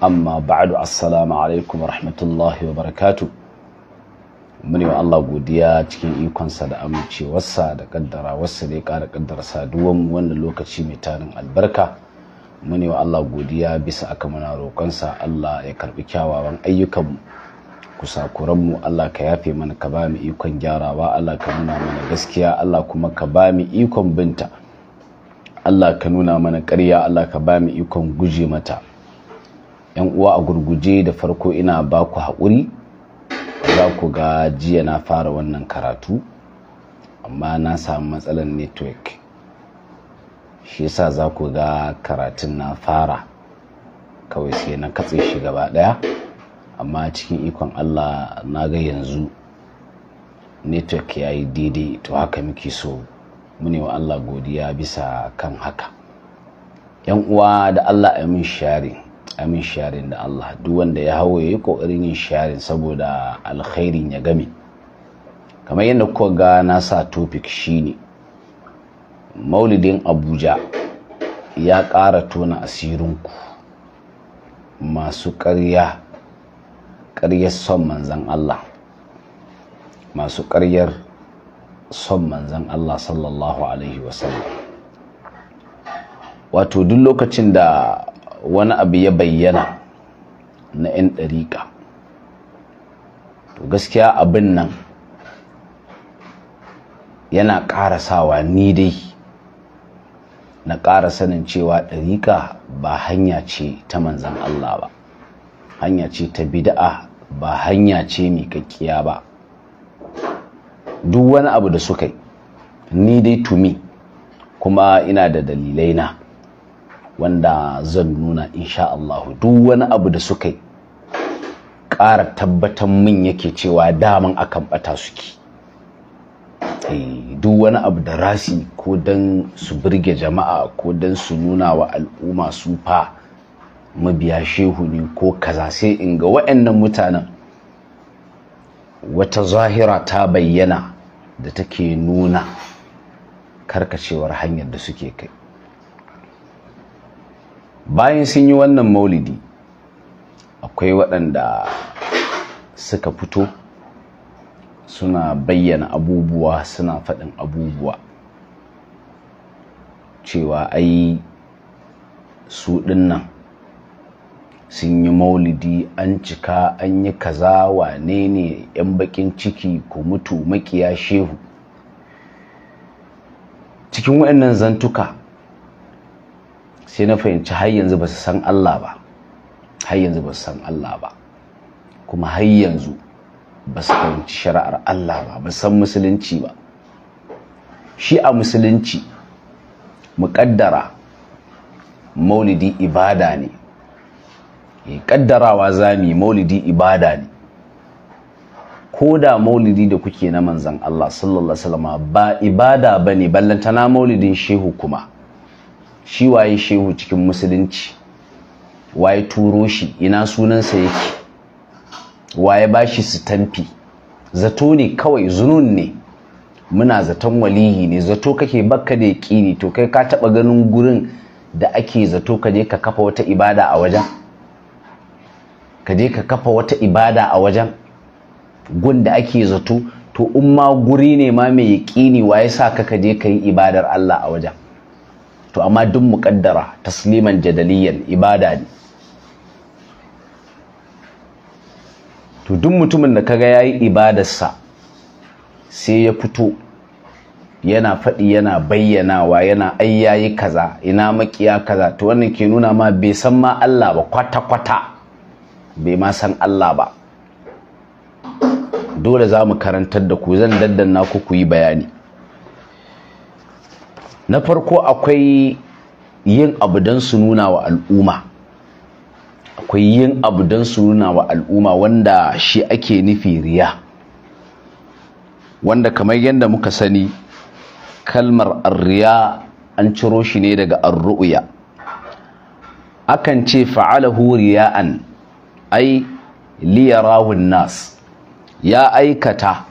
amma ba'adu assalamu alaikum rahmatullahi wa barakatu muni wa Allah godiya cikin ikonsa da amincewarsa da kaddara wasu da ya kara kaddara saduwan wannan lokaci mai tarin albarka muni wa Allah godiya bisa aka muna roƙonsa Allah ya karbi kyawawan ayyukanmu kusakuranmu Allah ka yafe mana ka ba mu ikon gyarawa Allah ka nuna mana gaskiya Allah kuma ka ba mu ikon binta Allah ka nuna mana ƙarya Allah ka ba mu ikon guje mata 'yan uwa a gurguje da farko ina ba ku haƙuri za ku ga jiya na fara wannan karatu amma na samu matsalar network shi yasa za ku ga karatun na fara kawai sai na katse shi gaba ɗaya amma cikin ikon allah na ga yanzu network ya yi daidai to haka muke so mune wa allah godiya bisa kan haka 'yan uwa da allah a min share amin sharin da Allah duk wanda ya hawo yi kokarin yin sharin saboda alkhairin ya game kamar yadda kuka ga na sa topic shine maulidin Abuja ya ƙara tona asirinku masu ƙarya ƙaryar son manzan Allah masu ƙaryar son manzan Allah sallallahu alaihi wasallam wato duk lokacin da wani abu ya bayyana na 'yan ɗariƙa to gaskiya abin nan yana ƙarasawa ni dai na ƙara sanin cewa ɗariƙa ba hanya ce ta manzan Allah ba hanya ce ta bida'a ba hanya ce mai kakkiya ba duk wani abu da suka yi ni dai tumi kuma ina da dalilai na wanda zan nuna insha Allah duk wani abu da suka yi ƙara tabbatar min yake cewa daman akan bata suke eh, duk wani abu da rasi ko don su birge jama'a ko don su nuna wa al'umma su fa mabiya shehu ne ko kaza sai in ga wa'annan mutanen wata zahira ta bayyana da take nuna karkacewar hanyar da suke kai bayan sun yi wannan maulidi akwai waɗanda suka fito suna bayyana abubuwa suna faɗin abubuwa cewa ai su ɗinnan sun yi maulidi an cika an yi kaza wane ne 'yan bakin ciki ku mutu makiya shehu cikin waɗannan zantuka sai na fahimci har yanzu ba su san Allah ba har yanzu ba su san Allah ba kuma har yanzu ba su fahimci shari'ar Allah ba ba san musulunci ba shi a musulunci muƙaddara maulidi ibada ne eh, ƙaddarawa zami maulidi ibada ne ko da maulidi da kuke na manzan Allah sallallahu alaihi wasallam ba ibada bane ballantana maulidin shehu kuma shi waye shehu cikin musulunci waye turo shi ina sunansa yake waye ba shi sitamfi zato ne kawai zunun ne muna zaton walihi ne zato kake bakka da yaƙini to kai ka taɓa ganin gurin da ake zato ka je ka kafa wata ibada a wajen ka je ka kafa wata ibada a wajen gun da ake zato to in ma guri ne ma mai yaƙini waye sa ka ka je ka yi ibadar Allah a wajen to amma duk muƙaddara tasliman jadaliyan ibada ne to duk mutumin da kaga yayi ibadarsa sai ya fito yana faɗi yana bayyanawa yana ai yayi kaza ina makiya kaza to wannan ke nuna ma bai san ma Allah ba kwata-kwata bai ma san Allah ba dole za mu karantar da ku zan daddanna ku ku yi bayani na farko akwai yin abu don su nuna wa al'umma akwai yin abu don su nuna wa al'umma wanda shi ake nufi riya wanda kamar yadda muka sani kalmar riya an ciro shi ne daga arru'uya akan ce fa'alahu an, ai liyarawun nas ya aikata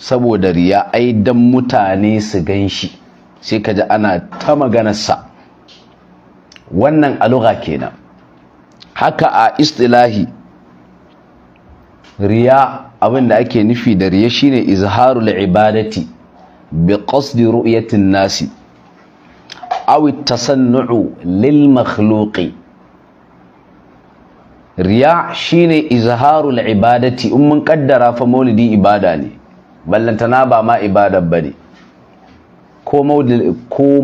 saboda riya ai don mutane su gan shi sai ka ji ana ta maganarsa wannan aluga kenan haka a istilahi riya abin da ake nufi da riya shine izharul ibadati bi qasdi an nasi aw tasannu'u lil makhluqi riya shine izharul ibadati in mun kaddara fa maulidi ibada ne ballantana ba ma ibada bane ko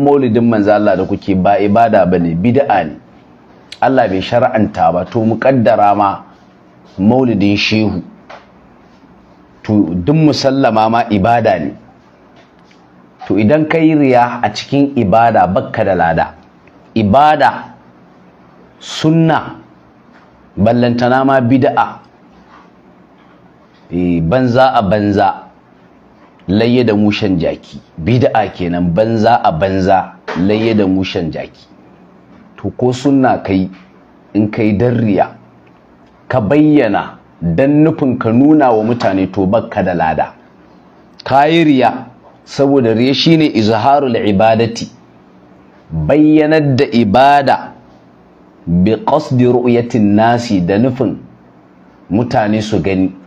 maulidin manzo Allah da kuke ba ibada bane bid'a ne Allah bai shar'anta ba to muƙaddara ma maulidin shehu to duk musallama ma ibada ne to idan ka yi riya a cikin ibada bakka da lada ibada sunna ballantana ma bid'a eh, banza a banza layya da mushen jaki bid'a kenan banza a banza layya da mushen jaki to ko sunna kai in kai darriya ka bayyana dan nufin ka nuna wa mutane to bakka da lada kayi riya saboda riya shine izharul ibadati bayyanar da ibada bi qasdi ru'yatin nasi da nufin mutane su gani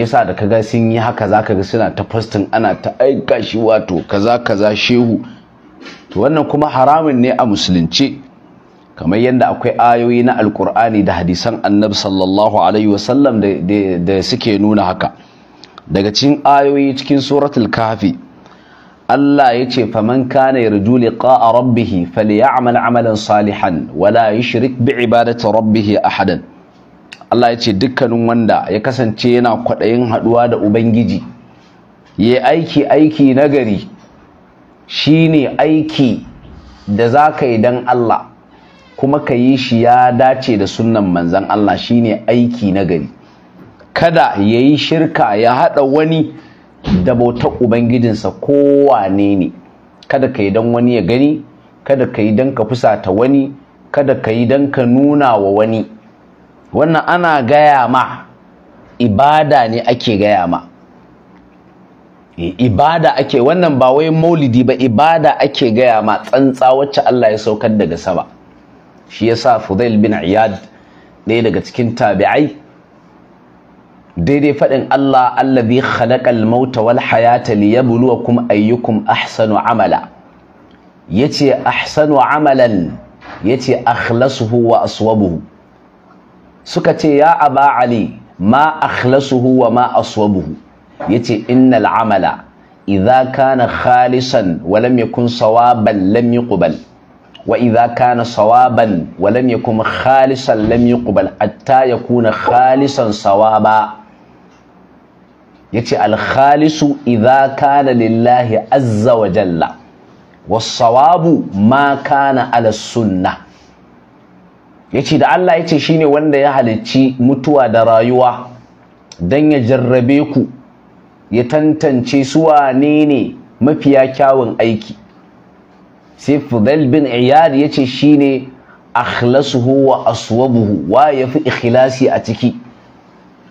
yasa da kaga sun yi haka zaka ga suna ta posting ana ta aika shi wato kaza kaza shehu to wannan kuma haramun ne a musulunci kamar yadda akwai ayoyi na alkur'ani da hadisan annabi sallallahu alaihi wasallam da suke nuna haka daga cikin ayoyi cikin suratul kahfi Allah ya ce faman kana yarju liqa'a rabbih falyamal amalan salihan wala yushrik bi ibadati rabbih ahadan Allah ya ce dukkanin wanda ya kasance yana kwaɗayin haɗuwa da Ubangiji ya aiki aiki nagari shi ne aiki da za ka yi don Allah kuma ka yi shi ya dace da sunan manzan Allah shi ne aiki nagari kada ya yi shirka ya haɗa wani da bautar Ubangijinsa kowane ne kada ka yi don wani ya gani kada ka yi don ka fusata wani kada ka yi don ka nuna wa wani wannan ana gaya ma ibada ne ake gaya ma eh, ibada ake wannan ba wai maulidi ba ibada ake gaya ma tsantsa wacce Allah ya saukar daga sama shi yasa Fudail bin Iyad ɗaya daga cikin tabi'ai daidai faɗin Allah allazi khalaqal mauta wal hayata liyabluwakum ayyukum ahsanu amala yace ahsanu amalan yace akhlasuhu wa aswabuhu suka ce ya aba ali ma akhlasuhu wa ma aswabuhu yace innal amala idza kana khalisan wa lam yakun sawaban lam yuqbal wa idza kana sawaban wa lam yakun khalisan lam yuqbal hatta yakuna khalisan sawaba yace al khalisu idza kana lillahi azza wa jalla was sawabu ma kana ala sunna. yace da Allah ya ce shi ne wanda ya halicci mutuwa da rayuwa dan ya jarrabe ku ya tantance su wane ne mafiya kyawun aiki sai Fudel bin Iyad yace shine akhlasuhu wa aswabuhu wa fi ikhlasi a ciki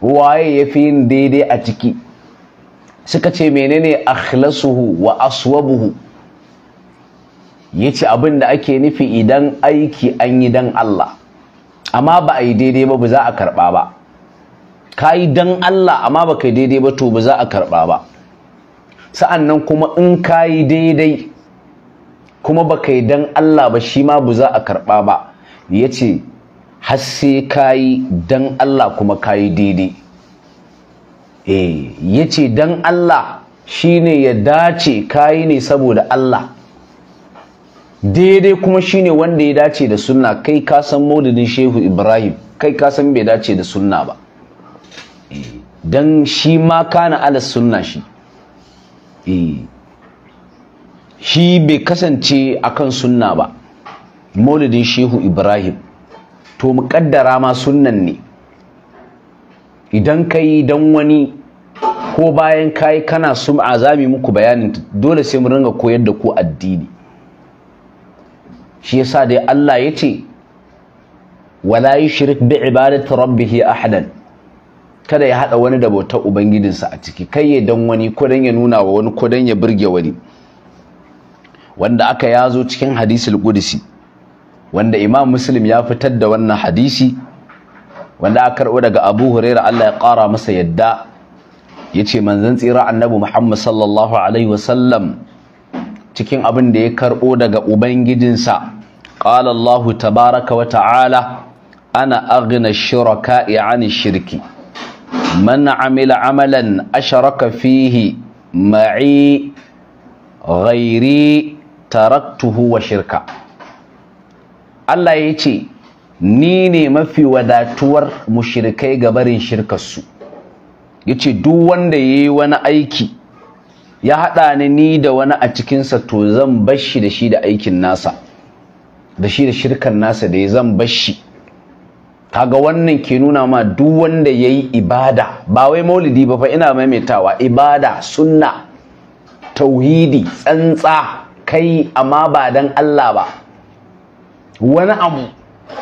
waye fi yin daidai a ciki suka ce menene akhlasuhu wa aswabuhu yace abin da ake nufi idan aiki an yi dan Allah amma ba a yi daidai ba ba za a karɓa ba ka yi don Allah amma ba ka yi daidai ba to ba za a karɓa ba sa'an nan kuma in ka yi daidai kuma ba ka yi don Allah ba shi ma ba za a karɓa ba ya ce har sai ka yi don Allah kuma ka yi daidai eh ya ce don Allah shi ne ya dace ka yi ne saboda Allah daidai kuma shine wanda ya dace da sunna kai ka san maulidin shehu ibrahim kai ka san bai dace da sunna ba eh, dan shi ma kana ala sunna shi eh, shi bai kasance akan sunna ba maulidin shehu ibrahim to mu kaddara ma sunnan ne idan kai dan wani ko bayan kai kana sum'a zami muku bayanin dole sai mu ringa koyar da ku addini shi yasa dai Allah ya ce wala yushrik bi ibadati rabbihi ahadan kada ya hada wani da bautar ubangijinsa a ciki kai ya dan wani ko dan ya nuna wa wani ko dan ya burge wani wanda aka yazo cikin hadisul qudsi wanda imam muslim ya fitar da wannan hadisi wanda aka karbo daga abu huraira Allah ya kara masa yadda yace manzon tsira annabi muhammad sallallahu alaihi wasallam cikin abin da ya karɓo daga ubangijinsa ƙala Allah tabaraka wa ta'ala ana agina shiraka 'an shirki man 'amila 'amalan asharaka fihi ma'i ghairi taraktuhu wa shirka Allah ya ce ni ne mafi wadatuwar mushrikai ga barin shirkarsu yace duk wanda yayi wani aiki ya haɗa ni ni da wani a cikinsa to zan bashi da shi da aikin nasa da shi da shirkan nasa da ya zan bashi kaga wannan ke nuna ma duk wanda ya yi ibada ba wai maulidi ba fa ina maimaitawa ibada sunna tauhidi tsantsa kai amma ba dan Allah ba wani abu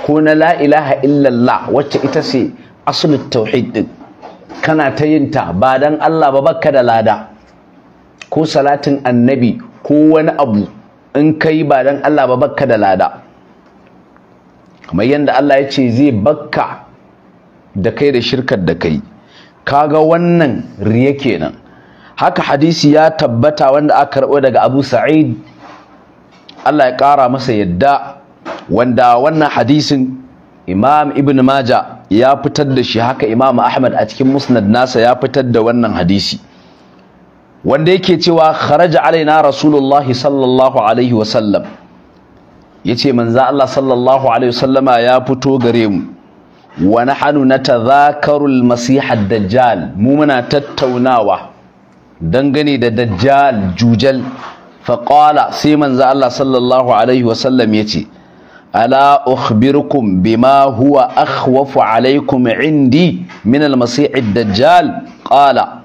ko na la ilaha illallah wacce ita ce asulul tauhid din kana ta yin ta ba dan Allah ba bakka da lada ko salatin annabi ko wani abu in ka yi ba don Allah ba bakka da lada kamar yadda Allah ya ce zai bakka da kai da shirkar da kai kaga wannan riya kenan haka hadisi ya tabbata wanda aka karɓo daga Abu Sa'id Allah ya kara masa yadda wanda wannan hadisin Imam Ibn Maja ya fitar da shi haka Imam Ahmad a cikin Musnad nasa ya fitar da wannan hadisi wanda yake cewa kharaja alaina rasulullahi sallallahu alaihi wasallam yace manzo Allah sallallahu alaihi wasallama ya fito gare mu wa nahnu natadhakaru al-masih ad-dajjal mu muna tattaunawa dangane da dajjal jujal fa qala sai manzo Allah sallallahu alaihi wasallam yace ala ukhbirukum bima huwa akhwafu alaikum indi min al ad-dajjal qala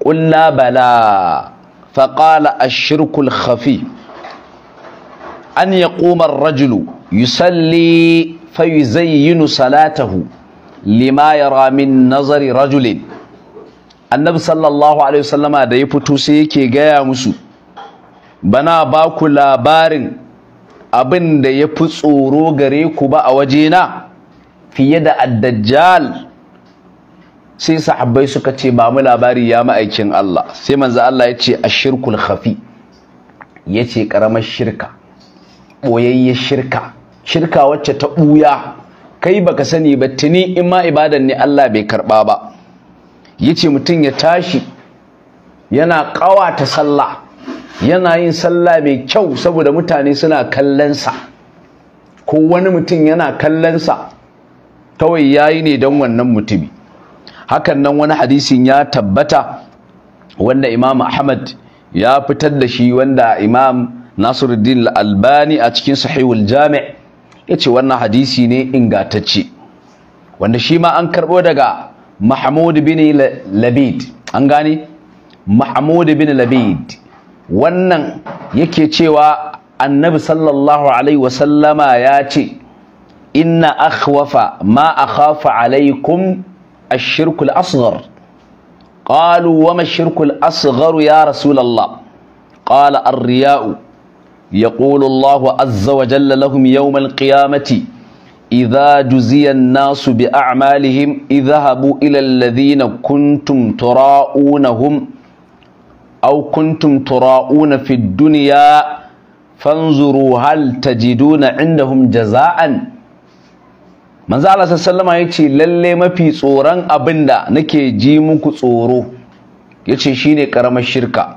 ƙulla bala faƙala a shirkul khafi an ya ƙomar rajulu yusalli fayu zai yinu salatahu lima yara min nazari rajulin annabi sallallahu da ya fito sai yake gaya musu bana ba ku labarin abin da ya fi tsoro gare ku ba a wajena fiye da addajjal sai sahabbai suka ce ba mu labari ya ma'aikin Allah sai manzo Allah ya ce ashirkul khafi ya ce karamar shirka boyayye shirka shirka wacce ta buya kai baka sani ba tuni in ma ibadan ne Allah bai karba ba Ya ce mutum ya tashi yana ta sallah yana yin sallah mai kyau saboda mutane suna kallonsa ko wani mutum yana kallonsa kawai yayi ne don wannan mutumi hakan nan wani hadisin ya tabbata wanda Imam Ahmad ya fitar da shi wanda Imam Nasiruddin albani a cikin Sahihul Jami' yace wannan hadisi ne ingantacce wanda shi ma an karbo daga Mahmud bin Labid an gane Mahmud bin Labid wannan yake cewa Annabi sallallahu alaihi wasallama ya ce inna akhwafa ma akhafa alaikum الشرك الأصغر قالوا وما الشرك الأصغر يا رسول الله قال الرياء يقول الله عز وجل لهم يوم القيامة إذا جزي الناس بأعمالهم اذهبوا إلى الذين كنتم تراؤونهم أو كنتم تراؤون في الدنيا فانظروا هل تجدون عندهم جزاءً manzo Allah sallama ya ce lalle mafi tsoron abinda nake ji muku tsoro yace shine karamar shirka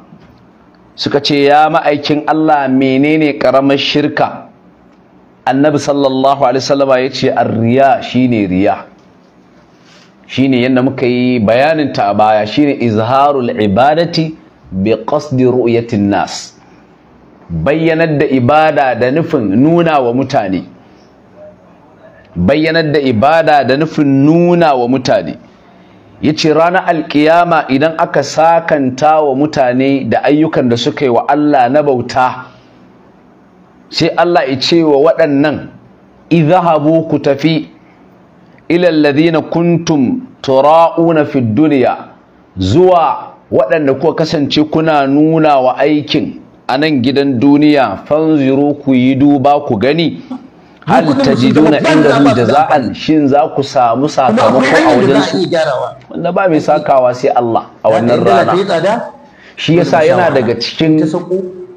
suka ce ya ma'aikin Allah menene karamar shirka annabi sallallahu alaihi wasallama yace arriya riya shine riya shine yanda muka yi bayanin ta a baya shine izharul ibadati bi qasdi ru'yatin nas bayyanar da ibada da nufin nuna wa mutane bayyanar da ibada da nufin nuna wa mutane ya ce ranar alkiyama idan aka sakanta wa mutane da ayyukan da suka yi wa Allah na bauta sai Allah ya ce wa waɗannan idhahabu ku tafi ilal ladina kuntum tura'una fid dunya zuwa waɗanda kuka kasance kuna nuna wa aikin a nan gidan duniya fanziru ku yi duba ku gani hal tajiduna indahu jaza'an shin za ku samu sakamako a wajen su wanda ba mai sakawa sai Allah a wannan rana shi yasa yana daga cikin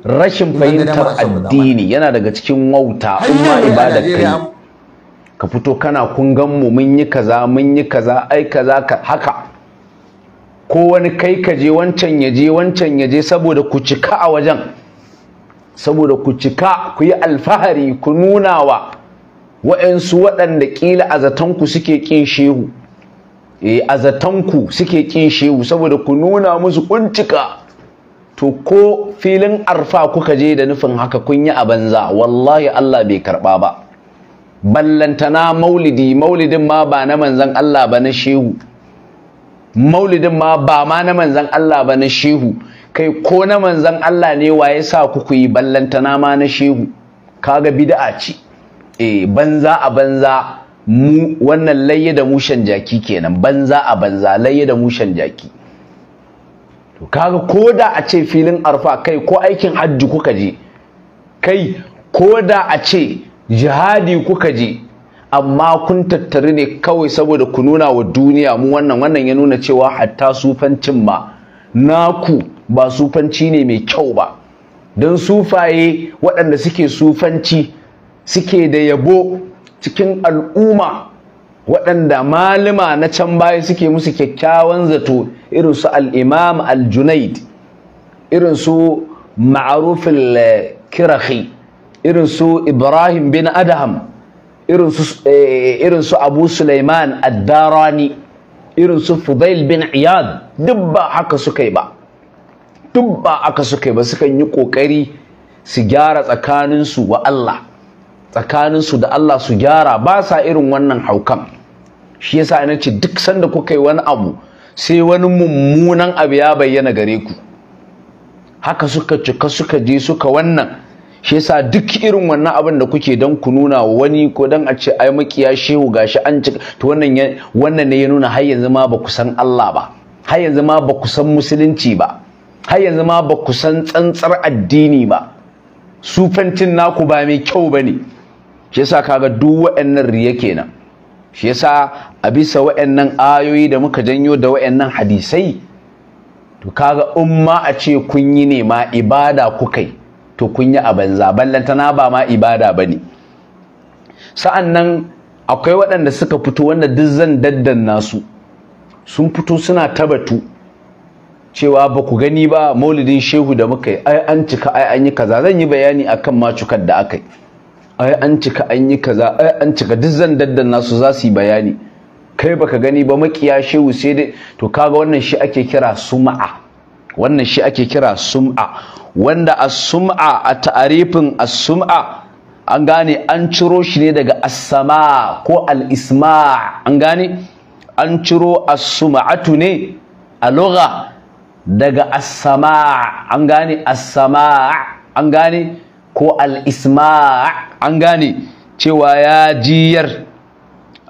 rashin fahimtar addini yana daga cikin wauta umma ibada kai ka fito kana kun gan mu mun yi kaza mun yi kaza ai kaza ka haka ko wani kai ka je wancan ya je wancan ya je saboda ku cika a wajen saboda ku cika ku yi alfahari ku nuna wa wa'ansu waɗanda ƙila a zatanku suke ƙin shehu eh a zatanku suke ƙin shehu saboda ku nuna musu ƙuncika to ko filin arfa kuka je da nufin haka kun yi a banza wallahi Allah bai karɓa ba ballantana maulidi maulidin ma ba na manzan Allah ba na shehu maulidin ma ba ma na manzan Allah ba na shehu kai ko na manzan Allah ne waye sa ku yi ta nama na shehu kaga bid'a ce eh banza a banza mu wannan layya da mushen jaki kenan banza a banza layya da mushen jaki to kaga koda a ce filin arfa kai ko aikin hajji kuka je kai koda a ce jihadi kuka je amma kun tattare ne kawai saboda ku nuna wa duniya mu wannan wannan ya nuna cewa hatta sufancin ma naku ba sufanci ne mai kyau ba don sufaye waɗanda suke sufanci suke da yabo cikin al'umma waɗanda malima na can baya suke musu kyakkyawan zato irin su al'imam al-junaid irin su ma'arufin eh, kirahi irin su ibrahim bin adham irin su eh, abu suleiman ad-darani irin su fudail bin iyad duk ba haka suka yi ba duk ba aka suka yi ba sukan yi ƙoƙari su gyara tsakaninsu wa Allah tsakaninsu da Allah su gyara ba sa irin wannan haukan shi yasa ina ce duk sanda kuka yi wani abu sai wani mummunan abu ya bayyana gare ku haka suka cika suka je suka wannan shi yasa duk irin wannan abin da kuke dan ku nuna wa wani ko dan a ce ai makiya shehu gashi an cika to wannan wannan ne ya nuna har yanzu ma ba ku san Allah ba har yanzu ma ba ku san musulunci ba har yanzu ma ba ku san tsantsar addini ba su fentin naku ba mai kyau ba ne shi yasa kaga duk wa'annan riya kenan shi yasa a bisa wa'annan ayoyi da muka janyo da wa'annan hadisai to kaga ga umma a ce kun yi ne ma ibada ku kai, to kun yi a banza ballantana ba ma ibada ba ne sa'an nan akwai waɗanda suka fito wanda duk zan daddanna su sun fito suna tabatu cewa ba ku gani ba maulidin shehu da muka yi ai an cika ai an yi kaza zan yi bayani akan macukar da aka yi ai an cika an yi kaza ai an cika duk zan daddanna su za su yi bayani kai baka gani ba makiya shehu sai dai to kaga wannan shi ake kira sum'a wannan shi ake kira sum'a wanda as-sum'a a ta'arifin as-sum'a an gane an ciro shi ne daga as-sama ko al-isma' an gane an ciro as-sum'atu ne a lugha daga as an gane as an gane ko al an gane cewa ya jiyar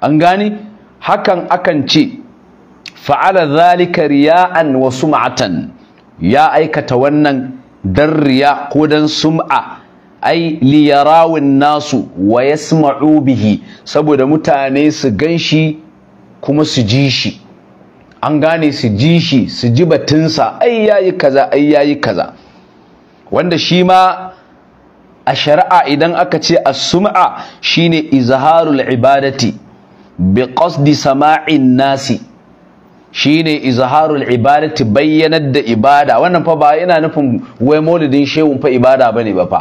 an gane hakan akan ce fa'ala zalika riya'an wa sum'atan ya aikata wannan dan riya ko dan sum'a ai liyarawin nasu wa yasma'u bihi saboda mutane su ganshi kuma su ji shi an gane su ji shi su ji batunsa ai yayi kaza ai yayi kaza wanda shi ma a shari'a idan aka ce as-sum'a shine izharul ibadati bi qasdi sama'in nasi shine izharul ibadati bayyanar da ibada wannan fa ba yana nufin wai maulidin shehun fa ibada bane ba fa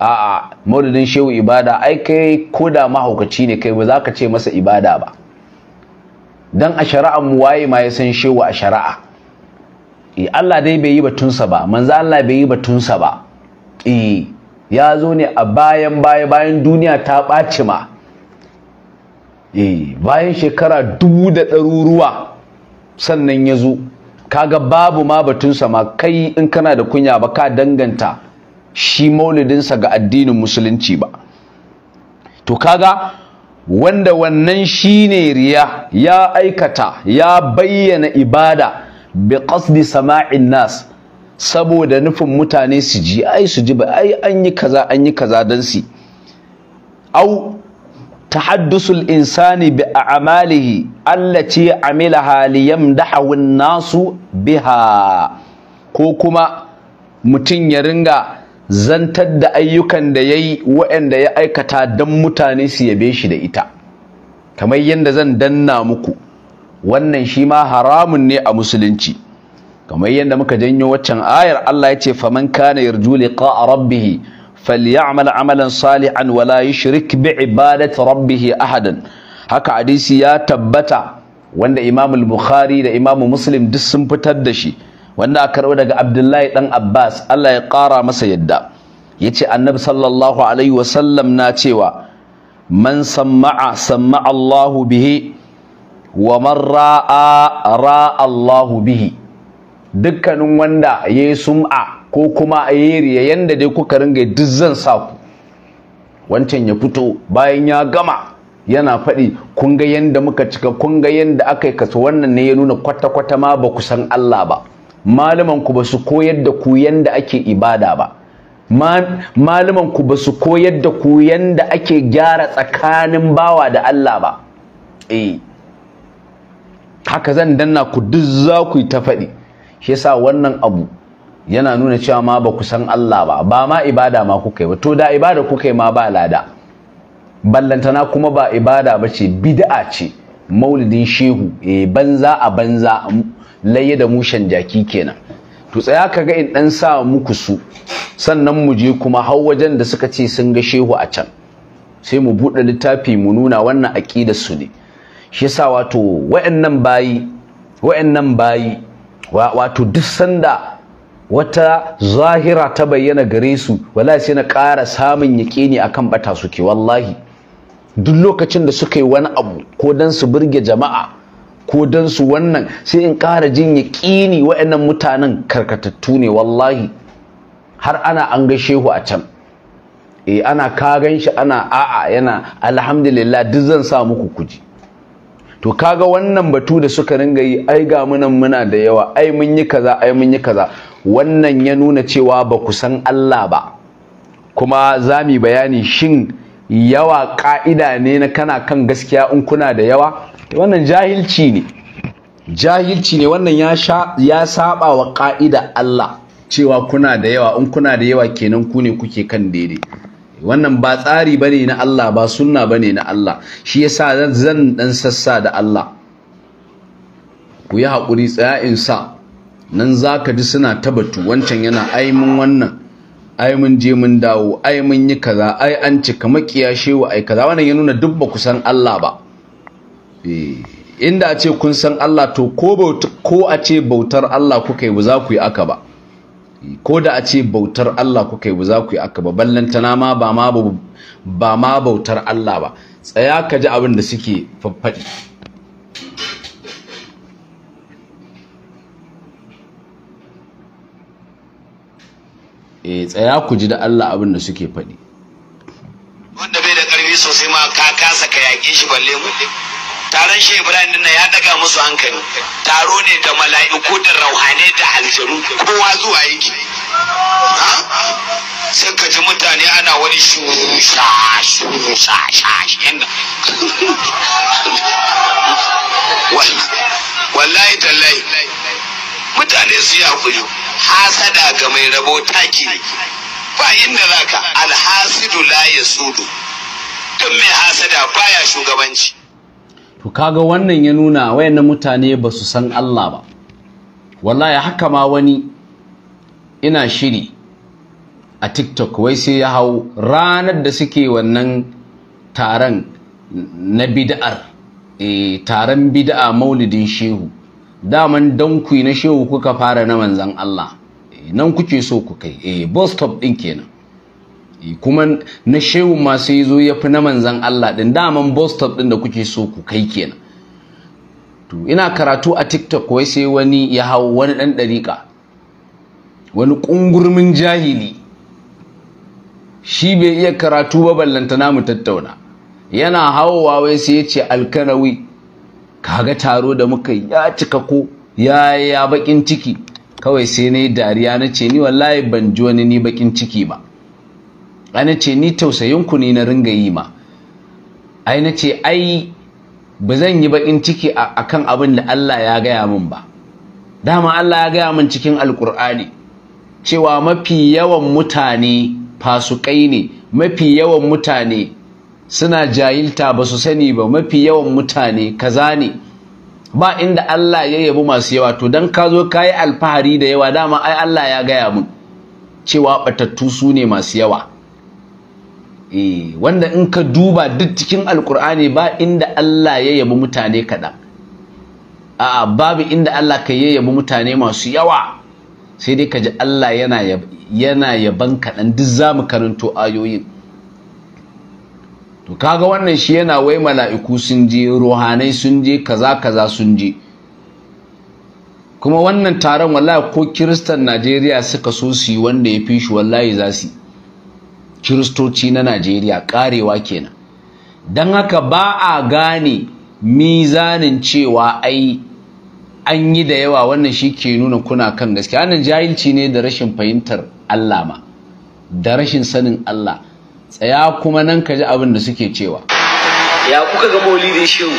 a'a maulidin shehu ibada ai kai koda mahaukaci ne kai ba za ka ce masa ibada ba dan a shari'ar mu waye ma ya san shewa a shari'a eh Allah dai bai yi batunsa ba manzo Allah bai yi batunsa ba eh ya zo ne a bayan baya bayan duniya ta ɓaci ma eh bayan shekara dubu da ɗaruruwa sannan ya zo kaga babu ma batunsa ma kai in kana da kunya ba ka danganta shi maulidinsa ga addinin musulunci ba to kaga wanda wannan shi ne riya ya aikata ya bayyana ibada bi qasdi sama'in nas saboda nufin mutane su ji ai su ji ba ai an yi kaza an yi kaza dan su au tahaddusul insani bi a'malihi allati amila haliyan an-nasu biha ko kuma mutum ya ringa zantar da ayyukan da ya yayi waɗanda ya aikata dan mutane su yabe shi da ita kamar yadda zan danna muku wannan shi ma haramun ne a musulunci kamar yadda muka janyo waccan ayar Allah ya ce faman kana yarju liqa'a rabbih falyamal amalan salihan wala yushrik bi ibadati rabbih ahadan haka hadisi ya tabbata wanda imamul bukhari da imamul Muslim duk sun fitar da shi wanda aka rawo daga Abdullahi ɗan Abbas Allah ya ƙara masa yadda ya ce Annabi sallallahu alaihi wasallam na cewa man sama'a sama'a Allahu bihi wa man ra'a ra'a Allahu bihi dukkanin wanda ya yi sum'a ko kuma yayi riya yanda dai kuka ringa duk zan sa ku wancan ya fito bayan ya gama yana faɗi kun ga yanda muka cika kun ga yanda aka yi kasu wannan ne ya nuna kwata-kwata ma ba ku san Allah ba malaman ku ba su koyar da ku yanda ake ibada ba malaman ku ba su koyar da ku yanda ake gyara tsakanin bawa da Allah ba eh haka zan danna ku duk za ku yi ta faɗi shi yasa wannan abu yana nuna cewa ma ba ku san Allah ba ba ma ibada ma kuka yi ba to da ibada kuka yi ma ba lada ballantana kuma ba ibada ba ce bid'a ce maulidin shehu eh banza a banza laye da mushen jaki kenan to tsaya kaga in dan sa muku su sannan mu je kuma har wajen da suka ce sun ga shehu a can sai mu buɗe littafi mu nuna wannan aƙidar su ne shi yasa wato wayannan bayi wayannan bayi wato duk sanda wata zahira ta bayyana gare su wallahi sai na ƙara samun yaƙini akan bata suke wallahi duk lokacin da suka yi wani abu ko dan su burge jama'a ko don su wannan sai in ƙara jin ya yaƙini wa'annan mutanen karkatattu ne wallahi har ana an ga shehu a can eh ana kagan shi ana a'a yana alhamdulillah duk zan sa muku kuji to kaga wannan batu da suka ringa yi ai ga munan muna da yawa ai mun yi kaza ai mun yi kaza wannan ya nuna cewa ba ku san Allah ba kuma za bayani shin yawa ka'ida ne na kana kan gaskiya in kuna da yawa wannan jahilci ne jahilci ne wannan ya sha ya saba wa ka'ida Allah cewa kuna da yawa in kuna da yawa kenan ku ne kuke kan daidai wannan ba tsari bane na Allah ba sunna bane na Allah shi yasa zan dan sassa da Allah ku yi haƙuri in sa nan zaka ji suna tabbatu, wancan yana aimin wannan ai mun je mun dawo ai mun yi kaza ai an cika makiya shewa ai kaza wannan ya nuna duk ba ku san Allah ba inda a ce kun san Allah to ko a ce bautar Allah kuka yi ba za ku yi aka ba ko da a ce bautar Allah kuka yi ba za ku yi aka ba ballantana ma ba ma ba ma bautar Allah ba tsaya ka ji abin da suke faffaɗi e eh, tsaya ku ji da Allah abin da suke faɗi wanda bai da ƙarfi sosai ma ka kasa ka yaƙi shi balle mu taron shi ibrahim din ya daga musu hankali taro ne da mala'iku da rauhane da aljanu kowa zuwa yake sai ka ji mutane ana wani shusha shusha shashen wallahi tallahi mutane su ya fuyo hasada ga mai rabo taki ba inda zaka alhasidu la ya sudu duk mai hasada baya shugabanci to kaga wannan ya nuna wayannan mutane ba su san Allah ba wallahi haka ma wani ina shiri a tiktok wai sai ya hau ranar da suke wannan taron na bid'ar e, taron bid'a maulidin shehu daman danku na shehu kuka fara na manzan Allah eh, nan kuke so ku kai e, bus stop din kenan Eh, kuma na shehu ma sai zo ya fi na manzan Allah din daman bus stop din da kuke so ku kai kenan to ina karatu a TikTok wai sai wani ya hau wani ɗan dariƙa wani ƙungurmin jahili shi bai iya karatu ba ballanta mu tattauna yana hawowa wai sai ya ce alkanawi kaga taro da muka ya cika ko ya ya bakin ciki kawai sai na yi dariya na ce ni wallahi ban ji wani ni bakin ciki ba A na ce ni tausayinku ne na ringa yi ma ai na ce ai ba zan yi baƙin ciki a kan abin da Allah ya gaya min ba dama Allah ya gaya min cikin Alkur'ani. cewa mafi yawan mutane fasukai ne mafi yawan mutane suna jahilta ba su sani ba mafi yawan mutane kaza ne ba inda Allah ya yabi masu yawa to dan ka zo ka yi alfahari da yawa dama ai Allah ya gaya min cewa ɓatattu su ne masu yawa eh wanda in ka duba duk cikin alkur'ani ba inda Allah ya yabi mutane kaɗan a'a babu inda Allah ka ya yabi mutane masu yawa sai dai ka ji Allah yana yana yaban kaɗan duk za mu karanto ayoyin to kaga wannan shi yana wai mala'iku sun je ruhanai sun je kaza kaza sun je kuma wannan taron wallahi ko kiristan najeriya suka so su yi wanda ya fi shi wallahi za su yi kiristoci na Najeriya karewa kenan don haka ba a gane mizanin cewa ai an yi da yawa wannan shi ke nuna kuna kan gaskiya wannan jahilci ne da rashin fahimtar Allah ma da rashin sanin Allah tsaya kuma nan ka ji abin da suke cewa ya kuka ga da shehu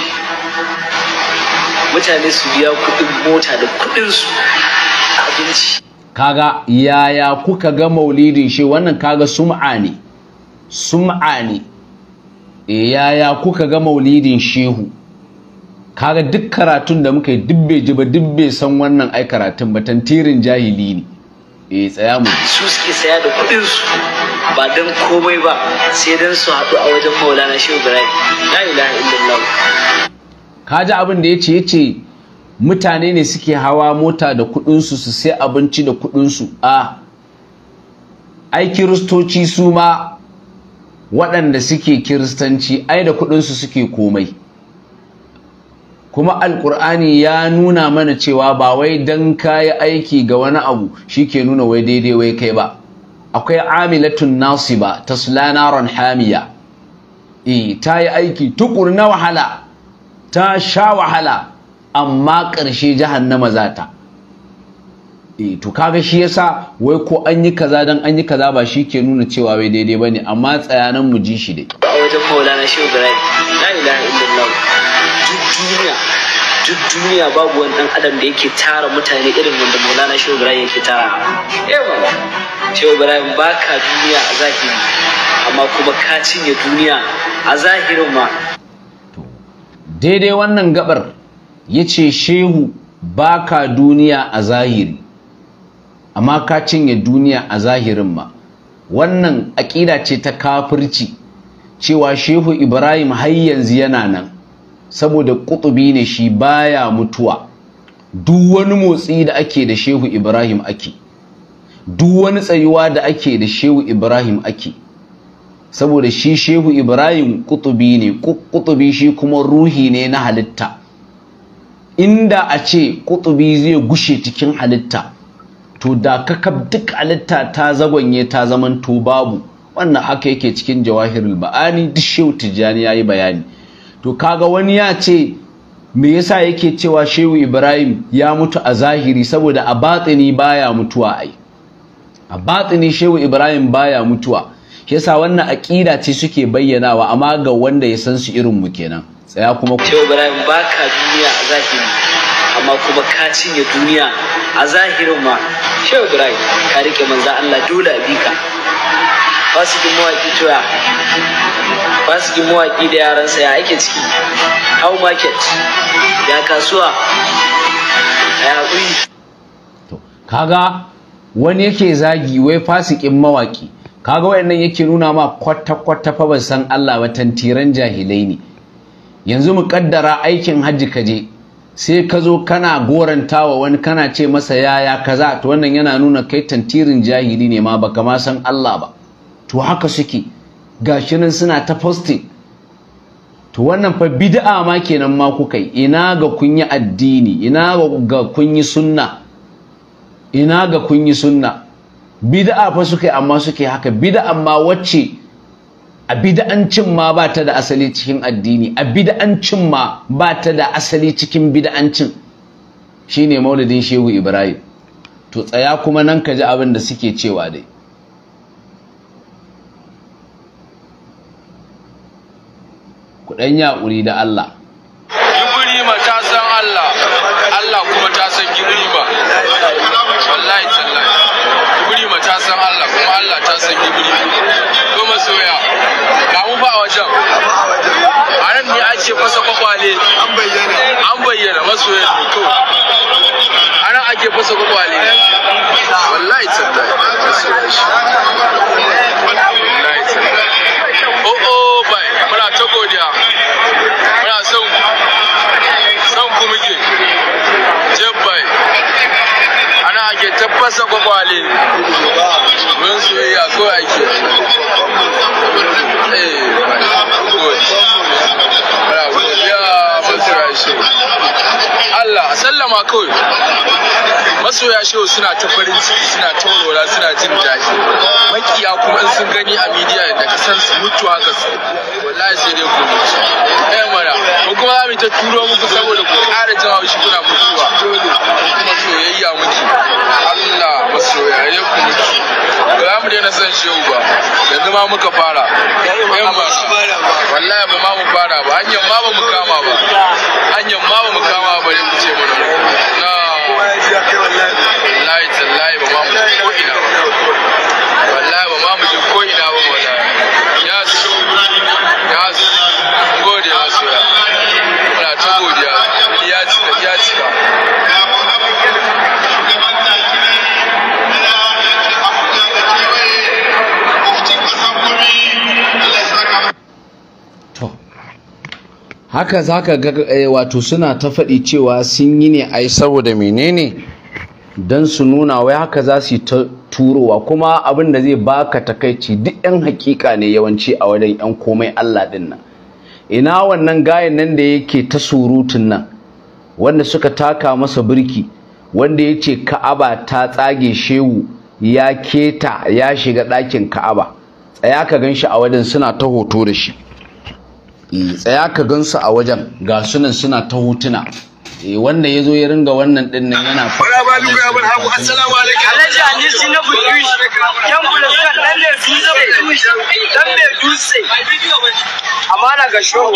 mutane su biya kuɗin mota da kuɗinsu abinci kaga yaya kuka ga maulidin shi wannan kaga sum'a ne sum'a ne eh, yaya kuka ga maulidin shehu kaga duk karatun da muka yi dubbe ji ba dubbe san wannan ai karatun ba tantirin jahili ne eh tsaya mu su suke saya da kudin su ba dan komai ba sai dan su haɗu a wajen maulana shehu ibrahim la ilaha illallah kaji abin da yace yace mutane ne suke hawa mota da kudinsu su sai abinci da kudinsu a ai kiristoci su ma waɗanda suke kiristanci ai da kudinsu suke komai kuma alkur'ani ya nuna mana cewa ba wai don kayi aiki ga wani abu shi ke nuna wai daidai wai kai ba akwai amilatun nasiba ta sulanaron hamiya eh ta yi aiki tukur na wahala ta sha wahala amma ƙarshe jahannama za ta eh, to kaga shi yasa wai ko an yi kaza dan an yi kaza ba shi ke nuna cewa wai daidai bane amma tsayanan mu ji shi dai wajen maulana shi ibrahim la ilaha illallah duk duniya duk duniya babu wani dan adam da yake tara mutane irin wanda maulana shi ibrahim yake tara Ewa! Eh, shi ibrahim baka duniya a zahiri amma kuma ka cinye duniya a zahirin ma daidai wannan gabar ya ce shehu ba ka duniya a zahiri amma ka cinye duniya a zahirin ma wannan aƙida ce ta kafirci cewa shehu ibrahim har yanzu yana nan saboda ƙutubi ne shi baya mutuwa duk wani motsi da ake da shehu ibrahim ake duk wani tsayuwa da ake da shehu ibrahim ake saboda shi shehu ibrahim ƙutubi ne ƙutubi shi kuma ruhi ne na halitta inda a ce kutubi zai gushe cikin halitta to da kakab duk halitta ta zagonye ta zaman to babu wannan haka yake cikin jawahirul ba'ani duk shehu tijjani yayi bayani to kaga wani ya ce me yasa yake cewa shehu ibrahim ya mutu a zahiri saboda a batini baya mutuwa ai a batini shehu ibrahim baya mutuwa yasa wannan aƙida ce suke bayyanawa amma ga wanda ya san su irin mu kenan tsaya kuma ku shehu ibrahim baka duniya a zahiri amma kuma ka cinye duniya a zahirin ma shehu ibrahim ka rike manzo Allah dole a bika wasu fasikin mawaki toya wasu fasikin mawaki da yaran sa ya ake ciki how market ya kasuwa ya hakuri to kaga wani yake zagi wai fasikin mawaki kaga wayannan yake nuna ma kwata kwata fa ban san Allah ba tantiran jahilai ne yanzu mu kaddara aikin hajji ka je sai ka zo kana wa wani kana ce masa yaya kaza to wannan yana nuna kai tantirin jahili ne ma baka ma san Allah ba to haka suke gashi nan suna ta posting to wannan fa bid'a ma kenan ma kuka kai. ina ga kun yi addini ina ga kun yi sunna ina ga kun yi sunna bid'a fa suke amma suke haka bid'a ma wacce a bid'ancin ma ba ta da asali cikin addini a bid'ancin ma ba ta da asali cikin bid'ancin shine maulidin shehu ibrahim to tsaya kuma nan ka ji abin da suke cewa dai ku dan yaƙuri da Allah Ibrima ta san Allah Allah kuma ta san Ibrima wallahi tallahi Ibrima ta san Allah kuma Allah ta san Ibrima wajen a nan ne ake fasa kwakwale an bayyana masoyan ne to a nan ake fasa kwakwale wallahi tsallaye masoyan shi wallahi tsallaye oh oh bai muna ta godiya muna son son ku muke jabbai ana ake tabbasa kwakwale mun soyayya ko ake eh gode muna Allah sallama kawai masoya shehu suna ta farin ciki suna ta walwala suna jin daɗi makiya kuma in sun gani a midiya da kasan su mutu haka su wallahi sai dai ku mutu eh mara ko kuma za mu ta turo muku saboda ku ƙara jin haushi kuna mutuwa dole kuma soyayya muke Allah masoya ya ku mutu ba za mu daina son shehu ba yanzu ma muka fara wallahi ba ma mu fara ba hanyar ma ba mu kama ba hanyar ma ba mu kama ba ne mu ce mana na wallahi tallahi ba ma mu ko ina ba haka za ka ga eh, wato suna ta faɗi cewa sun yi ne ai saboda menene don su nuna wai haka za su yi ta turowa kuma abin da zai baka takaici duk 'yan hakika ne yawanci a wajen 'yan komai Allah din nan ina wannan gayan nan da yake ta surutun nan wanda suka taka masa birki wanda ya ce ka'aba ta tsage shehu ya keta ya shiga ɗakin ka'aba tsaya ka gan shi a wajen suna ta hoto da shi Eh, tsaya ka gansu a wajen ga sunan suna ta hutuna. Eh, wanda ya zo ya ringa wannan din nan yana fara assalamu alaikum alhaji alisi na budush yan bulasan dan ne dutse dan ne dutse amana ga showa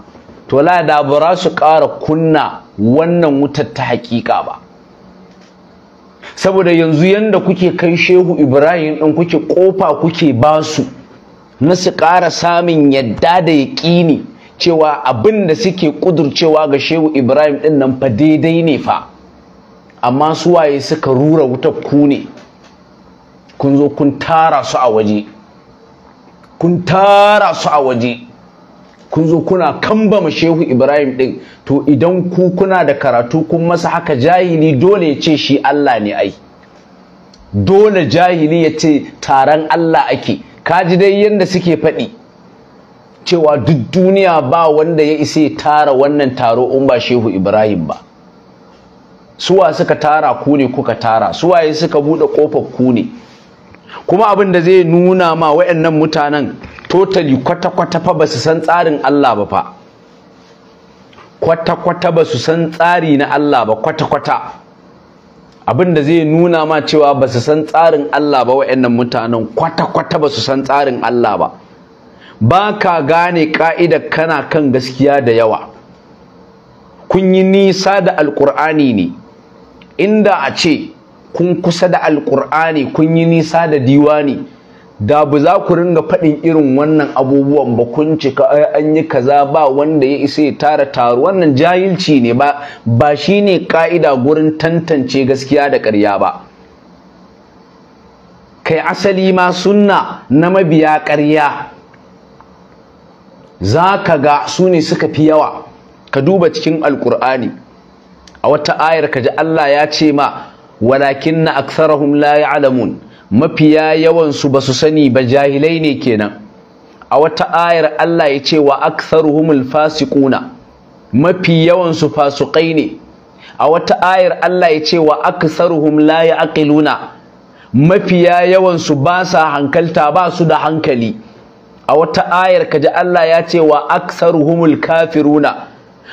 to la da ba su ƙara kunna wannan wutar ta haƙiƙa ba saboda yanzu yanda kuke kai shehu ibrahim ɗin kuke ƙofa kuke ba su na su ƙara samun yadda da yaƙini cewa abin da suke ƙudurcewa ga shehu ibrahim ɗin nan fa daidai ne fa amma su waye suka rura wutar ku ne kun zo a waje kun tara su a waje kun zo kuna kambama shehu ibrahim ɗin, to idan ku kuna da karatu kun masa haka jahili dole ya ce shi allah ne ai dole jahili ya ce taron allah ake kaji dai yadda suke faɗi cewa duk duniya ba wanda ya isa ya tara wannan taro in ba shehu ibrahim ba suwa suka tara ku ne kuka tara suwaye suka buɗe ƙofar ku ne kuma abin da zai nuna ma wayannan mutanen totali kwata-kwata fa ba su san tsarin Allah ba fa kwata-kwata ba su san tsari na Allah ba kwata-kwata abin da zai nuna ma cewa ba su san tsarin Allah ba wayannan mutanen kwata-kwata ba su san tsarin Allah ba ba ka gane ka'ida kana kan gaskiya da yawa kun yi nisa da alkur'ani ne inda a ce kun kusa da alkur'ani kun yi nisa da diwani da ba za ku ringa faɗin irin wannan abubuwan ba kun cika an yi kaza ba wanda ya isa ya tara taro wannan jahilci ne ba ba shi ne ƙa'ida gurin tantance gaskiya da ƙarya ba kai asali ma sunna na mabiya ƙarya za ka ga su ne suka fi yawa ka duba cikin alkur'ani a wata ayar ka ji Allah ya ce ma walakin na aksarahum la ya'lamun mafiya yawansu ba su sani ba jahilai ne kenan a wata ayar Allah ya ce wa aktharuhumul fasiquna mafi yawansu fasuƙai ne a wata ayar Allah ya ce wa aktharuhum la ya'qiluna mafiya yawansu ba sa hankalta ba su da hankali a wata ayar kaji Allah ya ce wa aktharuhumul kafiruna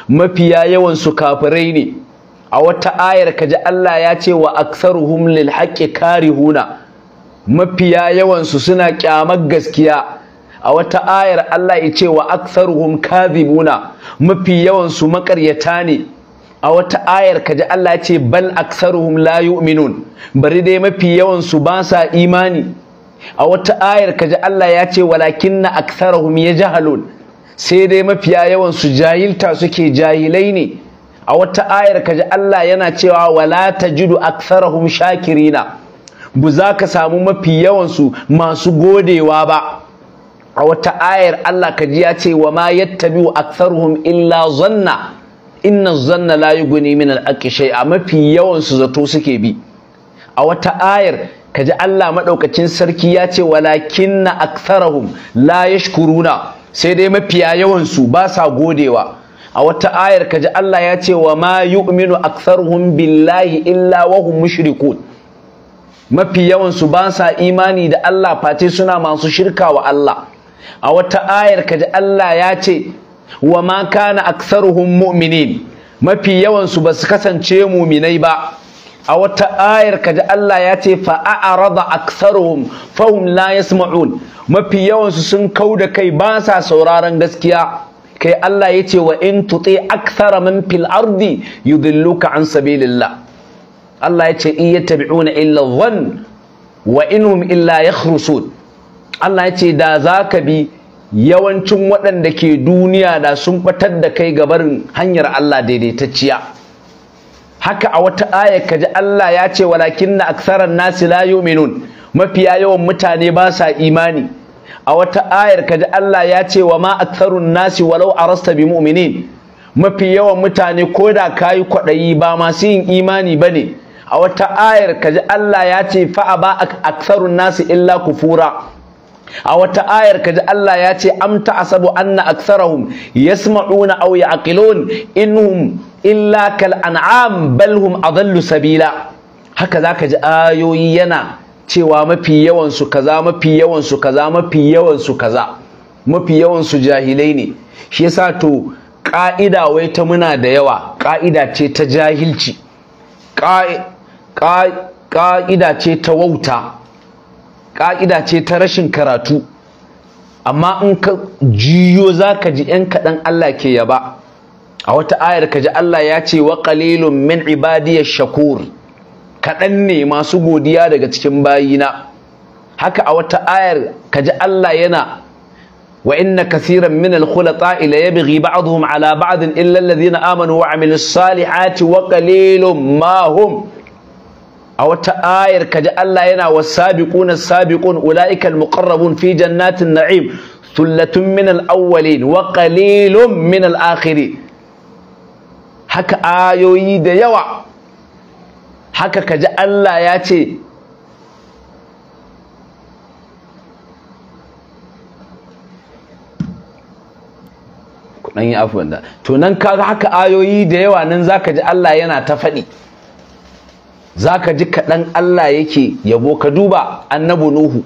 mafiya yawansu kafirai ne a wata ayar kaji Allah ya ce wa aktsaruhum lil haqqi karihuna mafiya yawan su suna kyamar gaskiya a wata ayar Allah ya ce wa aktsaruhum kadhibuna mafi yawan su makaryata ne a wata ayar kaji Allah ya ce bal aktsaruhum la yu'minun bari dai mafi yawan su ba sa imani a wata ayar kaji Allah ya ce walakinna aktsaruhum yajhalun sai dai mafiya yawan su jahilta suke jahilai ne a wata ayar kaji Allah yana cewa wala tajidu aktharahum shakirina bu za ka samu mafi yawansu masu godewa ba a wata ayar Allah kaji ya ce wa ma yattabi'u aktharuhum illa zanna inna zanna la yughni min al-haqqi shay'a mafi yawansu zato suke bi a wata ayar kaji Allah maɗaukacin sarki ya ce walakinna Aksarahum la yashkuruna sai dai mafiya su ba sa godewa a wata ayar kaji Allah ya ce wa ma yu'minu aktharuhum billahi illa wa hum mushrikun mafi yawan su ba sa imani da Allah face suna masu shirka wa Allah a wata ayar kaji Allah ya ce wa ma kana aktharuhum mu'minin mafi yawan su basu kasance mu'minai ba a wata ayar kaji Allah ya ce fa'arada aktharuhum fahum la yasma'un mafi yawan su sun kauda kai ba sa sauraron gaskiya kai Allah ya ce wa in tuti aksara man fil ardi yudilluka an sabilillah Allah ya ce in yattabi'una illa dhann wa inhum illa yakhrusun Allah ya ce da zaka bi yawancin waɗanda ke duniya da sun batar da kai gabarin hanyar Allah daidaitacciya haka a wata ayar ji Allah ya ce walakinna aksaran nasi la yu'minun mafiya yawan mutane ba sa imani a wata ayar kaji Allah ya ce wa ma aktharun nasi walau arasta bi mu'minin mafi yawan mutane ko da kayi kwaɗayi ba masu yin imani bane a wata ayar kaji Allah ya ce fa ba aktharun nasi illa kufura a wata ayar kaji Allah ya ce am aksara anna aktharahum yasma'una aw ya'qilun innahum illa kal an'am bal a adallu sabila haka zaka ji ayoyi yana cewa mafi yawan su kaza mafi yawan su kaza mafi yawan kaza mafi yawan jahilai ne shi yasa to ƙa'ida wai ta muna da yawa ƙa'ida ce ta jahilci ƙa'ida ce ta wauta ƙa'ida ce ta rashin karatu amma in ka jiyo za ka ji ‘yan kaɗan Allah ke yaba a wata ayar ka ji Allah ya ce wa ƙalilun min ibadiyar shakur kaɗan ne masu godiya daga cikin bayina haka a wata ayar kaji Allah yana wa inna kasiran min al-khulata'i la yabghi ba'dhum ala ba'd illa alladhina amanu wa amilu salihati wa qalilum ma hum a wata ayar kaji Allah yana wa sabiquna sabiƙun sabiqun ulaika al-muqarrabun fi jannatin na'im thullatun min al-awwalin wa qalilum min al-akhirin haka ayoyi da yawa haka kaji Allah ya ce kudan yi afuwan da to nan kaga haka ayoyi da yawa nan zaka ji Allah yana ta faɗi zaka ji kaɗan Allah yake yabo ka duba annabu nuhu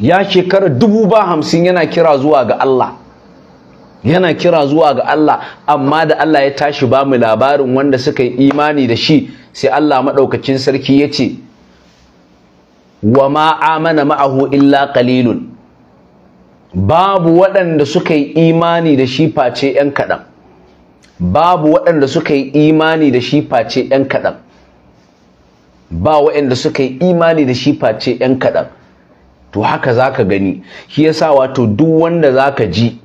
ya shekara dubu ba hamsin yana kira zuwa ga Allah yana kira zuwa ga Allah amma da Allah ya tashi ba mu labarin wanda suka yi imani da shi sai Allah maɗaukacin sarki ya ce wa ma amana ma'ahu illa qalilun babu waɗanda suka yi imani da shi face ‘yan kaɗan babu waɗanda suka yi imani da shi face ‘yan kaɗan ba waɗanda suka yi imani da shi face ‘yan kaɗan to haka za ka gani shi yasa wato duk wanda za ka ji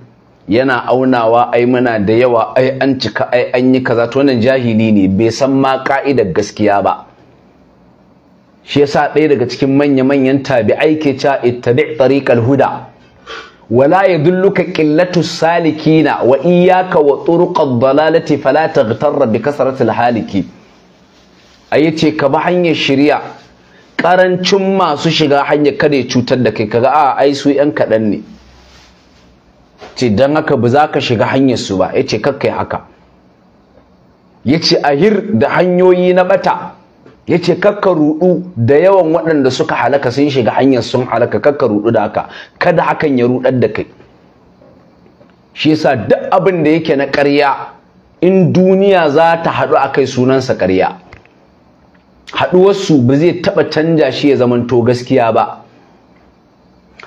yana aunawa ai muna da yawa ai an cika ai an yi kaza to wannan jahili ne bai san ma ka'idar gaskiya ba shi yasa ɗaya daga cikin manya-manyan tabi'ai ke ca ittabi' tariqal huda wala yadulluka qillatu salikina wa iyyaka wa turuqad dalalati fala taghtar bi kasratil haliki ai yace ka bi hanyar shari'a karancin masu shiga hanyar kada ya cutar da kai kaga a ai su yan kaɗan ne ce don haka ba za ka shiga hanyar su ba yace kakkai haka yace ahir da hanyoyi na bata yace kakka rudu da yawan waɗanda suka halaka sun shiga hanyar sun halaka kakka rudu da haka kada hakan ya rudar da kai shi yasa duk abin da yake na karya in duniya za ta haɗu a kai sunansa karya haɗuwarsu ba zai taɓa canja shi ya zamanto gaskiya ba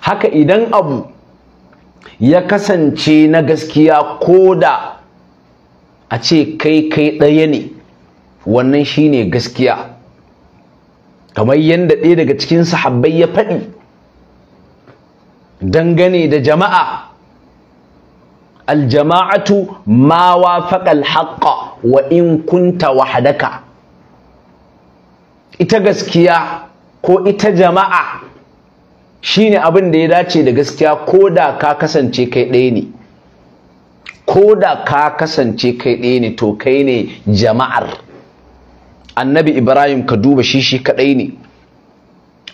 haka idan abu ya kasance na gaskiya ko da a ce kai kai ɗaya ne wannan shine gaskiya kamar yadda ɗaya daga cikin sahabbai ya faɗi dangane da jama'a aljama'atu ma faƙal haƙa wa in kunta hadaka ita gaskiya ko ita jama'a Shi ne abin da ya dace da gaskiya ko da ka kasance kai ɗaya ne ko da ka kasance kai ɗaya ne to kai ne jama'ar annabi ibrahim ka duba shi shi kaɗai ne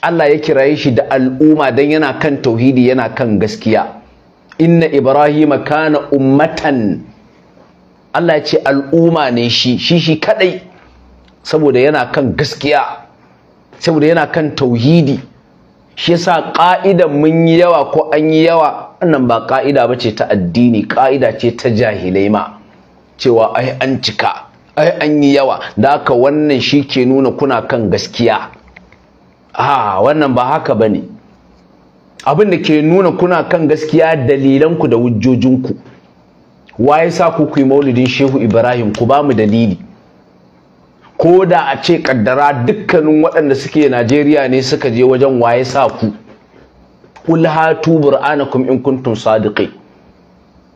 Allah ya kiraye shi da al'umma don yana kan tauhidi yana kan gaskiya inna ibrahim kana ummatan Allah ya ce al'umma ne shi shi shi kaɗai saboda yana kan gaskiya saboda yana kan tauhidi shi yasa ƙa'idan mun yi yawa ko an yi yawa wannan ba ƙa'ida ba ce ta addini ƙa'ida ce ta jahilai ma cewa ai an cika ai an yi yawa da aka wannan shi ke nuna kuna kan gaskiya a wannan ba haka ba ne abin da ke nuna kuna kan gaskiya dalilanku da hujjojinku wa ya sa ku ku yi maulidin shehu ibrahim ku ba mu dalili ko da a ce kaddara dukkanin waɗanda suke Najeriya ne suka je wajen waye sa ku kul hatu bur'anakum in kuntum sadiqin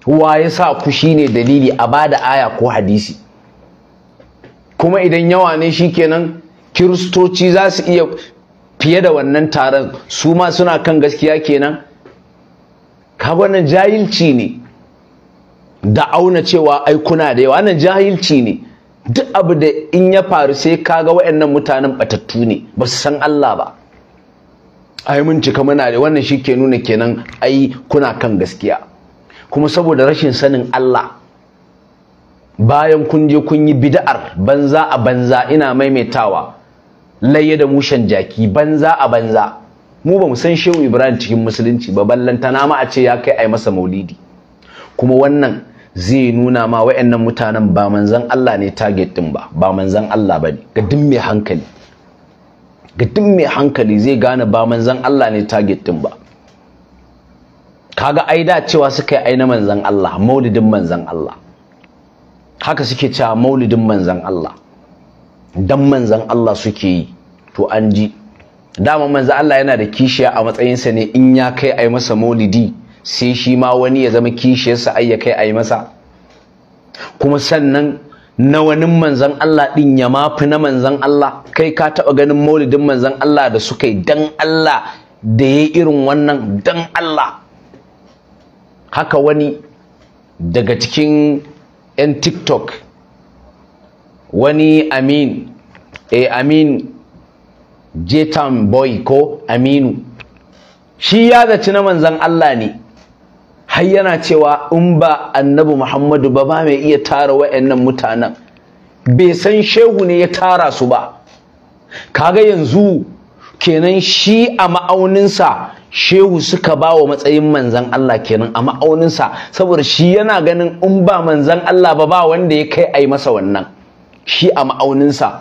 waye sa ku shine dalili a bada aya ko hadisi kuma idan yawa ne shikenan kiristoci za su iya fiye da wannan taron su ma suna kan gaskiya kenan ka wannan jahilci ne da auna cewa ai kuna da yawa wannan jahilci ne duk abu da in ya faru sai ka kaga waɗannan mutanen batattu ne ba su san Allah ba ai mun cika muna da wannan shi ke nuna kenan ai kuna kan gaskiya kuma saboda rashin sanin Allah bayan kun je kun yi bid'ar banza a banza ina maimaitawa layya da mushen jaki banza a banza mu ba mu san shehu ibrahim cikin musulunci ba ballanta nama a ce ya kai ai masa maulidi kuma wannan zai nuna ma waɗannan mutanen ba manzan Allah ne target din ba ba manzan Allah bane ga duk mai hankali ga duk mai hankali zai gane ba manzan Allah ne target din ba kaga ai da cewa suka yi aina manzan Allah maulidin manzan Allah haka suke cewa maulidin manzan Allah dan manzan Allah suke yi to an ji dama manzan Allah yana da kishiya a matsayinsa ne in ya kai ai masa maulidi sai shi ma wani ya zama kishiyarsa ai ya kai a yi masa kuma sannan na wani manzan Allah ɗin ya mafi na manzan Allah kai ka taɓa ganin maulidin manzan Allah da suka yi dan Allah da ya yi irin wannan dan Allah haka wani daga cikin 'yan tiktok wani amin e amin jetan boy ko aminu shi ya zaci na manzan Allah ne har yana cewa in ba annabi muhammadu ba ba mai iya tara wa'annan mutanen bai san shehu ne ya tara su ba kaga yanzu kenan shi a ma'auninsa shehu suka ba wa matsayin manzan Allah kenan a ma'auninsa saboda shi yana ganin in ba manzan Allah ba ba wanda ya kai a yi masa wannan shi a ma'auninsa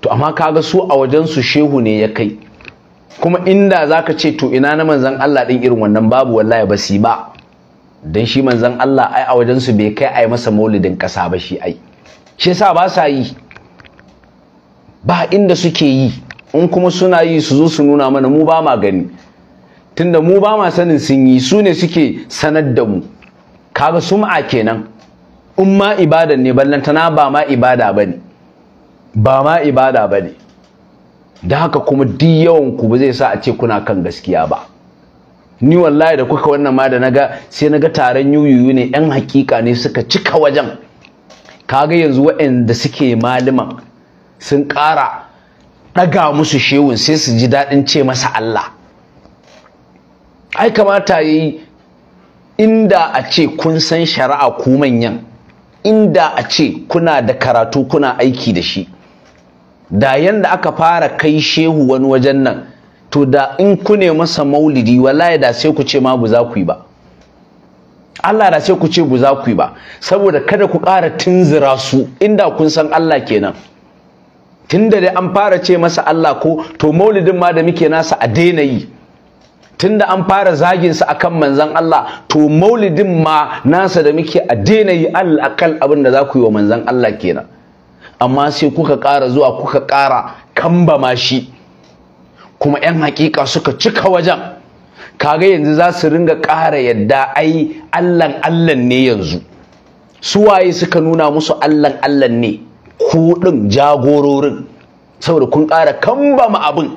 to amma kaga su a wajensu shehu ne ya kai kuma inda za ka ce to ina na manzan Allah ɗin irin wannan babu wallahi ba si ba Don shi manzan Allah ai a wajen su bai kai ai masa maulidin ƙasa ba shi ai shi sa ba sa yi ba inda suke yi in kuma suna yi su zo su nuna mana mu ba ma gani tunda mu ba ma sanin sun yi su ne suke sanar da mu kaga sum'a kenan in ma ibadan ne ballantana ba ma ibada bane ba ma ibada bane da haka kuma duk yawan ku ba zai sa a ce kuna kan gaskiya ba ni wallahi da kuka wannan ma da naga sai naga taron yuyuyu ne yan hakika ne suka cika wajen kaga yanzu waɗanda suke maliman sun ƙara ɗaga musu shewun sai su ji daɗin ce masa Allah ai kamata yi inda a ce kun san shari'a ku manyan inda a ce kuna da karatu kuna aiki da shi da yanda aka fara kai shehu wani wajen nan to da in ku ne masa maulidi wallahi da sai ku ce ma bu za ku yi ba Allah da sai ku ce bu za ku yi ba saboda kada ku ƙara tunzura su inda kun san Allah kenan da dai an fara ce masa Allah ko to maulidin ma da muke nasa a daina yi Tun da an fara zagin sa akan manzon Allah to maulidin ma nasa da muke a daina yi alakal abin da za ku yi wa manzan Allah kenan amma sai kuka ƙara zuwa kuka ƙara kambama shi kuma 'yan hakika suka cika wajen kaga yanzu za su ringa ƙara yadda ai allan allan ne yanzu su waye suka nuna musu allan allan ne Kuɗin jagororin saboda kun ƙara kambama abin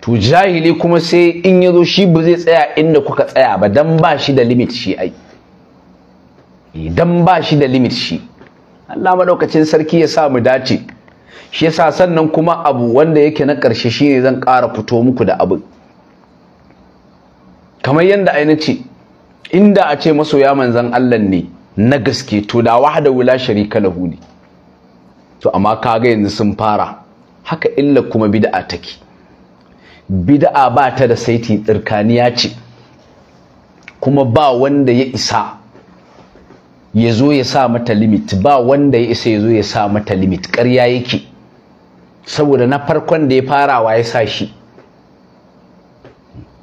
to jahili kuma sai in yazo shi ba zai tsaya inda kuka tsaya ba dan ba shi da limit shi ai eh, dan ba shi da limit shi Allah maɗaukacin sarki ya sa mu dace shi yasa sannan kuma abu wanda yake na ƙarshe shine zan ƙara fito muku da abu kamar yadda ai nace inda a ce masoya manzan Allah ne na gaske to da wahda wula sharika lahu ne to amma kaga yanzu sun fara haka illa kuma bid'a take bid'a ba ta da saiti tsirkaniya ce kuma ba wanda ya isa ya zo ya sa mata limit ba wanda ya isa ya zo ya sa mata limit ƙarya yake saboda na farkon da ya farawa ya sa shi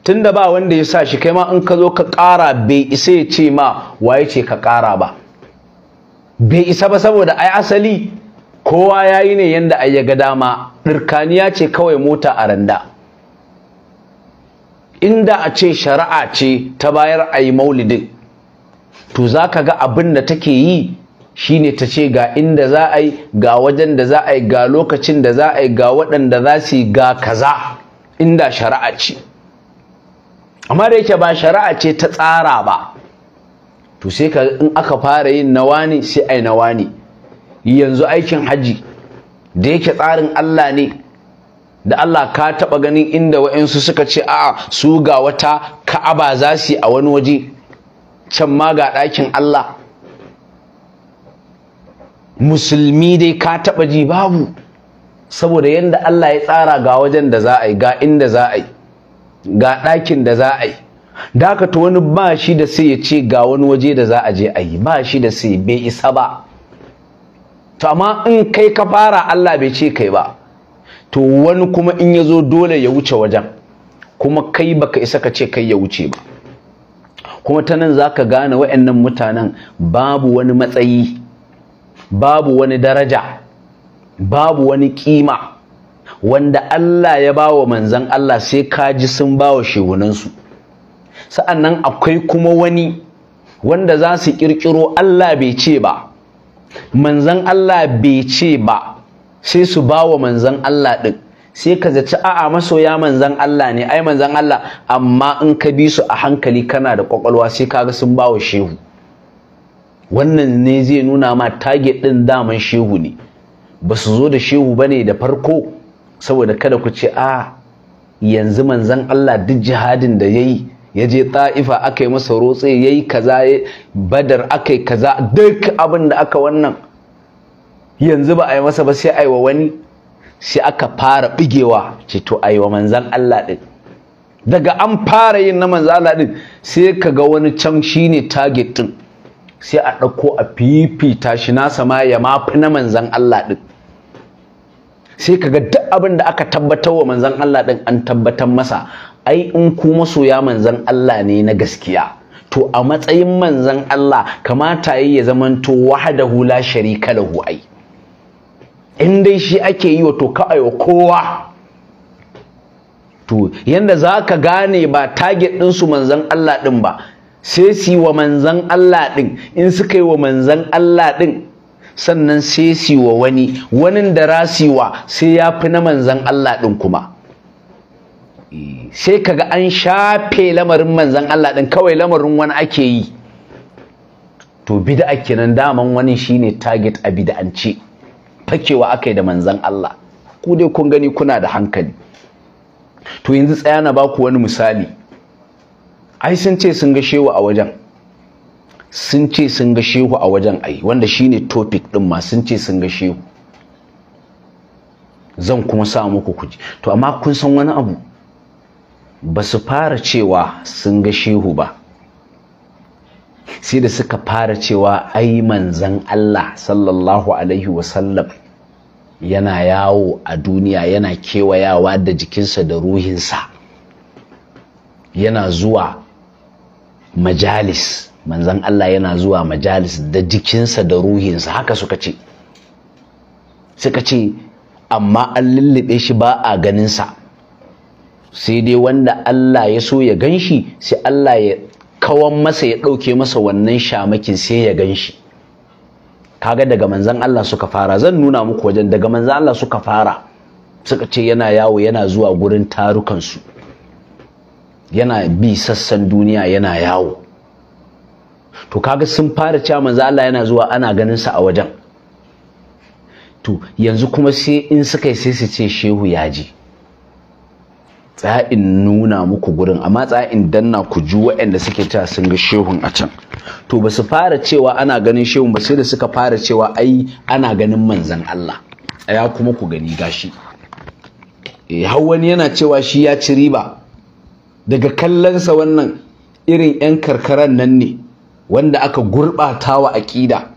tunda ba wanda ya sa shi kai ma in ka zo ka ƙara bai isa ya ce ma waye ce ka ƙara ba bai isa ba saboda ai asali kowa ya yi ne yanda a ya ga dama ɗirkaniya ce kawai mota a randa inda a ce shari'a ce ta bayar a yi maulidin to za ka ga abin da take yi shi ne ta ce ga inda za a yi ga wajen da za a yi ga lokacin da za a yi ga waɗanda za su yi ga kaza inda shari'a ce amma da yake ba shari'a ce ta tsara ba to sai ka in aka fara yin nawani sai ai nawani yanzu aikin hajji da yake tsarin Allah ne da Allah ka taɓa ganin inda wa'insu suka ce a'a su ga wata ka'aba za su yi a wani waje can ma ga ɗakin Allah musulmi dai ka taɓa ji babu saboda yadda Allah ya tsara ga wajen da za a yi ga inda za a yi ga ɗakin da za a yi da to wani ba shi da sai ya ce ga wani waje da za a je a yi ba shi da sai bai isa ba to amma in kai ka fara Allah bai ce kai ba to wani kuma in ya zo dole ya wuce wajen kuma kai baka isa ka ce kai ya wuce ba kuma ta nan za ka gane wa'annan mutanen babu wani matsayi babu wani daraja babu wani kima wanda Allah ya ba wa manzan Allah sai ka ji sun ba wa shegunansu sa'an nan akwai kuma wani wanda za su ƙirƙiro Allah bai ce ba manzan Allah bai ce ba sai su ba wa manzan Allah ɗin sai ka zaci a'a masoya manzan Allah ne ai manzan Allah amma in ka bi su a hankali kana da kwakwalwa sai kaga sun bawa shehu wannan ne zai nuna ma target din daman shehu ne ba su zo da shehu bane da farko saboda kada ku ce a yanzu manzan Allah duk jihadin da yayi ya je ta'ifa aka yi masa rotse ya yi kaza badar aka yi kaza duk abin da aka wannan yanzu ba a yi masa ba sai a wa wani sai aka fara bigewa ce to ai wa manzan Allah din daga an fara yin na manzan Allah din sai ka ga wani can shine target din sai a ɗauko a fifita shi na sama ya mafi na manzan Allah din sai ka ga duk abin da aka tabbatar wa manzan Allah din an tabbatar masa ai in ku masoya manzan Allah ne na gaskiya to a matsayin manzan Allah kamata yi ya zamanto wahdahu la sharika lahu ai in dai shi ake yi wa to ka ayo kowa to yanda za ka gane ba target ɗinsu Manzon Allah ɗin ba sai su wa manzan Allah ɗin in suka yi wa manzan Allah ɗin sannan sai su wa wani wani da rasiwa sai ya fi na manzan Allah ɗin kuma e, sai kaga an shafe lamarin manzan Allah ɗin kawai lamarin wani ake yi to bid'a kenan daman wani shine target a bid'ance fakewa akai da manzan Allah ku dai kun gani kuna da hankali to yanzu tsaya na baku wani misali ai sun ce sun ga shehu a wajen sun ce sun ga shehu a wajen ai wanda shine topic din ma sun ce sun ga shehu zan kuma sa muku kuji to amma kun san wani abu ba su fara cewa sun ga shehu ba sai da suka fara cewa ai manzan Allah sallallahu alaihi wasallam yana yawo a duniya yana kewayawa da jikinsa da ruhinsa yana zuwa majalis manzan Allah yana zuwa majalis da jikinsa da ruhinsa haka suka ce suka ce amma an lullube shi ba a ganinsa sai dai wanda Allah ya so ya ganshi sai Allah ya kawan masa ya ɗauke masa wannan shamakin sai ya gan shi kaga daga manzan Allah suka fara zan nuna muku wajen daga manzan Allah suka fara suka ce yana yawo yana zuwa gurin tarukansu yana bi sassan duniya yana yawo to kaga sun fara cewa manzan Allah yana zuwa ana ganin sa a wajen to yanzu kuma sai in suka yi sai su ce shehu ya je. tsa'in nuna muku gurin amma tsa'in danna ku ji waɗanda suke cewa sun ga shehun a can to ba su fara cewa ana ganin shehun ba sai da suka fara cewa ai ana ganin manzan Allah ya kuma ku gani gashi eh, har wani yana cewa shi ya ci riba daga kallonsa wannan irin 'yan karkaran nan ne wanda aka gurɓata wa aƙida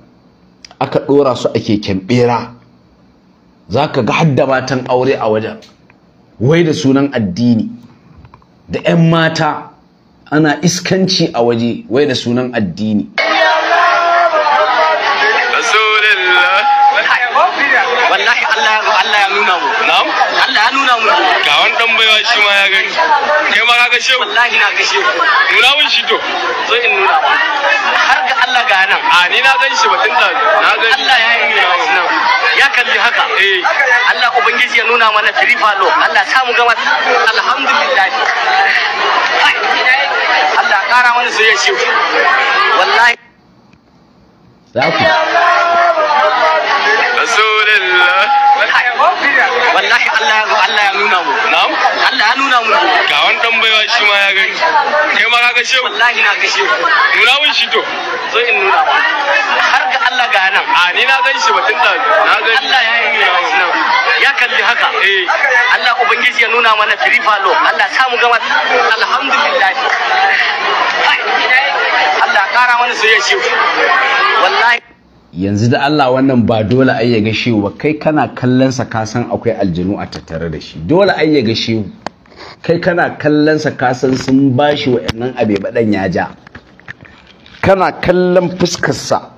aka ɗora su a keken ɓera za ka ga hadda matan aure a wajen wai da sunan addini da 'yan mata ana iskanci a waje wai da sunan addini baiwa shi ma ya gani kai ma ka gashe wallahi na gashe nuna mun shi to in nuna har ga Allah ga nan a ni na shi na gani Allah ya yi nuna mun ya kalli haka eh Allah ubangiji ya nuna mana Allah sa mu gama alhamdulillah Allah kara soyayya shi wallahi za ku Allah ya nuna mu na'am Allah ya nuna mu ga wani dan baiwa shi ma ya gani kai ma ka gashe wallahi na gashe nuna mun shi to zo in nuna har ga Allah ga nan a ni na gan shi batun da na gan Allah ya yi nuna ya kalli haka eh Allah ubangiji ya nuna mana firifa lo Allah sa mu gama alhamdulillah Allah kara mana soyayya shi wallahi yanzu da Allah wannan ba dole ai ga shehu ba kai kana kallon sa ka san akwai aljanu a tattare da shi dole ai ga shehu kai kana kallon sa ka san sun bashi wa'annan abe badan ya ja kana kallon fuskar sa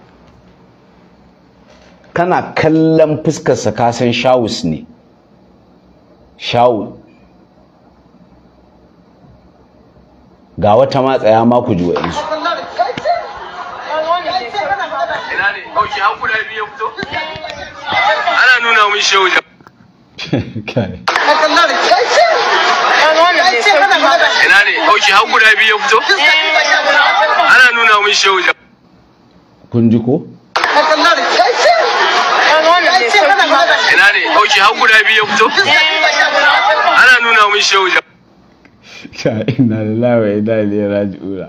kana kallon fuskar sa ka san shawus ne shawu ga wata matsaya ma ku ji wa'insu an kula Ana nuna mun shehu da. Ina ne? Oke, an kula biyu fito? Ana nuna mun shehu da. Kun ji ko? Ina ne? Oke, an kula biyu fito? Ana nuna mun shehu da. ina lillahi ina ilaihi raji'una.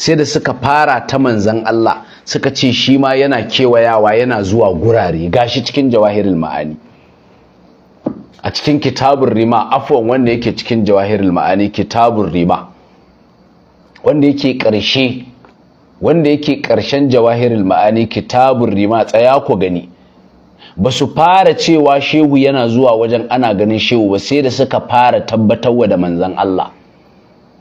sai da suka fara ta manzan Allah suka ce shi ma yana kewayawa yana zuwa gurare gashi cikin jawahirul ma'ani a cikin kitabun rima afwan wanda yake cikin jawahirul ma'ani kitabun rima wanda yake ƙarshe wanda yake ƙarshen jawahirul ma'ani kitabun rima tsaya ku gani ba su fara cewa shehu yana zuwa wajen ana ganin shehu ba sai da suka fara tabbatarwa da manzan Allah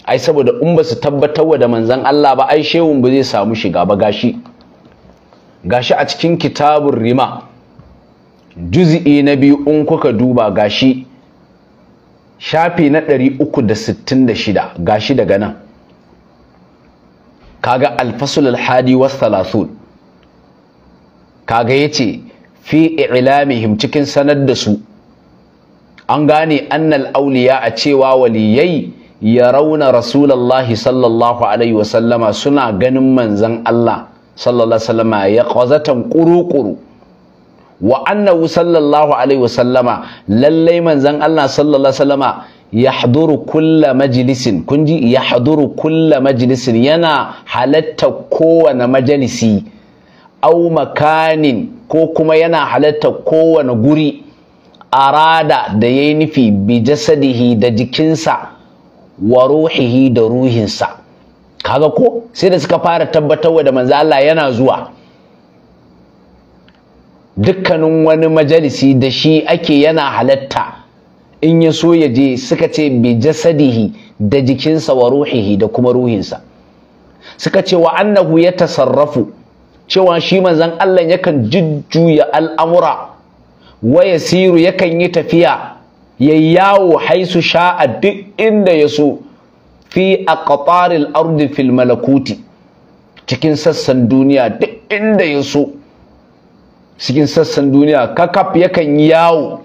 ai saboda in ba su tabbatarwa da manzon Allah ba ai shehun ba zai samu shiga ba gashi gashi a cikin kitabun rima juz'i na biyu in kuka duba gashi shafi na 366 gashi daga nan kaga alfasul Hadi was salasun kaga yace fi i'lamihim cikin sanar da su an gane annal auliya a cewa waliyai ya rauna rasulallahi sallallahu alaihi wasallama suna ganin manzan Allah sallallahu ya ƙwazatan ƙuruƙuru wa annahu sallallahu alaihi wasallama lallai manzan Allah sallallahu wasallama ya haduru kulla majalisin kun ji ya haduru kulla majalisin yana halatta kowane majalisi au makanin ko kuma yana halatta kowane guri arada da ya yi nufi bi jasadihi da jikinsa wa ruhihi da ruhinsa kaga ko sai da suka fara tabbatar da manzo Allah yana zuwa dukkanin wani majalisi da shi ake yana halatta in ya so ya je suka ce bi jasadihi da jikinsa wa ruhihi da kuma ruhinsa suka ce wa annahu ya tasarrafu cewa shi manzon Allah yakan jujjuya al'amura wa yasiru yakan yi tafiya yayi yawo haisu sha'a duk inda ya so fi a ardi fil malakuti cikin sassan duniya duk inda ya so cikin sassan duniya kakaf yakan yi yawo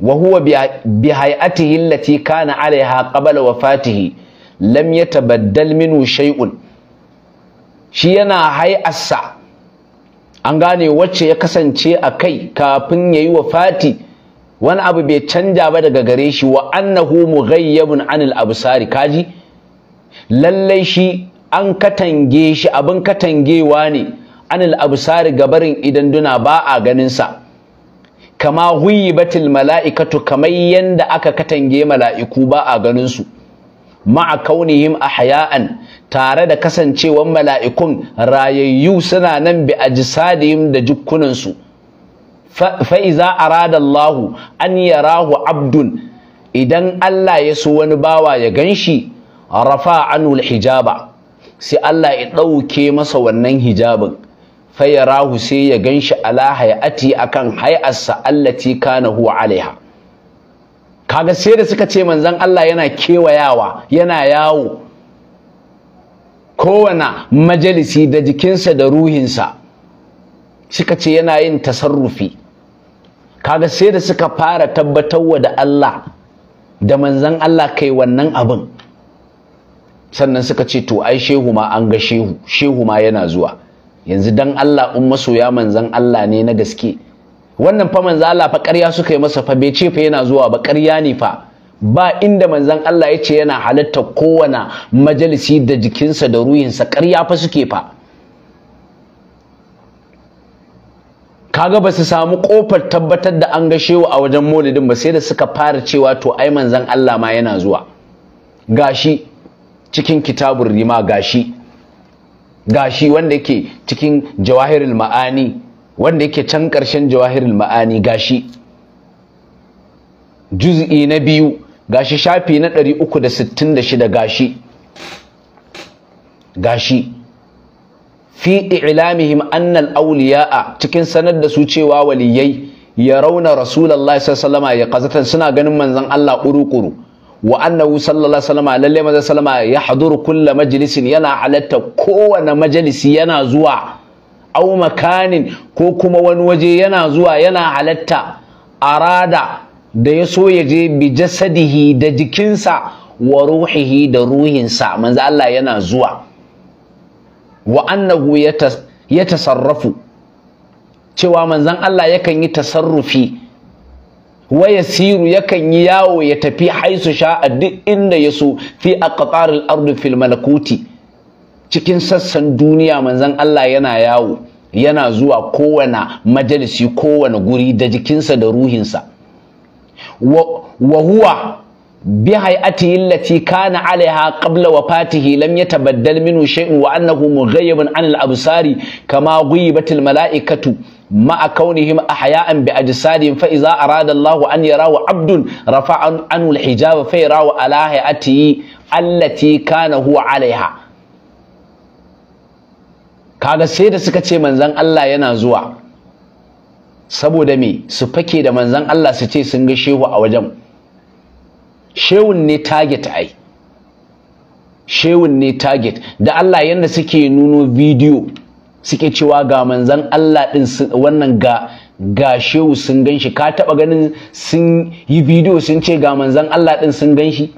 wa huwa bi hayati hillati kana alaiha qabla wafatihi lam yatabaddal minhu shay'un shi yana hay'arsa an gane wacce ya kasance a kai kafin yayi wafati fati wani abu bai canja ba daga gare shi wa annahu mughayyabun anil absari kaji lallai shi an katange shi abin katangewa ne anil absari gabarin idan duna ba a ganin sa kama huyibatil mala'ikatu kamar yanda aka katange mala'iku ba a ganin su ma'a kaunihim ahya'an tare da kasancewan mala'ikun rayayyu suna nan bi ajsadihim da jukkunan su fa'iza lahu an rahu abdun idan Allah ya so wani bawa ya ganshi rafa anul hijaba sai Allah ya ɗauke masa wannan hijabin fayarahu sai ya ganshi ati a kan hay'arsa allati kana huwa alaiha kaga sai da suka ce manzon Allah yana kewayawa yana yawo kowane majalisi da jikinsa da ruhinsa suka ce yana yin tasarrufi kaga sai da suka fara tabbatarwa da Allah da manzan Allah kai wannan abin sannan suka ce to ai shehu ma an ga shehu shehu ma yana zuwa yanzu dan Allah in masoya manzon Allah ne na gaske wannan fa manzon Allah fa ƙarya suka yi masa fa bai ce fa yana zuwa ba ƙarya ne fa ba inda manzon Allah ya ce yana halatta kowane majalisi da jikinsa da ruhinsa ƙarya fa suke fa kaga ba su samu kofar tabbatar da an gashe wa a wajen maulidin ba sai da suka fara cewa to ai manzon Allah ma yana zuwa gashi cikin kitabur rima gashi gashi wanda yake cikin jawahirul ma'ani wanda yake can ƙarshen jawahirul ma'ani gashi juz'i na biyu gashi shafi na 366 gashi gashi fi i'lamihim annal awliya'a cikin sanar da su cewa waliyai ya rauna rasulullahi sallallahu alaihi ya qazatan suna ganin manzon Allah kurukuru wa annahu sallallahu alaihi lalle manzon sallama ya haduru kullu majlisin yana halatta kowane majalisi yana zuwa au makanin ko kuma wani waje yana zuwa yana halatta arada da ya so ya je bi jasadihi da jikinsa wa ruhihi da ruhinsa manzo Allah yana zuwa wa annahu yatasarrafu cewa manzon Allah yakan yi tasarrufi wa yasiru yakan yi yawo ya tafi haisu sha'a duk inda ya so fi aqtaril ardi fil malakuti cikin sassan duniya manzon Allah yana yawo yana zuwa kowane majalisi kowane guri da jikinsa da ruhinsa wa huwa bi hay'atihi allati kana 'alayha qabla wafatihi lam yatabaddal minhu shay'un wa annahu mughayyibun 'anil absari kama ghuyibatil mala'ikatu مع كونهم أحياء بأجسادهم فإذا أراد الله أن يراه عبد رفع عنه الحجاب فيراه على هيئته التي كان هو kaga sai da suka ce manzon Allah yana zuwa saboda me su fake da manzon Allah su ce sun ga shehu a wajen shewun ne target ai shewun ne target da Allah yanda suke nuno bidiyo suke cewa ga manzan Allah din wannan ga ga shewu sun ganshi ka taba ganin sun yi bidiyo sun ce ga manzan Allah din sun ganshi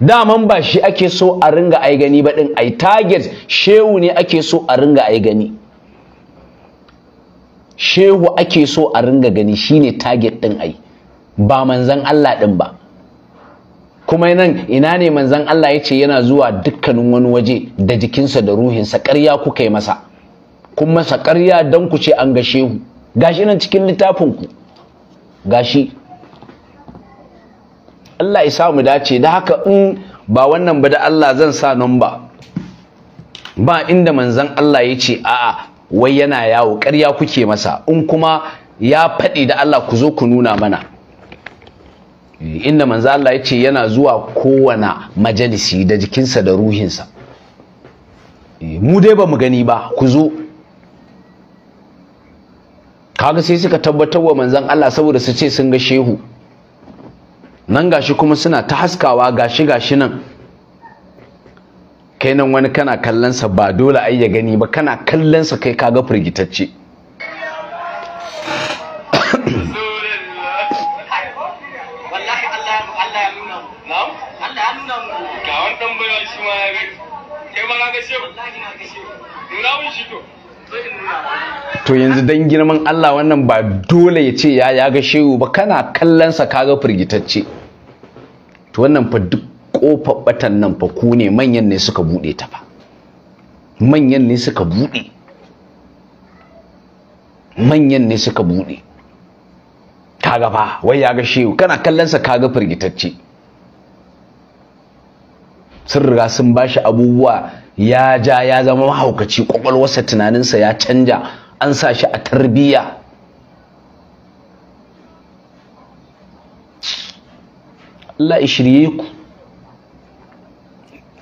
daman ba shi ake so a ringa ai gani ba din ai target shewu ne ake so a ringa ai gani shehu ake so a ringa gani shine target din ai ba manzan Allah din ba kuma nan ina ne manzon Allah ya ce yana zuwa dukkanin wani waje da jikinsa da ruhinsa ƙarya kuka yi masa kun masa ƙarya don ku ce an gashe ku gashi nan cikin littafinku gashi Allah ya mu dace da haka in ba wannan ba da Allah zan sa nan ba ba inda manzon Allah ya ce a'a wai yana yawo Karya kuke masa in kuma ya faɗi da Allah ku zo ku nuna mana Eh, inda manzo Allah ya ce yana zuwa kowane majalisi da jikinsa da ruhinsa eh, mu dai ba mu gani ba ku zo kaga sai suka tabbatar wa manzon Allah saboda su ce sun ga shehu nan gashi kuma suna ta haskawa gashi gashi nan kai nan wani kana kallonsa ba dole ai ya gani ba kana kallon sa kai kaga firgitacce ma nuna mun shi to to yanzu dan girman Allah wannan ba dole ya ce ya ya ga shehu ba kana kallonsa kaga firgitacce to wannan fa duk kofar batan nan fa ku ne manyan ne suka bude ta fa manyan ne suka bude manyan ne suka bude kaga fa wai ya ga shehu kana kallonsa kaga firgitacce sun riga sun bashi abubuwa ya ja ya zama mahaukaci kwakwalwarsa tunaninsa ya canja an sa shi a tarbiyya Allah ya shirye ku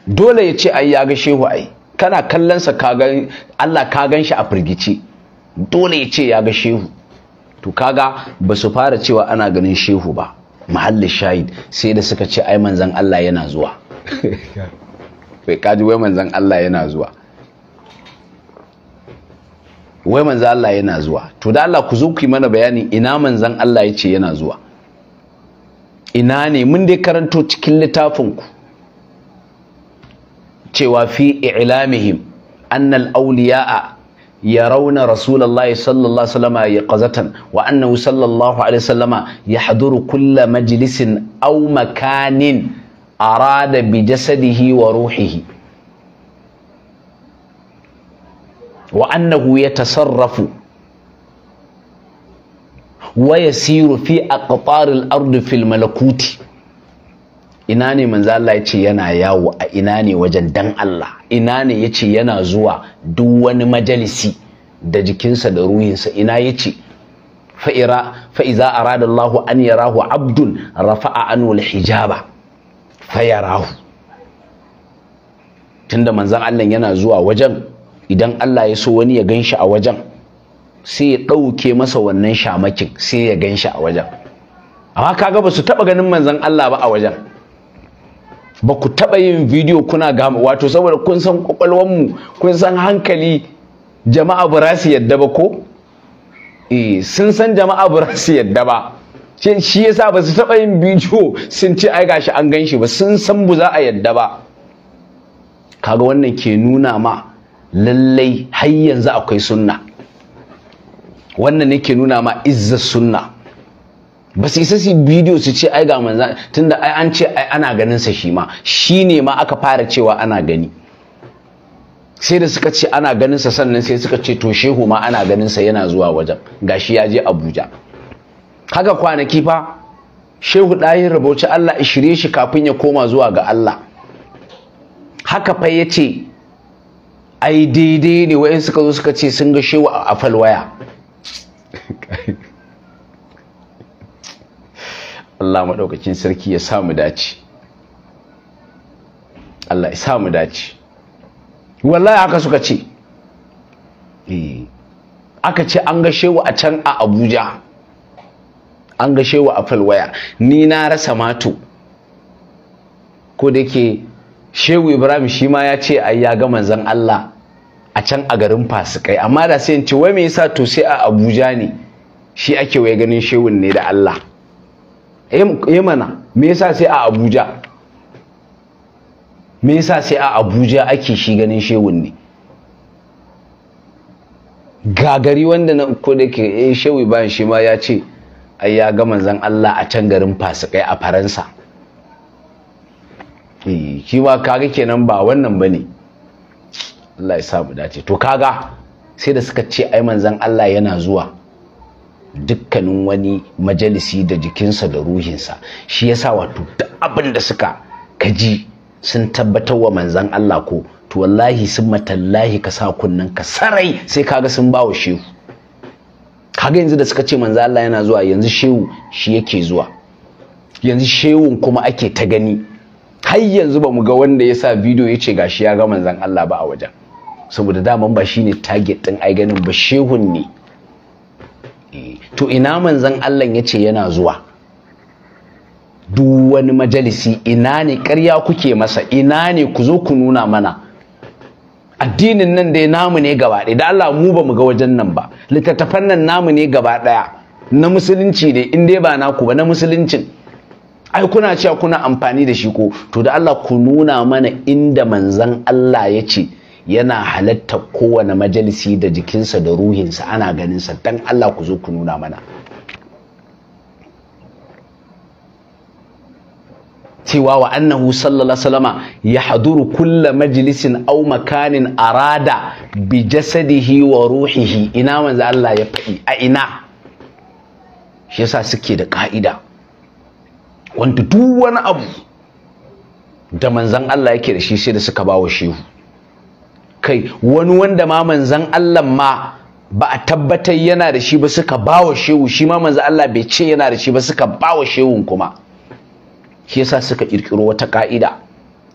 dole ya ce ai ya ga shehu ai kana kallonsa kagan Allah ka gan shi a firgice dole ya ce ya ga shehu to kaga ba su fara cewa ana ganin shehu ba mahallin shahid sai da suka ce ai manzon Allah yana zuwa bai kaji wai manzan Allah yana zuwa wai manzan Allah yana zuwa to da Allah ku zo ku mana bayani ina manzan Allah ya yana zuwa ina ne mun dai karanto cikin littafin ku cewa fi i'lamihim anna al-awliya'a rauna rasulullahi sallallahu alaihi wasallam ya qazatan wa annahu sallallahu alaihi wasallam haduru kull majlisin aw makanin arada bi jasadihi wa ruhihi wa annahu yatasarrafu wa yasiru fi aqtaril ardi fil malakuti ina ne manzo Allah yana yawo a ina ne wajen dan Allah ina ne ya yana zuwa duk wani majalisi da jikinsa da ruhinsa ina ya ce fa'iza arada Allah an yarahu abdun rafa'a anul hijaba fayarahu tunda manzon Allah yana zuwa wajen idan Allah ya so wani ya ganshi a wajen sai ya ɗauke masa wannan shamakin sai ya ganshi a wajen amma kaga ba su taɓa ganin manzon Allah ba a wajen ba ku taɓa yin bidiyo kuna gama wato saboda kun san mu kun san hankali jama'a ba su yadda ba ko eh sun san jama'a ba su yadda ba shi yasa ba su taɓa yin bidiyo sun ce ai gashi an gan shi ba sun san bu za a yadda ba kaga wannan ke nuna ma lallai har yanzu akwai sunna wannan ne ke nuna ma izza sunna ba su isa su bidiyo su ce ai ga manza tunda ai an ce ai ana ganin sa shi ma shi ne ma aka fara cewa ana gani sai da suka ce ana ganin sa sannan sai suka ce to shehu ma ana ganin sa yana zuwa wajen gashi ya je Abuja haka kwanaki fa shehu ɗayin rabauci Allah ya shirye shi kafin ya koma zuwa ga Allah haka fa ya ce ai daidai ne wa'in suka zo suka ce sun ga shehu a falwaya Allah maɗaukakin sarki ya sa mu dace Allah ya sa mu dace wallahi haka suka ce eh, aka ce an ga shehu a can a Abuja an ga shewa a waya ni na rasa mato ko da ke shehu ibrahim shi ma ya ce ai ya ga manzon allah a can a garin fasikai amma da sai ce wai me yasa to sai a abuja ne shi ake wai ganin shewun ne da allah eh, eh mana me yasa sai a abuja me yasa sai a abuja ake shi ganin shewun ne gagari wanda na ko da ke eh, shehu ibrahim shi ma ya ce ai ya ga manzon Allah a can garin fasikai a Faransa eh shi ma kaga kenan ba wannan bane Allah ya sa dace to kaga sai da suka ce ai manzon Allah yana zuwa dukkanin wani majalisi da jikinsa da ruhinsa shi yasa wato duk abin da suka kaji sun tabbatar wa manzan Allah ko to wallahi sun matallahi ka sa kunnen ka sarai sai kaga sun bawa shehu kaga yanzu da suka ce manzo Allah yana zuwa yanzu shehu shi yake zuwa yanzu shehun kuma ake ta gani har yanzu ba mu ga wanda yasa sa bidiyo ya ce gashi ya ga manzon Allah ba a wajen saboda daman ba shine target din ai ganin ba shehun ne eh, to ina manzon Allah yace yana zuwa duk wani majalisi ina ne ƙarya kuke masa ina ne ku zo ku nuna mana addinin nan dai namu ne gaba ɗaya da Allah mu ba mu ga wajen nan ba littattafan nan namu ne gaba ɗaya na musulunci ne, in dai ba naku ba na musuluncin ai kuna cewa kuna amfani da shi ko to da Allah ku nuna mana inda manzon Allah ya ce yana halatta kowane majalisi da jikinsa da ruhinsa ana ganinsa dan Allah ku zo ku nuna mana cewa wa annahu sallallahu alaihi wasallam ya haduru kulla majlisin au makanin arada bi jasadihi wa ruhihi ina manzo Allah ya faɗi a ina shi yasa suke da ka'ida wanda duk wani abu da manzon Allah yake da shi sai da suka bawa shehu kai wani wanda ma manzon Allah ma ba a tabbatar yana da shi ba suka bawa shehu shi ma manzo Allah bai ce yana da shi ba suka bawa shehun kuma shi yasa suka kirkiro wata ka'ida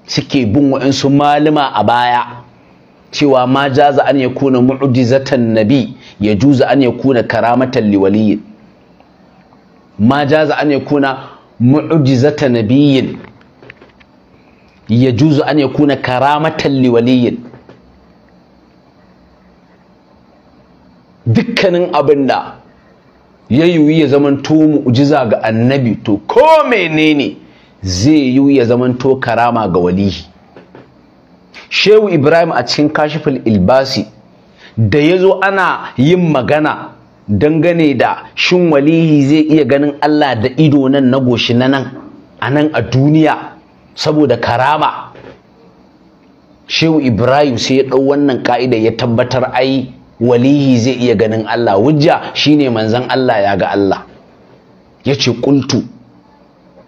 suke bin wa'ansu malama a baya cewa ma jaza an ya kuna mu'jizatan nabi ya juza an ya kuna karamatan liwaliyin ma jaza an ya kuna mu'jizatan nabiyin ya juzu an ya kuna karamatan liwaliyin dukkanin abin da ya yiwu ya zamanto mu'jiza ga annabi to ko menene ne zai yi ya zamanto karama ga walihi shehu ibrahim a cikin kashiful ilbasi da ya zo ana yin magana dangane da shin walihi zai iya ganin allah da ido nan na goshi na nan a nan a duniya saboda karama shehu ibrahim sai ya ɗau wannan ka'ida ya tabbatar ai walihi zai iya ganin allah wujja shine manzon allah ya ga allah ya ce ƙuntu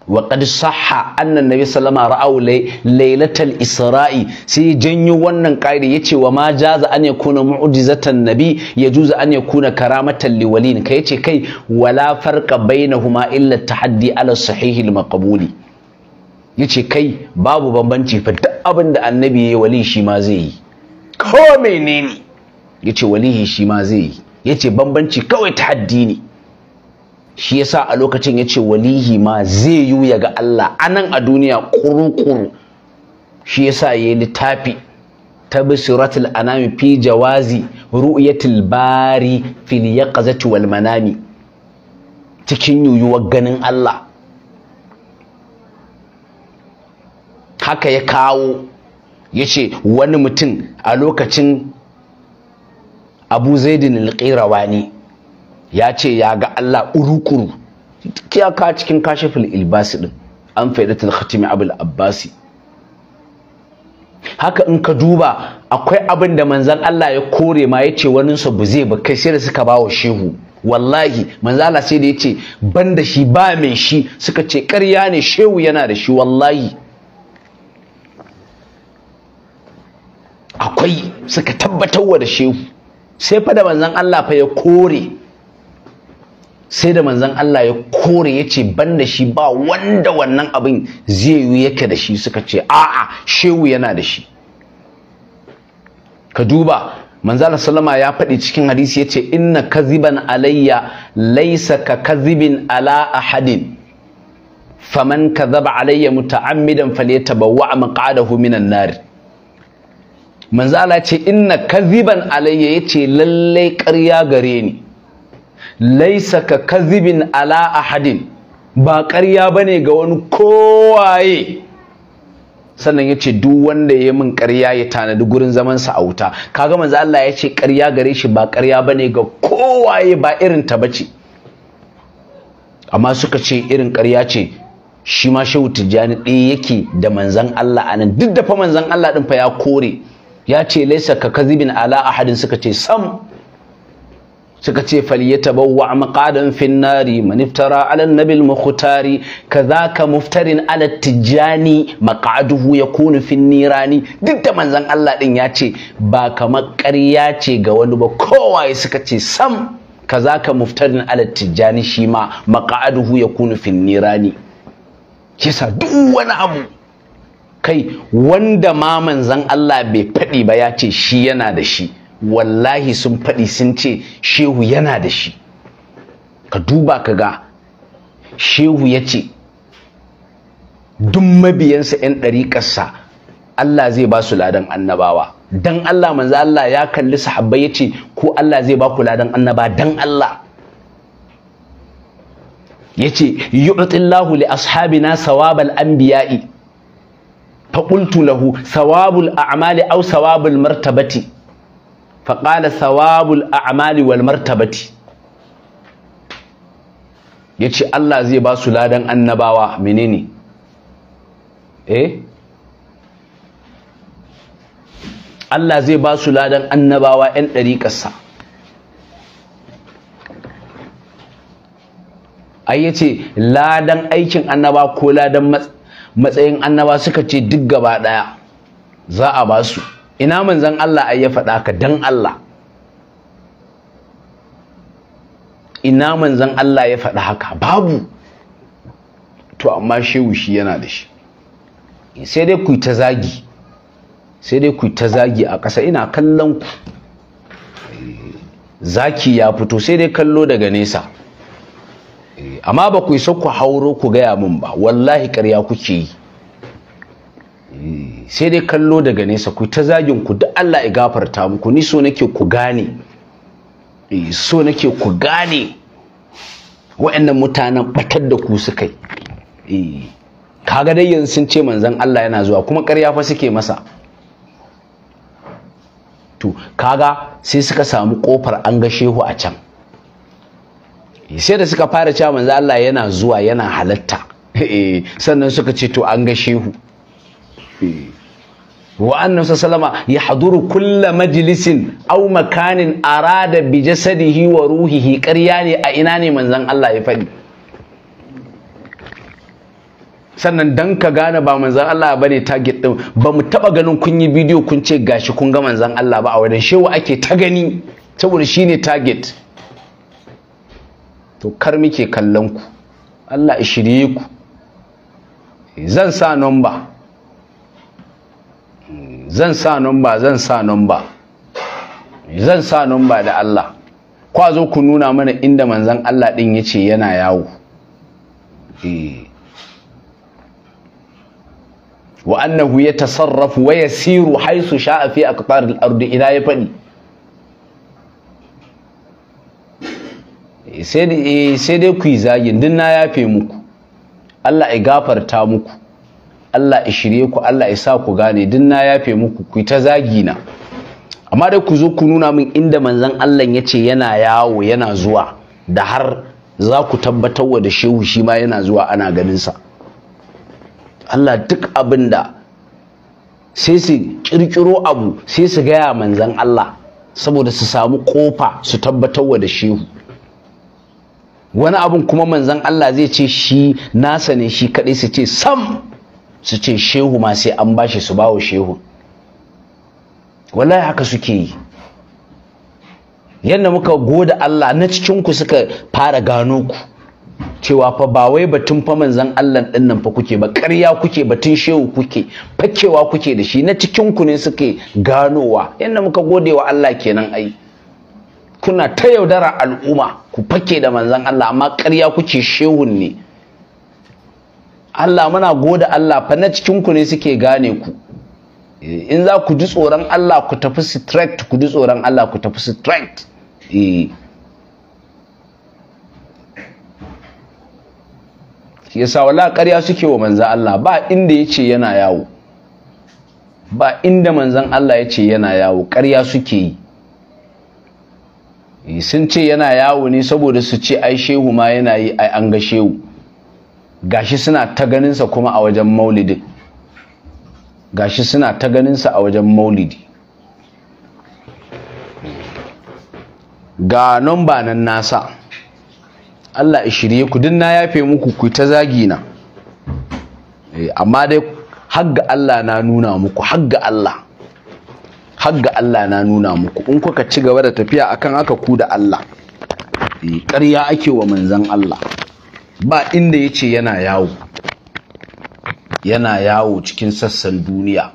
wa qad sahha anna nabi sallama ra'au lailatal isra'i sai ya janyo wannan ƙari yace wa ma jaza an yakuna mu'jizatan nabi yajuza an yakuna karamatan liwalin kai yace kai wala farqa bainahuma illa tahaddi ala sahihil maqbuli yace kai babu bambanci fa duk abin da annabi yayi wali shi ma zai yi ko menene yace walihi shi ma zai yi yace bambanci kawai tahaddi ne shi yasa a lokacin ya ce walihi ma zai yi ya ga Allah a nan a duniya kurukuru shi yasa ya yi littafi ta bi bisiratul anami fi jawazi ru'yatul bari fil yaqazati wal manami cikin yuyuwar ganin Allah haka ya kawo ya ce wani mutum a lokacin abu zaidin alƙirawa ne ya ce ya ga Allah urukuru kiyaka cikin kashiful ilbasi din an faidatul khatimi abul abbasi haka in ka duba akwai abin da manzan Allah ya kore ma ya ce waninsa ba zai ba kai sai da suka bawa shehu wallahi manzan Allah sai da ya ce ban da shi ba mai shi suka ce ƙarya ne shehu yana da shi wallahi akwai suka tabbatarwa da shehu sai fa da manzan Allah fa ya kore sai da manzan Allah ya kore ya ce ban da shi ba wanda wannan abin zai yi yake da shi suka ce a'a shehu yana da shi ka duba manzala Salama ya faɗi cikin hadisi ya ce inna kaziban alayya laisa ka kazibin ala ahadin faman zaba alayya muta'ammidan falyatabawwa maqadahu minan nar manzala ce inna kaziban alayya yace lallai ƙarya gare ni laisa ka kazibin ala ahadin ba ƙarya bane ga wani kowaye sannan ya ce duk wanda ya min karya ya tanadi gurin zamansa a wuta kaga manzo Allah ya ce ƙarya gare shi ba ƙarya bane ga kowaye ba irin ta bace amma suka ce irin karya ce shi ma shehu tijjani ɗaya yake da manzan Allah a nan duk da fa manzan Allah ɗin fa ya kore ya ce laisa ka kazibin ala ahadin suka ce sam suka ce falyatabawwa maqadan maƙadan finnari maniftara alal nabil annabi ka mukhtari ka muftarin ala tijani maqaduhu yakunu fin duk da manzon Allah din ya ce ba kamar ƙarya ce ga wani ba kowaye suka ce sam kazaka muftarin ala tijani shi ma ya yakunu fin kisa duk wani abu kai wanda ma manzon Allah bai faɗi ba ya ce shi yana da shi wallahi sun faɗi sun ce shehu yana da shi ka duba ka ga shehu ya ce duk mabiyansa 'yan ɗariƙarsa Allah zai ba su ladan annabawa dan Allah manzo Allah ya kalli sahabbai ya ce ko Allah zai ba ku ladan annaba dan Allah ya ce yu'tillahu li ashabina sawabal anbiya'i fa qultu lahu sawabul a'mali aw sawabul martabati faƙala sawabul a'mali wal martabati ya ce Allah zai basu ladan annabawa menene eh Allah zai ladan 'yan ɗariƙarsa ai ya ladan aikin annaba ko ladan matsayin annaba suka ce duk gaba ɗaya za a ba ina manzon Allah ai ya faɗa ka dan Allah ina manzon Allah ya faɗa haka babu to amma shehu shi yana da shi sai dai ku ta zagi sai dai ku ta zagi a ƙasa ina kallon ku zaki ya fito sai dai kallo daga nesa amma ba ku isa ku hauro ku gaya min ba wallahi ƙarya kuke yi sai dai kallo daga nesa ku ta zagin ku duk Allah ya gafarta muku ni so nake ku gane eh, so nake ku gane wa'annan mutanen batar da ku suka yi eh, kaga dai yanzu sun ce manzon Allah yana zuwa kuma ƙarya fa suke masa to kaga sai suka samu kofar an ga shehu a can eh, sai da suka fara cewa manzon Allah yana zuwa yana halatta sannan suka ce to an ga shehu wa annabi sallama kulla majalisin au makanin arada bi jasadihi wa ruhihi ƙarya ne a ina ne Allah ya faɗi sannan dan ka gane ba manzon Allah bane target din ba mu taba ganin kun yi bidiyo kun ce gashi kun ga manzon Allah ba a wajen shewa ake ta gani saboda shine target to kar muke kallon ku Allah ya shirye ku zan sa number zan sa numba zan sa numba zan sa numba da Allah kwa zo ku nuna mana inda manzon Allah din yace yana yawo eh. wa annahu yatasarrafu wa yasiru haythu sha'a fi aqtar al-ardi ila ya fadi eh, eh, sai dai ku yi zagin din na yafe muku Allah ya gafarta muku Allah ya shirye ku Allah ya sa ku gane duk na yafe muku ku ta zagi na amma dai ku zo ku nuna min inda manzon Allah ya ce yana yawo yana zuwa da har za ku tabbatar wa da shehu shi ma yana zuwa ana ganin sa Allah duk abinda sai su kirkiro abu sai su gaya manzon Allah saboda su samu kofa su tabbatar wa da shehu wani abun kuma manzon Allah zai ce shi nasa ne shi kadai su ce sam su ce shehu ma sai an bashi su bawo shehu wallahi haka suke yi yadda muka goda Allah na cikinku suka fara gano ku cewa fa ba wai batun fa manzon Allah din nan fa kuke ba ƙarya kuke batun shehu kuke fakewa kuke da shi na cikin ku ne suke ganowa yanda muka gode wa Allah kenan ai kuna ta yaudara al'umma ku fake da manzon Allah amma ƙarya kuke shehun ne Allah muna goda Allah fa na cikin ku ne suke gane ku eh, in za ku ji tsoron Allah ku tafi straight ku ji tsoron Allah ku tafi straight eh yasa wala ƙarya suke wa manzo Allah ba inda yace yana yawo ba inda manzon Allah yace yana yawo ƙarya suke yi eh, sun ce yana yawo ne saboda su ce ai shehu ma yana yi ai an ga shehu gashi suna ta ganinsa kuma a wajen maulidi gashi suna ta ganinsa a wajen maulidi ga nomba nan nasa Allah ya shirye ku din na yafe muku ku ta zagi na eh, amma dai hagga Allah na nuna muku hagga Allah hagga Allah na nuna muku in kuka ci gaba da tafiya akan haka ku da Allah eh, ƙarya ake wa manzon Allah ba inda ya ce yana yawo yana yawo cikin sassan duniya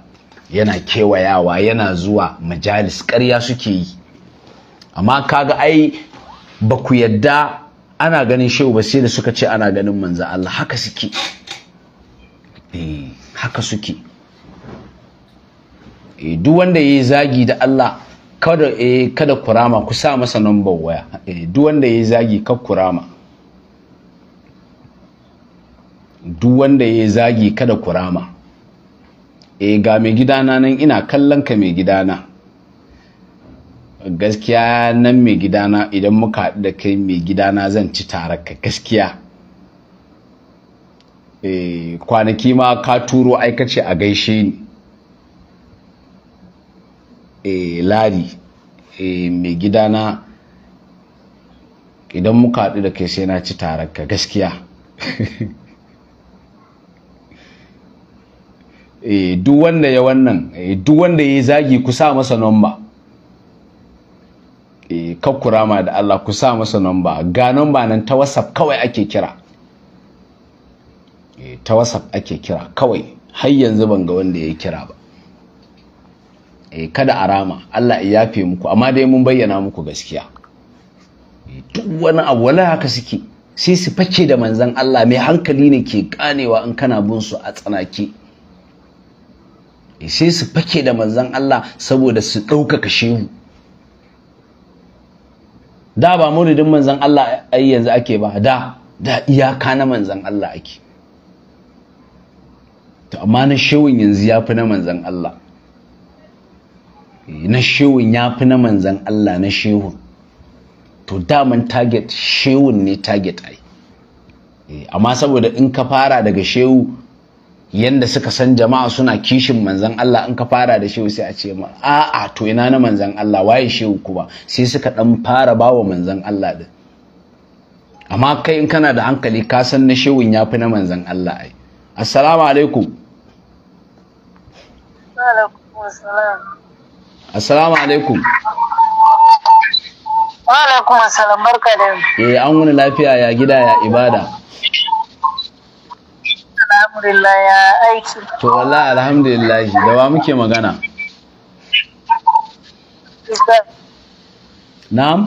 yana kewayawa yana zuwa majalis karya suke yi amma kaga ai ba ku yadda ana ganin shehu ba sai da suka ce ana ganin manza. Allah haka suke eh, haka suke eh duk wanda yayi zagi da Allah kada eh, kada kurama ku sa masa number waya eh duk wanda yayi zagi ka kurama duk wanda ya zagi kada kurama e eh, ga mai gidana nan ina kallon ka mai gidana gaskiya nan mai gidana idan muka haɗu da kai mai gidana zan ci tare ka gaskiya e kwanaki ma ka turo aikace a gaishe ni e eh, lari e mai gidana idan muka haɗu da kai sai na ci tare ka gaskiya Eh, duk wanda ya wannan eh, duk wanda ya zagi ku sa masa nomba eh, kakkura ma da Allah ku sa masa nomba ga nomba nan ta whatsapp kawai ake kira ta whatsapp ake kira kawai har yanzu ban ga wanda ya kira ba kada a rama Allah ya yafe muku amma dai mun bayyana muku gaskiya duk wani abu wala haka suke sai su fake da manzan Allah mai hankali ne ke kanewa in kana bin su a tsanaki sai su fake da manzon Allah saboda su ɗaukaka shehu da ba muridin manzon Allah ai yanzu ake ba da da iyaka na manzon Allah ake to amma na shewin yanzu ya fi na manzon Allah eh, na shewin ya fi na manzon Allah na shehun to daman target shehun ne target ai eh, amma saboda in ka fara daga shehu yanda suka san jama'a suna kishin manzan Allah in ka fara da shehu sai a ce ma a'a to ina na manzan Allah waye shehu kuma sai suka dan fara bawa manzan Allah din amma kai in kana da hankali ka san na shehun fi na manzan Allah ai assalamu alaikum assalamu alaikum wa alaikum assalam barka da eh an wani lafiya ya gida ya ibada alhamdulillah ya aiki to wallahi alhamdulillah da wa muke magana na'am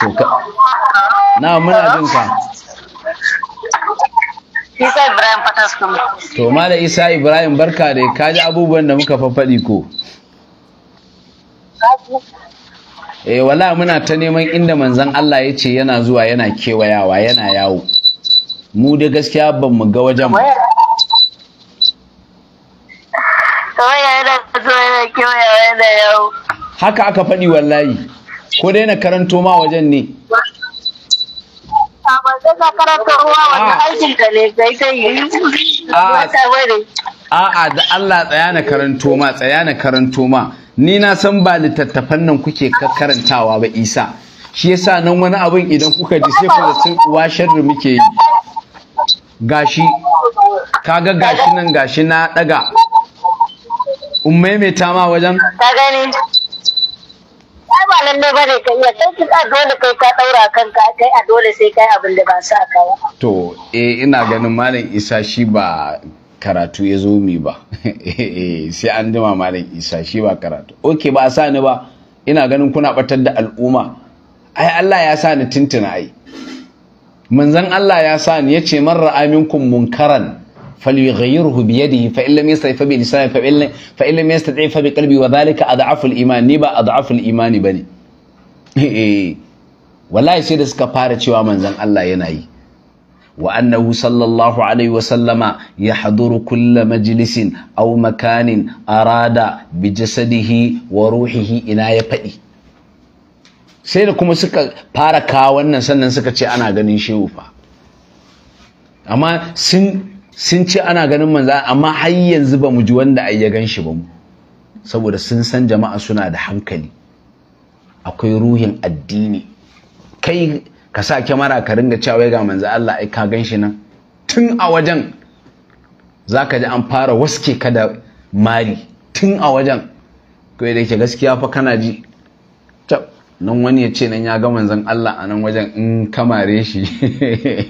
to ka Na'am muna jin ka Isa Ibrahim Fataskum. To Mala Isa Ibrahim barka da ka ji abubuwan da muka faɗi ko? eh wala muna ta neman inda manzan Allah ya ce yana zuwa yana kewayawa yana yawo mu da gaskiya ban mu ga wajen ba haka aka faɗi wallahi ko dai na karanto ma wajen ne a a'a da Allah tsaya na karanto ma tsaya na karanto ma ni na san ba littattafan nan kuke karantawa ba isa shi yasa nan wani abin idan kuka ji sai kuma sun uwa da muke yi gashi kaga gashi nan gashi na daga in maimaita ma wajen ka gani ai ba ne kai kai sai ka dole kai ka daura kanka kai a dole sai kai abin da ba sa ka to eh ina ganin malam isa shi ba karatu ya zo mi ba eh, eh, sai an dima malam isa shi ba karatu ok ba a sa ni ba ina ganin kuna batar da al'umma ai Allah ya sa ni tintina ai manzan Allah ya sa ni yace man ra'a minkum munkaran falyughayyirhu bi yadihi fa illam yastati fa bi lisanihi fa illam fa illam yastati fa bi qalbi wa dhalika adhafu al-iman ni ba adhafu al-iman bane eh, wallahi sai da suka fara cewa manzan Allah yana yi وأنه صلى الله عليه وسلم يحضر كل مجلس أو مكان أراد بجسده ina إلى يفدي sai da kuma suka fara kawo wannan sannan suka ce ana ganin shehu fa amma sun ce ana ganin manza amma har yanzu ba mu ji wanda ai ya gan shi ba mu saboda sun san jama'a suna da hankali akwai ruhin addini kai ka sa kyamara ka ringa cewa ga manzo Allah ai ka gan shi nan tun a wajen za ka ji an fara waske ka da mari tun a wajen kai da ke gaskiya fa kana ji nan wani ya ce nan ya ga manzon Allah a nan wajen in kamare shi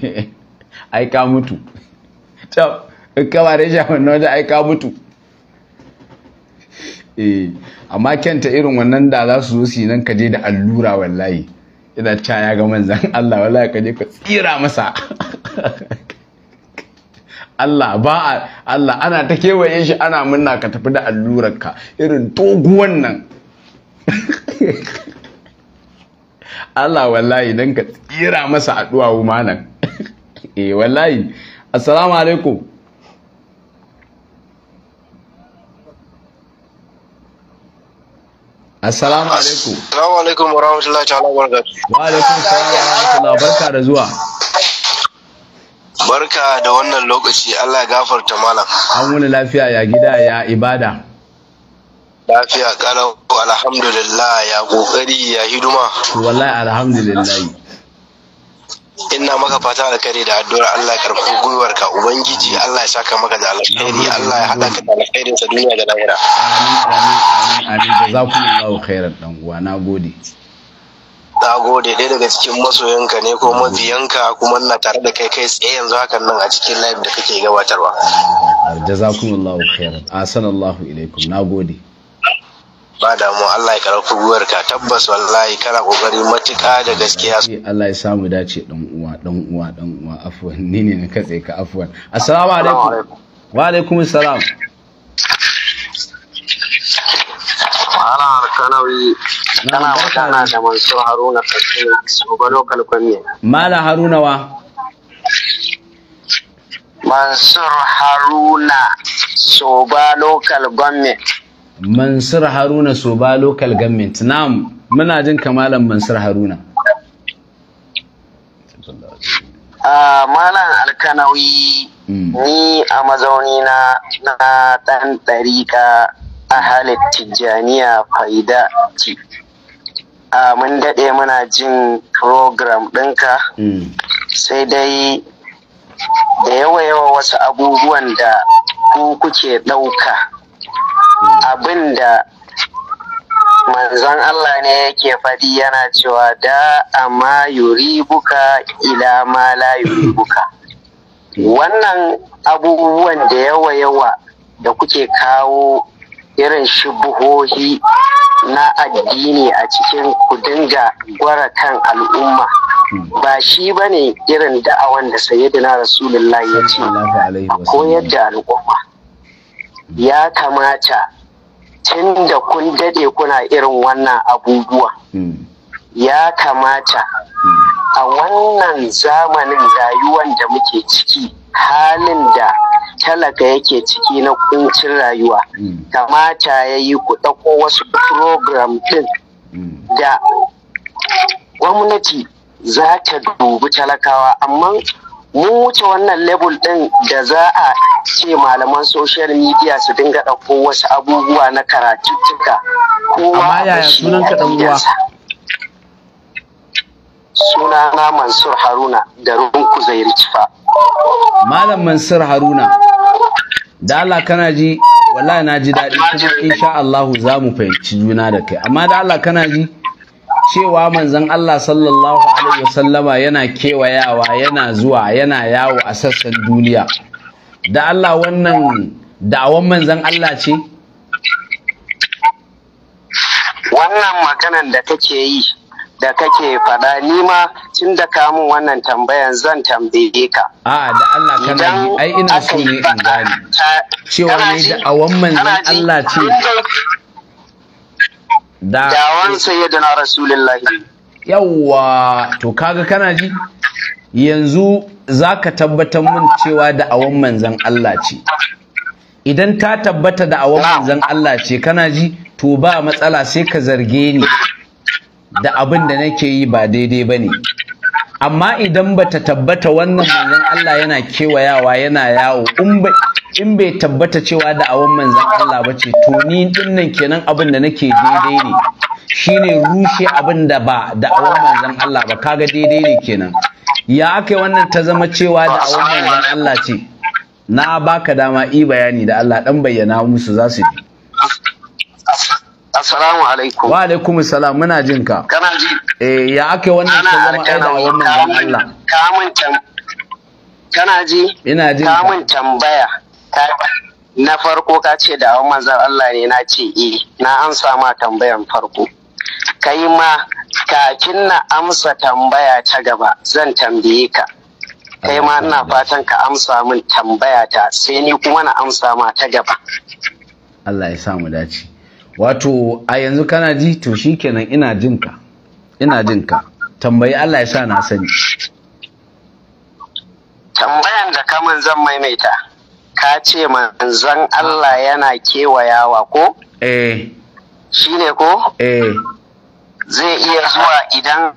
ai ka mutu in kamare shi a wannan wajen ai ka mutu eh amma kenta irin wannan da za su zo su nan ka je da allura wallahi Ina caya ga manzan Allah wala ka je ka tsira masa Allah ba Allah ana ta kewaye shi ana munna ka tafi da allurar ka, irin toguwan nan Allah wallahi dan ka tsira masa a duwawu nan. eh wallahi assalamu alaikum Assalamu alaikum. Assalamu alaikum wa rahmatullahi ta'ala wa barakatuh. Wa alaikum salam wa rahmatullahi barka da zuwa. Barka da wannan lokaci Allah ya gafarta malam. An wuni lafiya ya gida ya ibada. Lafiya kalau alhamdulillah ya kokari ya hiduma. Wallahi alhamdulillah. ina maka fata alkhairi da addu'ar Allah karfi gwiwarka ubangiji Allah ya saka maka da alkhairi Allah ya hada ka da alkhairin sa duniya da lahira amin amin amin, jazakumullahu khairan dan uwa nagode na gode daga cikin masoyanka ne ko mabiyanka kuma na tare da kai kai tsaye yanzu hakan nan a cikin live da kake gabatarwa jazakumullahu khairan asanallahu ilaikum nagode ba damu, Allah ya gwiwar ka, tabbas wallahi kana kokari matuƙa da gaskiya eh, Allah ya samu dace dan uwa dan uwa dan uwa afwan ni ne na katse ka afwan assalamu alaikum wa alaikum assalam ana alkanawi kana magana da Mansur Haruna Katsina shugaban local government Mala Haruna wa Mansur Haruna Soba local government Mansur Haruna Soba local government na'am muna jin kamalan Mansur Haruna ah, Malam Alkanawi hmm. ni a mazauni na dan ɗan ɗarika a halin Tijjaniya faida A ah, Mun daɗe muna jin program ɗinka hmm. sai dai da yawa yawa wasu abubuwan da ku kuke ɗauka Abin da manzon Allah ne yake faɗi yana cewa da amma buka ila ma la buka wannan abubuwan da yawa-yawa da kuke kawo irin shubuhohi na addini a cikin kudin ga gwara kan al'umma ba shi ba ne irin da'awan da sayyidina rasulullah ya ce a koyar da al'umma ya kamata tun da kun dade kuna irin wannan abubuwa hmm. ya kamata hmm. a wannan zamanin rayuwan da muke ciki halin da talaka yake ciki na kuncin rayuwa hmm. kamata ya yi ku ɗauko wasu program ɗin da gwamnati za ta dubi talakawa amma mun wuce wannan level ɗin da za a ce malaman social media su dinga ɗauko wasu abubuwa na karatuttuka kowa a sunan ka suna na mansur haruna da garin kuzairi cifa malam mansur haruna da Allah kana ji wallahi na ji daɗi kuma insha Allah za mu fahimci juna da kai amma da Allah kana ji cewa manzon Allah sallallahu alaihi wasallama yana kewayawa yana zuwa yana yawo a sassan duniya da Allah wannan da'awan manzon Allah ce wannan maganan da kake yi da kake faɗa ni ma tun da ka wannan tambayan zan tambaye ka. A da Allah kana yi ai ina so ne in gane. Cewa ne da'awan manzan manzon Allah ce. da dawan sayyidina rasulullahi yawwa to kaga kana ji yanzu zaka tabbatar mun cewa da awan manzon Allah ce idan ta tabbata da awan manzon Allah ce kana ji to ba matsala sai ka zarge ni da abin da nake yi ba daidai bane amma idan bata tabbata wannan manzon Allah yana kewayawa yana yawo in bai tabbata cewa da awon manzon Allah ba ce to ni dinnan kenan abin da nake daidai ne shine rushe abin da ba da awon manzon Allah ba kaga daidai ne kenan ya aka wannan ta zama cewa da awon manzon Allah ce na baka dama i bayani da Allah dan bayyana musu za su Assalamu alaikum. Wa alaikum salam muna jin ka. Kana ji? Eh ya ake wannan ko zama aida wannan dan Allah. Ka mun kana ji? Ina jin ka. Ka mun tambaya. Na farko ka ce da awon manzan Allah ne na ce eh na amsa ma tambayan farko. Kai ma kakin na amsa tambaya ta gaba zan tambaye ka. Kai ma ina fatan ka amsa min tambaya ta sai ni kuma na amsa ma ta gaba. Allah ya samu dace. wato a yanzu kana ji to kenan ina jinka ina jinka, tambayi Allah ya sa na sani tambayan da kaman zan maimaita ka ce manzon Allah yana kewayawa ko eh ne ko eh zai iya zuwa idan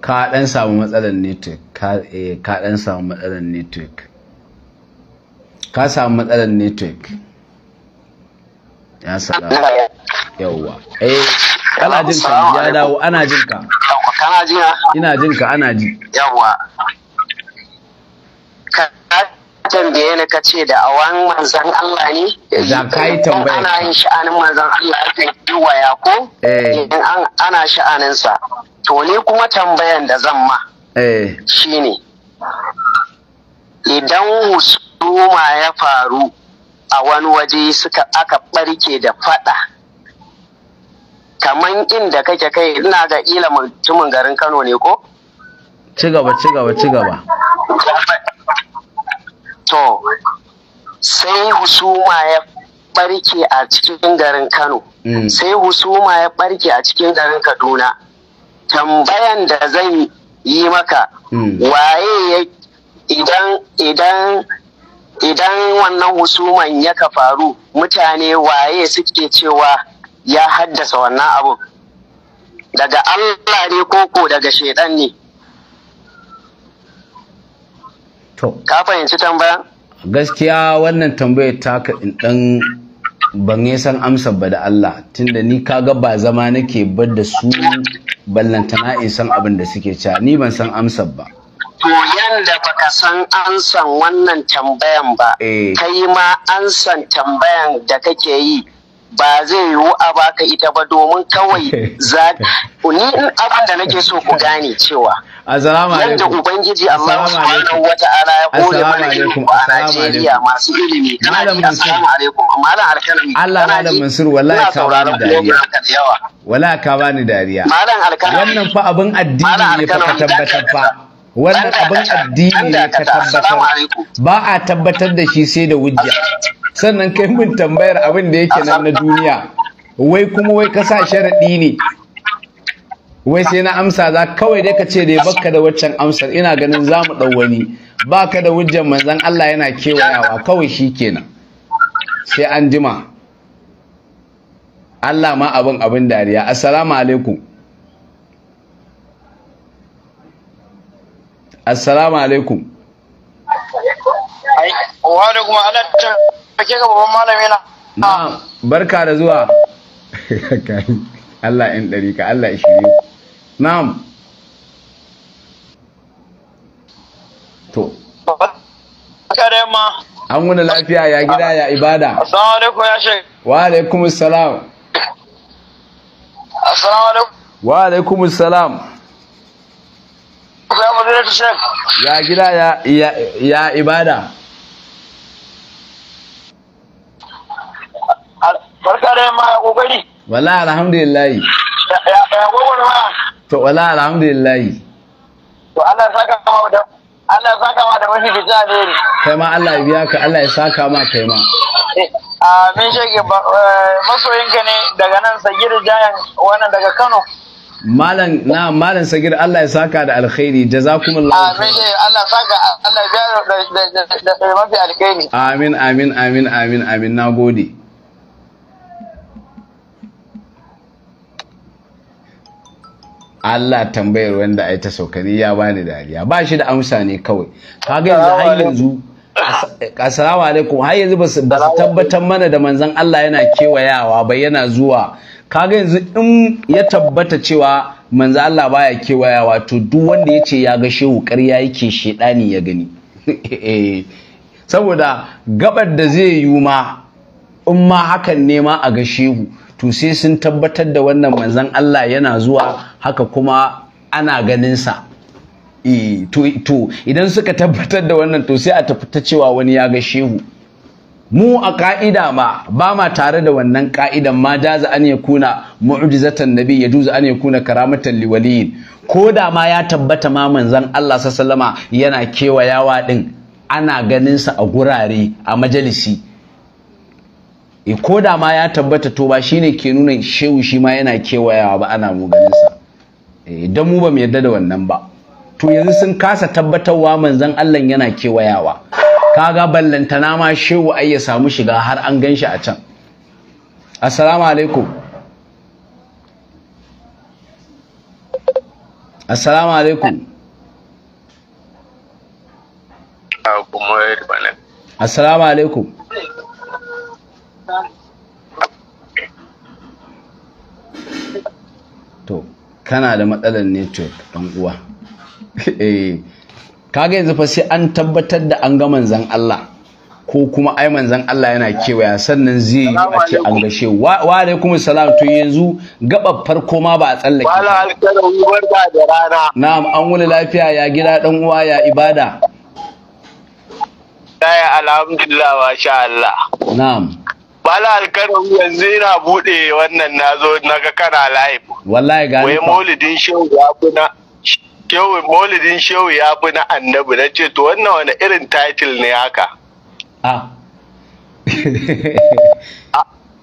ka dan samu matsalar network ka dan eh, samu matsalar network ka samu matsalar network ya salama yawwa eh kana jin ka ya dawo ana jin ka kana ji na ina jin ka ana ji yawwa ka tambaye ni ka ce da awan manzan Allah ne da kai tambaye ana yin sha'anin manzan Allah kan ya ko eh ana sha'anin sa to ne kuma tambayan da zan ma eh shine idan husuma ya faru a wani waje suka aka barke da fada kaman inda kake kai ina ga ila mutumin garin kano ne ko ci gaba ci gaba ci gaba to sai husuma ya barke a cikin garin kano mm. sai husuma ya barke a cikin garin kaduna tambayan da zan yi maka mm. waye ya idan idan idan wannan husuman ya ka faru mutane waye suke cewa ya haddasa wannan abun daga Allah ne koko daga shaidan ne ka fahimci tambaya gaskiya wannan tambayar ta kaɗin dan ban yi san amsa ba da Allah tunda ni kaga ba zama nake bar da su ballantana in san abin da suke cewa ni ban san amsa ba to yanda baka san ansan wannan tambayan ba eh. kai ma ansan tambayan da kake yi ba zai yiwu a baka ita ba domin kawai za ni abin da nake so ku gane cewa yadda ubangiji Allah subhanahu wa ta'ala ya kore mana ilimi a Najeriya masu ilimi kana ji assalamu alaikum malam alkalami Allah malam Mansur wallahi ka bani dariya wallahi ka bani dariya malam alkalami wannan fa abin addini ne fa ka tabbatar fa wannan abin addini ne ka tabbatar ba a tabbatar da shi sai da wujja sannan kai mun tambayar abin da yake nan na duniya wai kuma wai ka sa sharaɗi ne wai sai na amsa za kawai dai ka ce da baka da waccan amsar ina ganin za mu ɗau wani baka da wujjan manzon Allah yana kewayawa kawai shi kenan sai an jima Allah ma abin abin dariya assalamu alaikum assalamu alaikum wa alaikum ala take ka babban malami na na'am barka da zuwa Allah in dari ka Allah ya Na. na'am to an wani lafiya ya gida ya ibada assalamu alaikum ya shek wa alaikum salam. assalamu alaikum wa alaikum assalam ya gida ya ibada barka da yamma ya kokari wala alhamdulillah ya kokari ma to wala alhamdulillah to Allah saka ma da Allah saka ma da mafi fita ne kai ma Allah ya biya ka Allah ya saka ma kai ma eh, amin shege eh, masoyinka ne daga nan sagir jayan wannan daga Kano malam na malam sagir Allah ya saka da alkhairi jazakumullahu amin eh, Allah saka Allah ya biya da mafi alkhairi amin amin amin amin amin nagode Allah tambayar wanda ai ta saukani ya bani dariya ba shi da amsa ne kawai kaga yanzu har yanzu assalamu alaikum har yanzu ba su tabbatar mana da manzon Allah yana kewayawa ba yana zuwa kaga yanzu in ya tabbata cewa manzo Allah baya kewaya wato duk wanda ya ce ya ga shehu ƙarya yake shedani ya gani saboda gabar da zai yi ma in ma hakan ne ma a ga shehu to sai sun tabbatar da wannan manzon Allah yana zuwa haka kuma ana ganin sa eh, to idan suka tabbatar da wannan to sai a tafi ta cewa wani ya ga shehu mu a ka'ida ma ba ma tare da wannan ka'idan ma daza an kuna mu'jizatan nabi ya duza an kuna karamatan liwaliyin ko da ma ya tabbata ma manzon Allah sallama yana kewayawa din ana ganin sa a gurare a majalisi e ko da ma ya tabbata to ba shine ke nuna shehu shi ma yana kewayawa ba ana mu ganin sa e, mu ba mu yarda da wannan ba to yanzu sun kasa tabbatarwa manzon Allah yana kewayawa kaga ballantana ma shehu ai ya samu shiga har an gan shi a can assalamu alaikum assalamu alaikum assalamu alaikum to kana da matsalar network ɗan uwa eh kaga yanzu fa sai an tabbatar da an ga manzan Allah ko kuma ai manzan Allah yana kewaya sannan zai yi a ce an gashe wa alaikum salam to yanzu gabar farko ma ba a tsallake wala alkalawi barka da rana na'am an wuli lafiya ya gida dan uwa ya ibada daya alhamdulillah wa sha Allah na'am Bala alkarin yanzu yana buɗe wannan nazo naga kana live. Wallahi ga Wai maulidin shehu ya kuna shehu maulidin shehu ya fi na annabi na ce to wannan wani irin titil ne haka ah. a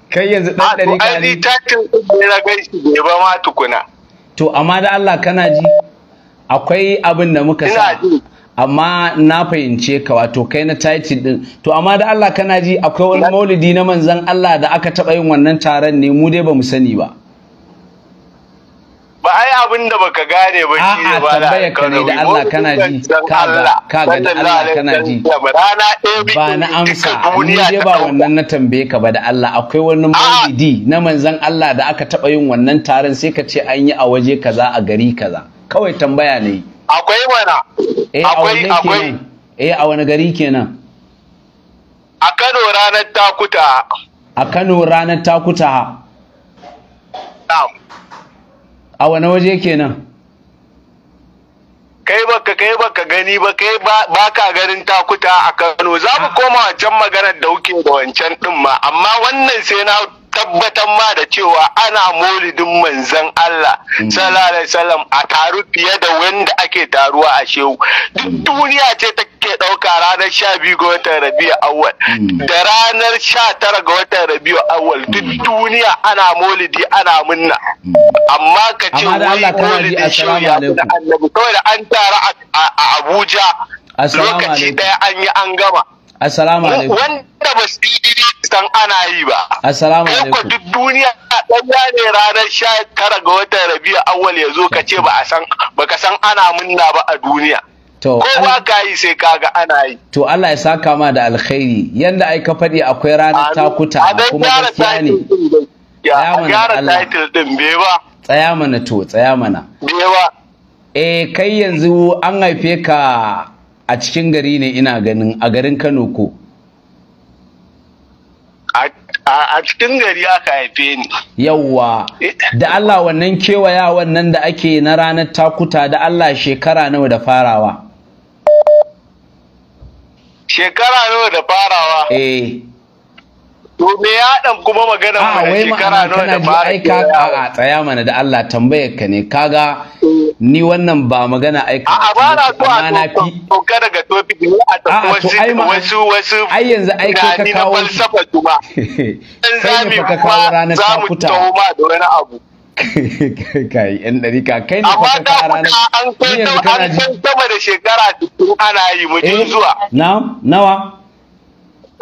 kai yanzu ɗan ɗari ka ne title ɗin ne na shi, ne ba ma tukuna to amma da Allah kana ji akwai abin da muka sa amma na fahimce ka wato kai na titil ɗin. to amma da Allah kana ji akwai wani maulidi na manzon Allah da aka taɓa yin wannan taron ne mu dai ba mu sani ba ba ai abin da baka gane ba shi ne ba da kana da Allah kana ji kaga kaga da Allah kana ji ba na amsa ni je ba wannan na tambaye ka ba da Allah akwai wani maulidi na manzon Allah da aka taba yin wannan taron sai ka ce an yi a waje kaza a gari kaza kawai tambaya ne akwai mana eh, akwai akwai eh a wani gari kenan a Kano ranar takuta a Kano ranar takuta na'am a wani waje kenan kai baka kai baka gani ba kai baka ganin takuta a Kano za mu koma wancan maganar da kuke da wancan din ma amma wannan sai na tabbatar ma da cewa ana molidin manzan Allah mm. sallallahu alaihi a taru fiye da wanda ake taruwa a shehu duk mm. duniya ce take ɗauka ranar sha biyu ga watan rabiu awwal mm. da ranar sha tara ga watan rabiu awwal duk duniya ana molidi ana munna amma ka ce wani molidin shehu ya da annabi kawai da an tara a Abuja lokaci daya an yi an gama Assalamu eh, alaikum. Wanda ba su yi san ana yi ba. Assalamu eh, alaikum. duk duniya ɗan ne ranar sha tara ga watan rabiya awwal ya zo ka ce ba a san ba ka san ana munna ba a duniya. To, ko ba ka yi sai kaga ana yi. To Allah ya saka ma da alkhairi yanda ai ka faɗi akwai ranar takuta kuma gaskiya ne. Ya gyara title din be ba. Tsaya mana to, tsaya mana. Be ba. Eh kai yanzu an haife ka a cikin gari ne ina ganin a garin Kano ko a cikin gari aka haife ni yawwa da Allah wannan kewaya wannan da ake na ranar takuta da Allah shekara nawa da farawa shekara nawa da farawa eh to me ya dan kuma magana ah, mana shekara nawa da farawa a tsaya mana da Allah tambayar ka ne kaga eh. ni wannan ba magana ai a bara ba a so a kada ga topic ne a tafi wasu wasu ai yanzu ai ka kawo falsafa kuma dan zami ma za mu tawo ma da wani abu kai yan dari ka kai ne ka ka ranar an kai an san sama da shekara 60 ana yi mu jin eh, zuwa na nawa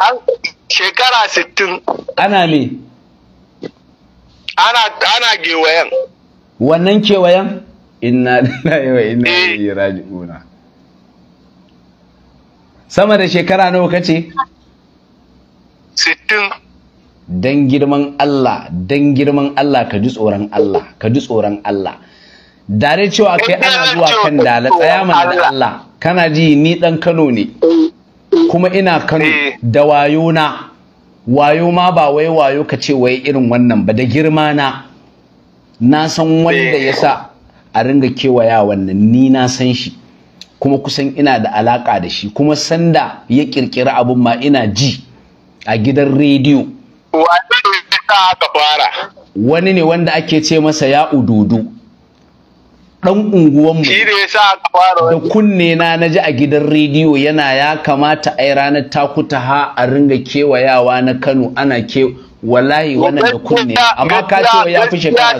an shekara 60 ana me ana ana gewayen wannan kewayen inna lillahi wa inna ilaihi raji'una sama da shekara nawa kace 60 dan girman Allah dan girman Allah ka ji tsoron Allah ka ji tsoron Allah dare cewa kai ana zuwa kan dala tsaya mana da Allah kana ji ni dan Kano ne kuma ina Kano eh. da wayo na wayo ma ba wai wayo ka ce wai irin wannan ba da girma na na san wanda eh. yasa a ringa kewaya wannan ni na san shi kuma kusan ina da alaka da shi kuma sanda ya kirkira abin ma ina ji a gidan rediyo wani ne wanda ake ce masa ya ududu ɗan unguwanmu da kunne na naji a gidan rediyo yana ya kamata a ranar takuta ha a ringa kewayawa na kano ana ke wallahi wannan da kunne amma ka ce ya fi shekara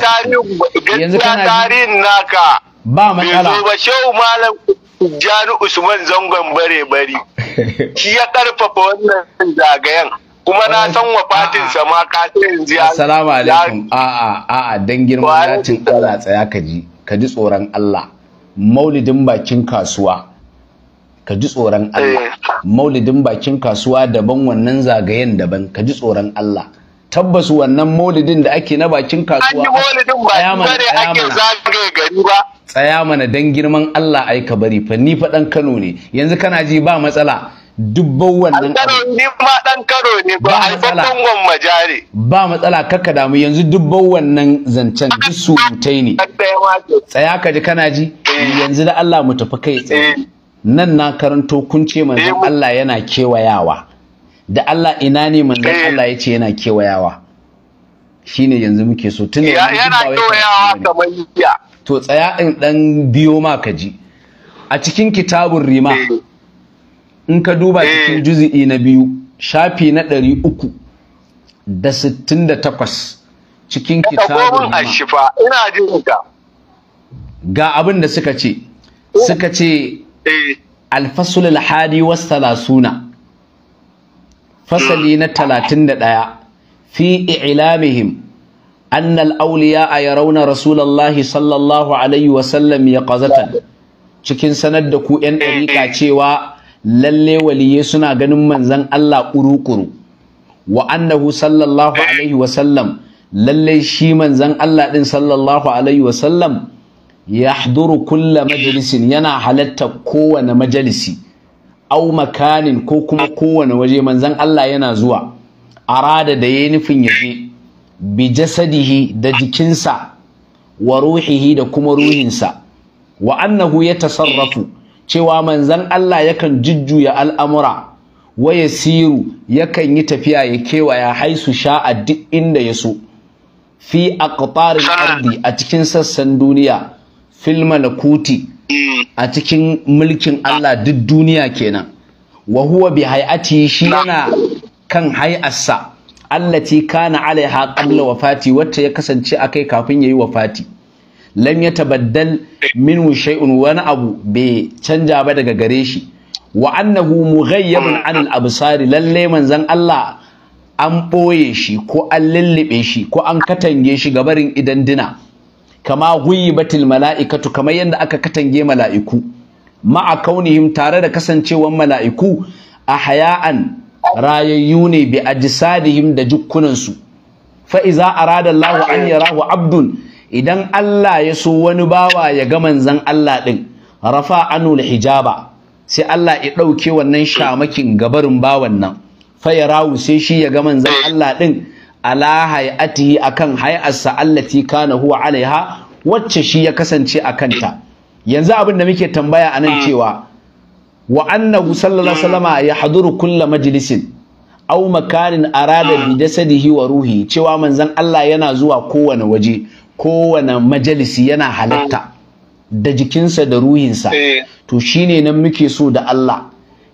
yanzu kana tarihin naka ba matsala bai zo ba shehu malam Jani Usman zangon bare bari shi ya karfafa wannan zagayen kuma na san wafatin sa ma ka ce yanzu assalamu alaikum a'a a'a dan girman zatin Allah tsaya ka ji ka ji tsoron Allah maulidin bakin kasuwa ka ji tsoron Allah eh. maulidin bakin kasuwa daban wannan zagayen daban ka ji tsoron Allah tabbas wannan maulidin da ake na bakin kasuwa ya mana tsaya mana dan girman Allah ai ka bari fa ni Kano ne yanzu kana ji ba matsala dubban wannan abu ba matsala kakka damu yanzu dubban wannan zancen duk surutai ne tsaya ka ji kana ji eh. yanzu da Allah mu tafi kai tsaye eh. nan na karanto kun ce manzon eh, Allah yana kewayawa da Allah ina ne manzon eh. Allah ya ce yana kewayawa shine yanzu muke so tun yana kewayawa kamar yiya to tsaya in dan biyo ma ka ji a cikin kitabun rima eh. in ka duba eh. cikin juzi'i na biyu shafi na ɗari uku da sittin da takwas cikin kitabun rima ga abin da suka ce suka ce alfasul hadi was salasuna fasali na talatin ɗaya fi i'lamihim أن الأولياء يرون رسول rasulallah sallallahu alaihi wasallam ya ƙazatan cikin sanar da ku ƴan ɗariƙa cewa lalle waliye suna ganin manzan Allah ƙuruƙuru wa annahu sallallahu alaihi wasallam lalle shi manzan Allah ɗin sallallahu alaihi wasallam ya yahduru kulla majalisin yana halatta kowane majalisi au makanin ko kuma kowane waje manzan Allah yana zuwa arada da ya nufin ya je. bi jasadihi da jikinsa wa ruhihi da kuma ruhinsa wa annahu tasarrafu cewa manzan Allah yakan jujjuya al'amura wa siru, yakan yi tafiya ya kewaya haisu sha'a duk inda ya so fi ƙatarin ardi a cikin sassan duniya fil malakuti a cikin mulkin Allah duk duniya kenan wa huwa bi hay'ati shi yana kan hay'arsa allati kana alaiha qabla wafati wacce ya kasance akai kafin yayi wafati lam yatabaddal minhu shay'un wani abu bai canja ba daga gare shi wa annahu mughayyabun al absari lalle manzan Allah an ɓoye shi ko an lullube shi ko an katange shi gabarin idan dina kama batil mala'ikatu kamar yadda aka katange mala'iku ma'a kaunihim tare da kasancewan mala'iku A ahya'an rayayyu ne bi ajsadihim da jukkunansu fa iza arada Allah an yarahu abdun idan Allah ya so wani bawa ya ga manzan Allah din rafa anul hijaba sai Allah ya dauke wannan shamakin gabarin bawan nan fa yarahu sai shi ya ga manzan Allah din ala hay'atihi akan hay'arsa allati kana huwa alaiha wacce shi ya kasance a kanta yanzu abin da muke tambaya a nan hmm. cewa wa annahu sallallahu alaihi wasallama hmm. yahduru kulla majlisin aw makanin arada bi hmm. jasadihi wa ruhi cewa manzon Allah yana zuwa kowane waje kowane majalisi yana halatta da jikinsa da ruhinsa eh. to shine nan muke so da Allah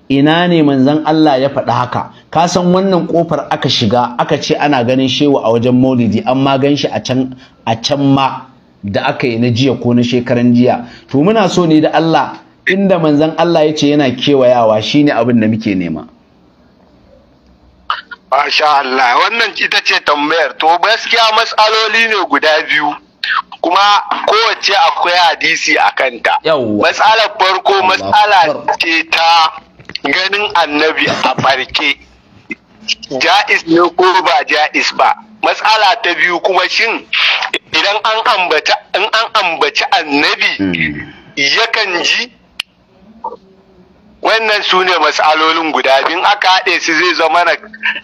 ina ne manzan Allah ya faɗi haka ka san wannan kofar aka shiga aka ce ana ganin shewa a wajen maulidi an ma gan shi a can ma da aka yi na jiya ko na shekaran jiya to muna so ne da Allah inda manzan Allah ya ce yana kewayawa shine abin da muke nema Masha Allah wannan ita ce tambayar to gaskiya matsaloli ne guda biyu kuma kowace akwai hadisi a kanta matsalar farko matsala ce ta ganin annabi a farke ja'is ne ko ba ja'is ba matsala ta biyu kuma shin idan an ambaci an ambaci annabi hmm. yakan ji wannan su ne matsalolin guda biyun aka haɗe su zai zama na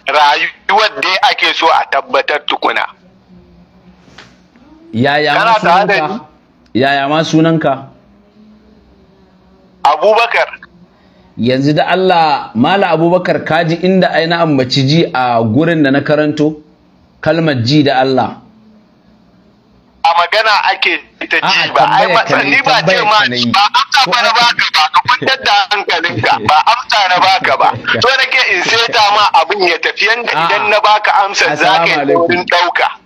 rayuwar da ake so a tabbatar tukuna yaya ma sunanka yaya ma sunanka abubakar yanzu da Allah mala abubakar kaji inda aina ambaci ji a gurin da na karanto kalmar ji da Allah a magana ake ita ji ba ai matsanni ba ce ma ba amsa ba na baka ba ka kwantar da hankalinka ba amsa na baka ba to nake in seta ma abin ya tafi yanda idan na baka amsa za ka yi ɗauka."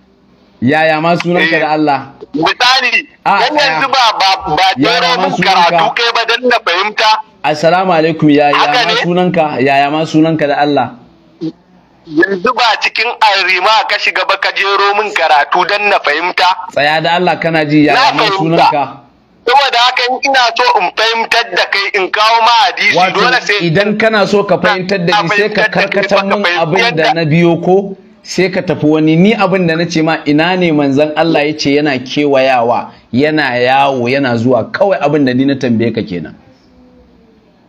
yaya ma sunanka da eh, Allah misali ah, dan yanzu ba ba ba tsara mun karatu kai ba dan na fahimta assalamu alaikum yaya ma sunanka yaya ma sunanka da Allah yanzu ba cikin arima ka shiga ba ka jero mun karatu dan na fahimta tsaya da Allah kana ji yaya ma sunanka saboda haka ina so in fahimtar da kai in kawo ma hadisi dole sai idan kana so ka fahimtar da ni sai ka karkatar mun abin da na biyo ko sai ka tafi wani ni abin da na ce ma ina ne manzan Allah ya ce yana kewayawa yana yawo yana zuwa kawai abin da ni na tambaye ka kenan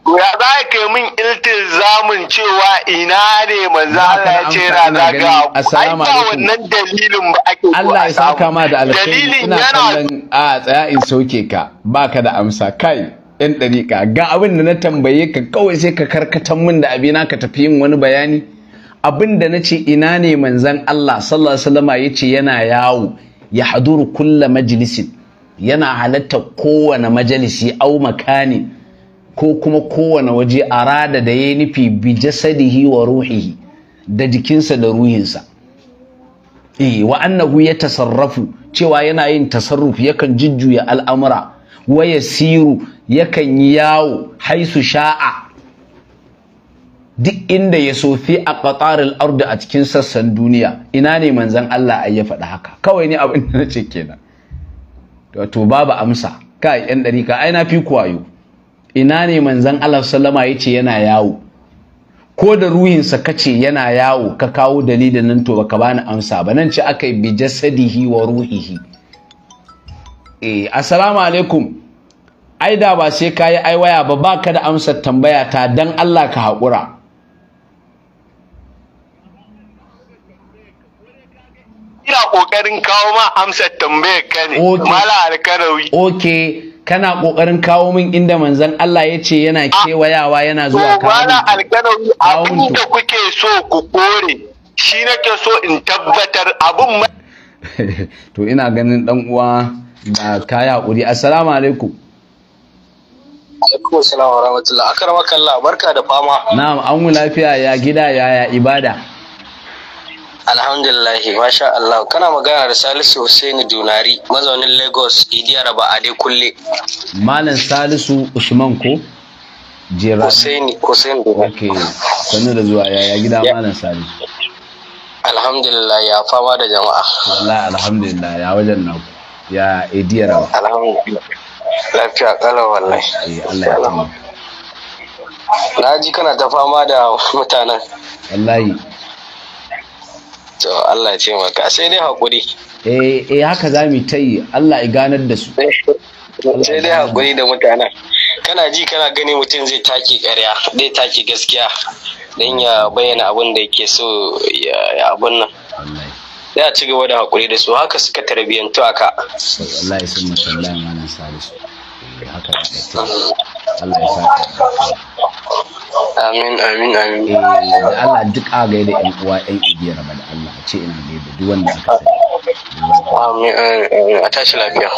ya za ka yi min iltizamin cewa ina ne manzan Allah ya ce yana zagawa assalamu alaikum wannan dalilin ba ake Allah ya saka ma da alkhairi ina kallon a tsaya in sauke ka baka da amsa kai yan ɗariƙa ga abin da na tambaye ka kawai sai ka karkatan min da abina ka tafi yin wani bayani abin da na ce ina ne manzan Allah sallallahu alaihi wasallama ya ce yana yawo ya haduru kulla majalisin yana halatta kowane majalisi au makani ko kuma kowane waje a rada da ya nufi bi jasadihi wa ruhihi da jikinsa da ruhinsa eh wa annahu ya tasarrafu cewa yana yin tasarruf, yakan jujjuya al'amura wa yasiru yakan yi yawo haisu sha'a duk inda ya so fi a qataril ardu a cikin sassan duniya ina ne manzan Allah a ya faɗa haka kawai ne abin da na ce kenan to babu amsa kai yan ka. ai na fi kwayo ina ne manzan Allah sallama ce yana yawo ko da ruhinsa ka ce yana yawo ka kawo dalilin nan to baka bani amsa ba nan ce aka yi bi jasadihi wa ruhihi eh assalamu alaikum ai da ba sai kayi aiwaya ba baka da amsar tambaya ta dan Allah ka haƙura ina kokarin kawo ma amsar tambayar ka ne mala alkarawi okay kana kokarin kawo min inda manzon Allah ya ce yana ah. kewayawa yana zuwa kawo mala alkarawi abin da kuke so ku kore shi nake so in tabbatar abin to ina ganin dan uwa da kaya kuri assalamu alaikum alaikum assalam wa rahmatullah akramaka Allah barka da fama na'am an mu lafiya ya gida yaya ibada Alhamdulillahi, masha Allah. Kana magana da Salisu Hussaini Dunari, mazaunin Lagos, Idi Araba Ade Kulle. Malam Salisu Usman ko? Jira Hussaini, Hussaini Dunari. Okay, sannu da zuwa yaya gida Malam Salisu. Alhamdulillah ya fama da jama'a. Wallahi alhamdulillah ya wajen nan. Ya Idi Araba Alhamdulillah. Lafiya kala wallahi. Eh, Allah ya kama. Na ji kana ta fama da mutanen. Wallahi. to Allah ce maka sai dai hakuri eh eh haka za mu ta yi Allah ya ganar da su sai dai hakuri da mutanen kana ji kana gani mutum zai take ƙarya zai take gaskiya don ya bayyana abin da yake so ya abin nan ya ci gaba da hakuri da su haka suka tarbiyyantu aka eh, Allah ya san sa malam su haka Allah ya sa ka amin amin amin eh, Allah duk agaye da yan uwa yan igiyar da Allah a ce ina da duk wanda aka sani a tashi lafiya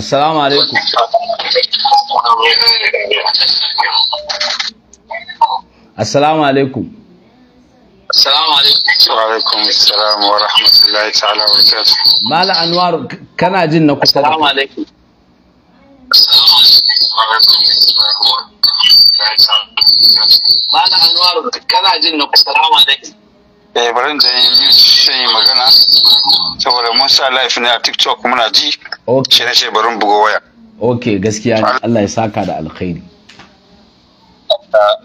assalamu alaikum assalamu alaikum assalamu alaikum Assalamu alaikum wa rahmatullahi ta'ala wa barakatuh mala anwar kana jin na kusa da assalamu alaikum assalamu alaikum Malam Anwaru kana jin na salamu alaikum. Eh bari in zan yi sai magana saboda mun sa live ne a TikTok muna ji. Okay. Shi ne shi bari bugo waya. Okay gaskiya Allah ya saka da alkhairi.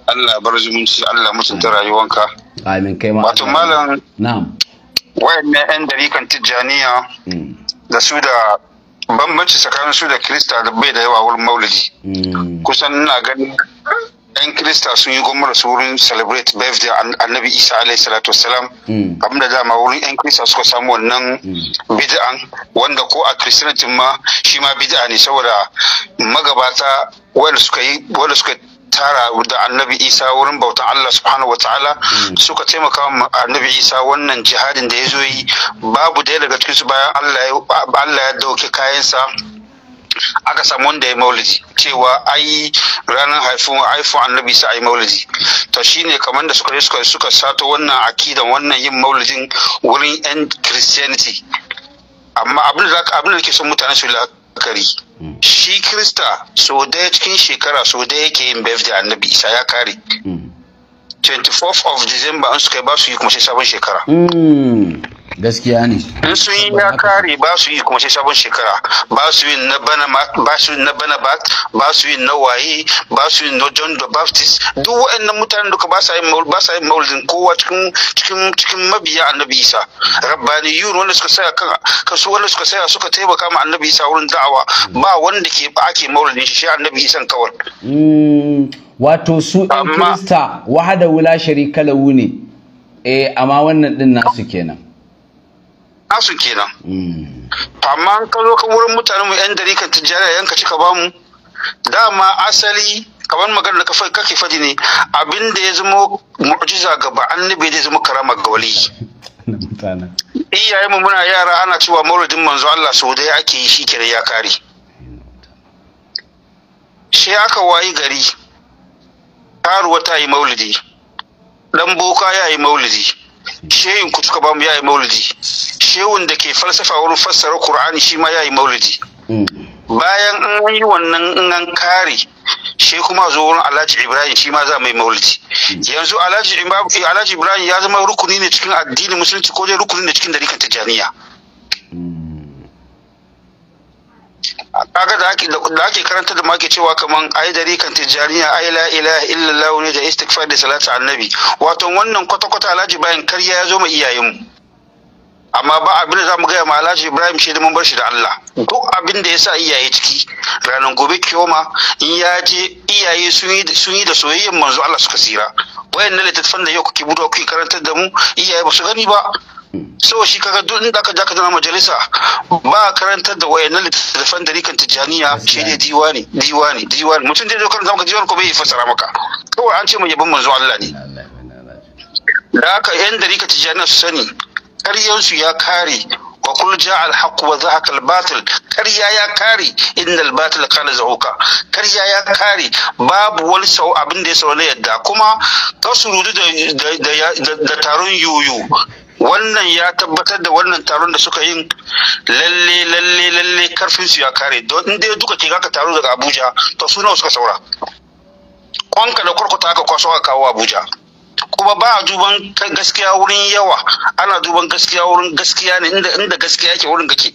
Allah bar zumunci Allah mutunta rayuwanka. Amin kai ma. Wato malam. Na'am. Wayannan yan darikan Tijjaniya hmm. da su da bambanci tsakanin su da Kirista da bai da yawa wurin Maulidi. Hmm. Kusan ina ganin 'yan Kirista sun yi gomara su wurin celebrate birthday annabi Isa alaihi salatu wasalam kamar hmm. da dama wurin 'yan Kirista suka samu wannan hmm. bid'an wanda ko a Christianity ma shi ma bid'a ne saboda magabata wanda suka yi suka tara da annabi isa wurin bautan allah subhanahu wa ta'ala hmm. suka taimaka wa annabi isa wannan jihadin da ya zo yi babu daya daga cikinsu bayan allah ya dauke kayansa aka samu wanda ya maulidi cewa ai ranar haifun haifun annabi sa ai maulidi to shine kamar da suka suka suka sato wannan akidan wannan yin maulidin wurin yan christianity amma abin da abin da ke son mutane su la'akari hmm. shi krista so daya cikin shekara so daya yake yin birthday annabi isa ya kare 24th hmm. of december an suka ba su kuma sai sabon shekara hmm. gaskiya ne in su yi ya kare ba su yi kuma sai sabon shekara ba su yi na bana ba su na bana ba ba su yi na waye ba su yi na John the Baptist duk waɗannan mutanen duka ba sa yi maul ba sa yin maulidin kowa cikin cikin cikin mabiya annabi Isa rabbaniyun wanda suka saya kan su wanda suka saya suka taimaka ma annabi Isa wurin da'awa ba wanda ke ba ake maulidin shi annabi Isa kawai hmm, wato su ɗan Kirista wahada wula sharika ne eh amma wannan din nasu kenan nasu kenan mm. amma ka zo ka wurin mutanen mu yan dari ka tijjara ka cika bamu dama asali kamar magana da kafai kake fadi ne abin da ya zama mu'jiza ga ba annabi da ya zama karama ga wali iyaye mu muna yara ana cewa mauludin manzo Allah sau da ake yi shi kira ya kare shi aka wayi gari karuwa ta yi maulidi dan boka ya yi maulidi shehin ku suka bamu yayi maulidi shehun da ke falsafa wurin fassara qur'ani shi ma yayi maulidi mm. bayan an yi wannan in an kare shi kuma zo wurin alhaji ibrahim shi ma za mai maulidi mm. yanzu alhaji ibrahim ya zama rukuni ne cikin addinin musulunci ko dai rukuni ne cikin dariƙar tijjaniya mm. kaga da ake da ake karanta da make cewa kaman ayi dari kan tijaniya ayi la ilaha illallah ne da istighfar da salatu annabi wato wannan kwata kwata alhaji bayan karya ya zo ma iyayen mu amma ba abin da zamu gaya ma alhaji ibrahim shi da mun bar shi da Allah duk abin da yasa iyaye ciki ranar gobe kiyoma in ya je iyaye sun yi da soyayyen manzo Allah suka tsira wayannan littattafan da yau kuke buɗe kuke karantar da mu iyaye ba su gani ba so shi kaga duk inda aka jaka zama majalisa ba karantar da wayannan littattafan da rikan tijaniya shi ne diwani diwani diwani mutum da dokar zama diwani ko bai fassara maka kawai an ce mai yabon manzo Allah ne da aka yan da rikan tijaniya su sani karyansu ya kare wa kullu ja'a al-haqq wa zahaqa al-batil karya ya kare innal batil kana zauka karya ya kare babu wani sau abin da ya sau na yadda kuma kasurudu da da taron yoyo wannan ya tabbatar da wannan taron da suka yin lalle lalle lalle karfin su ya kare don in dai duka ke ka taro daga Abuja to su nawa suka saura kwanka da kurkuta aka kwaso aka kawo Abuja kuma ba duban gaskiya wurin yawa ana duban gaskiya wurin gaskiya ne inda gaskiya yake wurin gake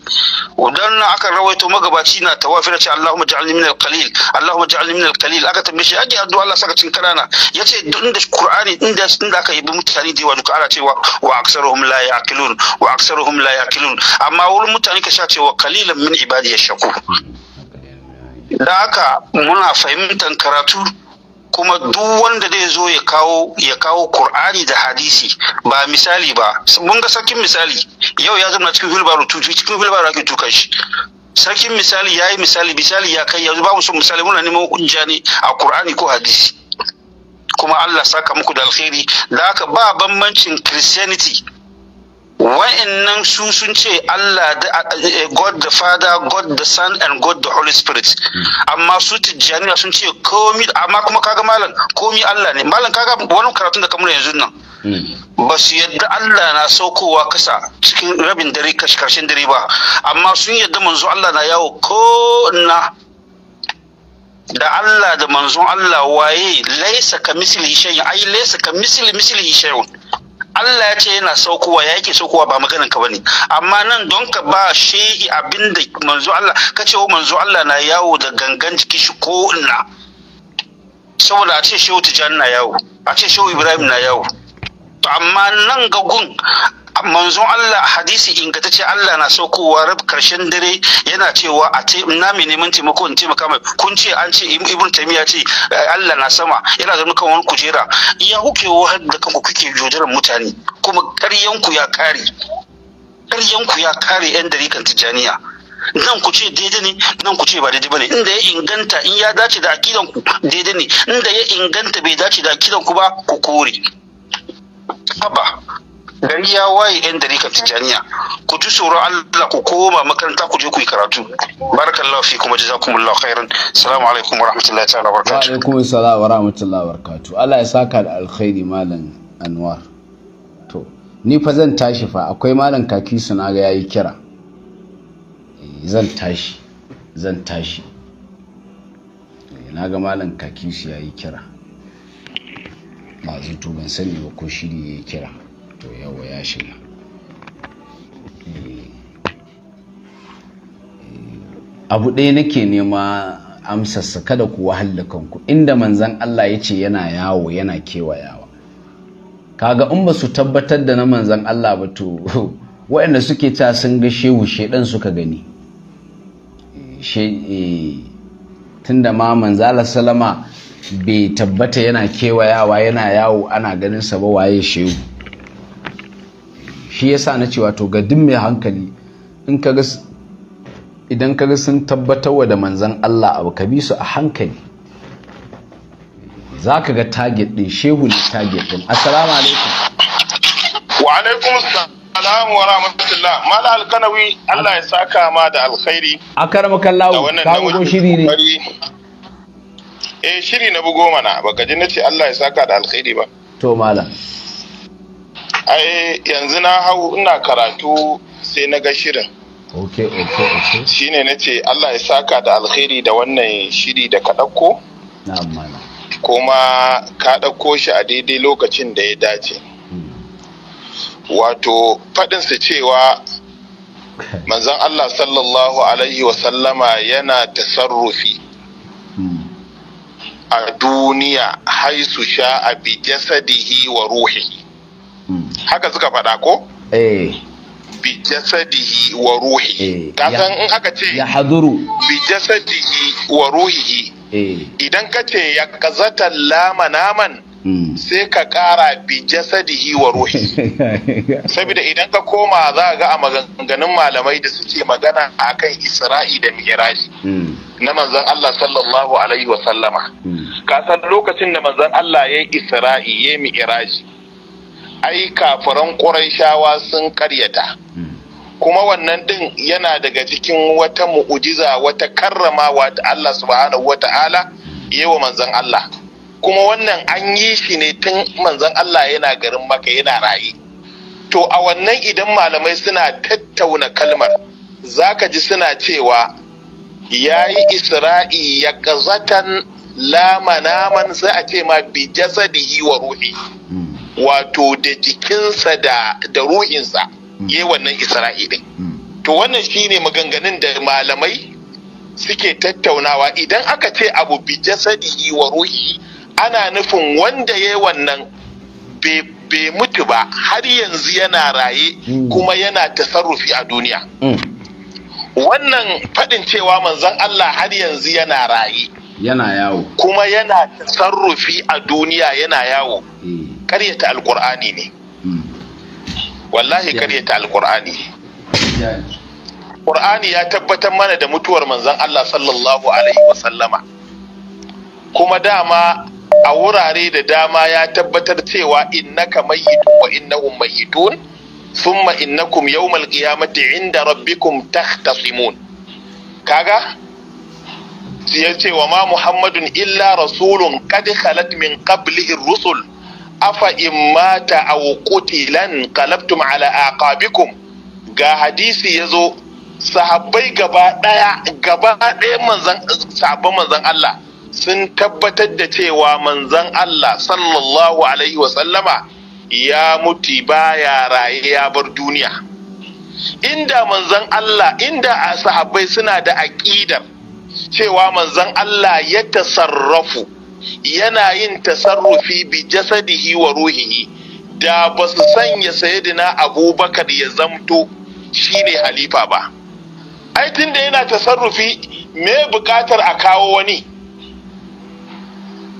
Don na aka rawaito magabaci na tawafi da ce Allahumma ja'alni min al-qalil Allahumma ja'alni min al-qalil aka tambaye shi aje addu'a Allah saka cin kanana yace inda Qur'ani inda inda aka yabi mutane da yawa duka cewa wa aksaruhum la yaqilun wa aksaruhum la yaqilun amma wurin mutane ka sha cewa qalilan min ibadiyash shakur da haka muna fahimtar karatu kuma duk wanda zai zo ya kawo ya kawo Qur'ani da hadisi ba misali ba mun ga sarkin misali yau ya zama cikin tutu, cikin filbaru ake tuka shi sarkin misali ya yi misali misali ya kai yanzu babu son misali muna neman hujja ne a Qur'ani ko hadisi kuma Allah saka muku da alkhairi da haka ba bambancin Christianity wa'annan su sun ce Allah eh, God the Father God the Son and God the Holy Spirit hmm. amma su tijjaniya sun ce komi amma kuma kaga malam komi Allah ne malam kaga wani karatun da kamar yanzu nan hmm. ba su yadda Allah na saukowa kasa cikin rabin dare karshen dare ba amma sun yadda manzo Allah na yawo ko na da Allah da manzon Allah waye laisa ka misli shay'un ai laisa ka misli misli shay'un Allah ya ce yana saukowa ya yake saukowa ba maganin ka bane amma nan don ka ba shehi abinda manzo Allah ka ce manzo Allah na yawo da gangan jiki shi ko ina saboda a ce shehu tijani na yawo a ce shehu ibrahim na yawo to amma nan ga gun manzon Allah hadisi ingantacce Allah na saukowa rab karshen dare yana cewa a ce na mai neman taimako in taimaka mai kun ce an ce ibn taymiya ce eh, Allah na sama yana zama kan wani kujera ya kuke wahar da kanku kuke jodaran mutane kuma ku ya kare ku ya kare yan darikan tijaniya nan ku ce daidai ne nan ku ce ba daidai bane inda ya inganta in ya dace da akidan ku daidai ne inda ya inganta bai dace da akidan ku ba ku kore haba gari ya waye yan ka tijjaniya ku ji tsoro Allah ku koma makaranta ku je ku yi karatu barakallahu fi kuma jazakumullahu khairan assalamu alaikum warahmatullahi ta'ala barakatuh wa alaikum assalam wa barakatuh Allah ya saka da alkhairi malam Anwar to ni fa zan tashi fa akwai malam kaki suna ga yayi kira eh, zan tashi zan tashi eh, na ga malam kaki shi yayi kira ba zato ban sani ba ko shiri yayi kira yawa ya shiga abu ɗaya nake nema amsarsa kada ku wahala kanku inda manzan Allah ya ce yana yawo yana kewayawa kaga in ba su tabbatar da na manzan Allah ba to waɗanda suke ta sun ga shehu shedan suka gani e, tunda ma manzala salama bai tabbata yana kewayawa yana yawo ana ganin sa ba waye shehu shi yasa na cewa to ga duk mai hankali in ka idan ka sun tabbatarwa da manzan Allah abu ka bi su a hankali za ka ga target ɗin shehu ne target ɗin assalamu alaikum wa alaikum salam wa rahmatullah mala alkanawi Allah ya saka ma da alkhairi akarama kallawo ka go shiri ne eh shiri na bugo mana baka ji nace Allah ya saka da alkhairi ba to malam ai yanzu na hau ina karatu sai na ga shirin ok ok shine na ce allah ya saka da alheri da wannan shiri da ka ɗauko kuma ka ɗauko shi a daidai lokacin da ya dace hmm. wato faɗinsa cewa manzon allah sallallahu alaihi wasallama yana tasarrufi hmm. a duniya haisu sha a bi jasadihi wa ruhihi haka suka faɗa ko eh bi jasadihi wa ruhi. Eh. kasan in aka ce ya haduru bi jasadihi wa ruhihi eh. idan ka ce ya kazata lama naman hmm. sai ka kara bi jasadihi wa ruhi saboda idan ka koma za ga a maganganun malamai da suke magana akan isra'i da mi'raji hmm. na manzon Allah sallallahu alaihi wa sallama hmm. ka san lokacin da manzon Allah ya yi isra'i ya yi mi'raji ai kafiran ƙurayshawa sun ƙaryata hmm. kuma wannan din yana daga cikin wata mu'ujiza wata karramawa ta Allah subhanahu wata'ala yawa manzon Allah kuma wannan an yi shi ne tun manzon Allah yana garin maka yana raye to a wannan idan malamai suna tattauna kalmar zaka ji suna cewa ya yi isra'i ya ƙazatan lamanaman sai a ce ma bi jasadihi wa ruhi hmm. wato da jikinsa da da ruhinsa hmm. ya wannan isra'ilin hmm. to wannan shine maganganun da malamai suke tattaunawa idan aka ce abu bi jasadihi wa ruhi ana nufin wanda ya wannan bai mutu ba har yanzu yana raye hmm. kuma yana tasarrufi a duniya wannan faɗin cewa manzon Allah har yanzu yana raye yana yawo kuma yana sarrufi a duniya yana yawo hmm. karyata alkur'ani ne hmm. wallahi karyata alkur'ani Qur'ani ya tabbatar mana da mutuwar manzan Allah sallallahu alaihi wasallama kuma dama a wurare da dama ya tabbatar cewa innaka mayyitun wa innahum mayyitun summa innakum yawmal qiyamati inda rabbikum takhtasimun kaga ya ce wa ma muhammadun illa rasulun qad khalat min qablihi rusul afa in mata aw qutilan qalabtum ala aqabikum ga hadisi yazo sahabbai gaba daya gaba daya manzan sahabban manzan Allah sun tabbatar da cewa manzan Allah sallallahu alaihi wa sallama ya mutu baya raye ya bar duniya inda manzan Allah inda sahabbai suna da aqidar cewa manzon Allah ya tasarrafu yana yin tasarrufi bi jasadihi wa ruhihi da ba su sanya sayidina abubakar ya zamto shine halifa ba ai tunda yana tasarrufi me bukatar a kawo wani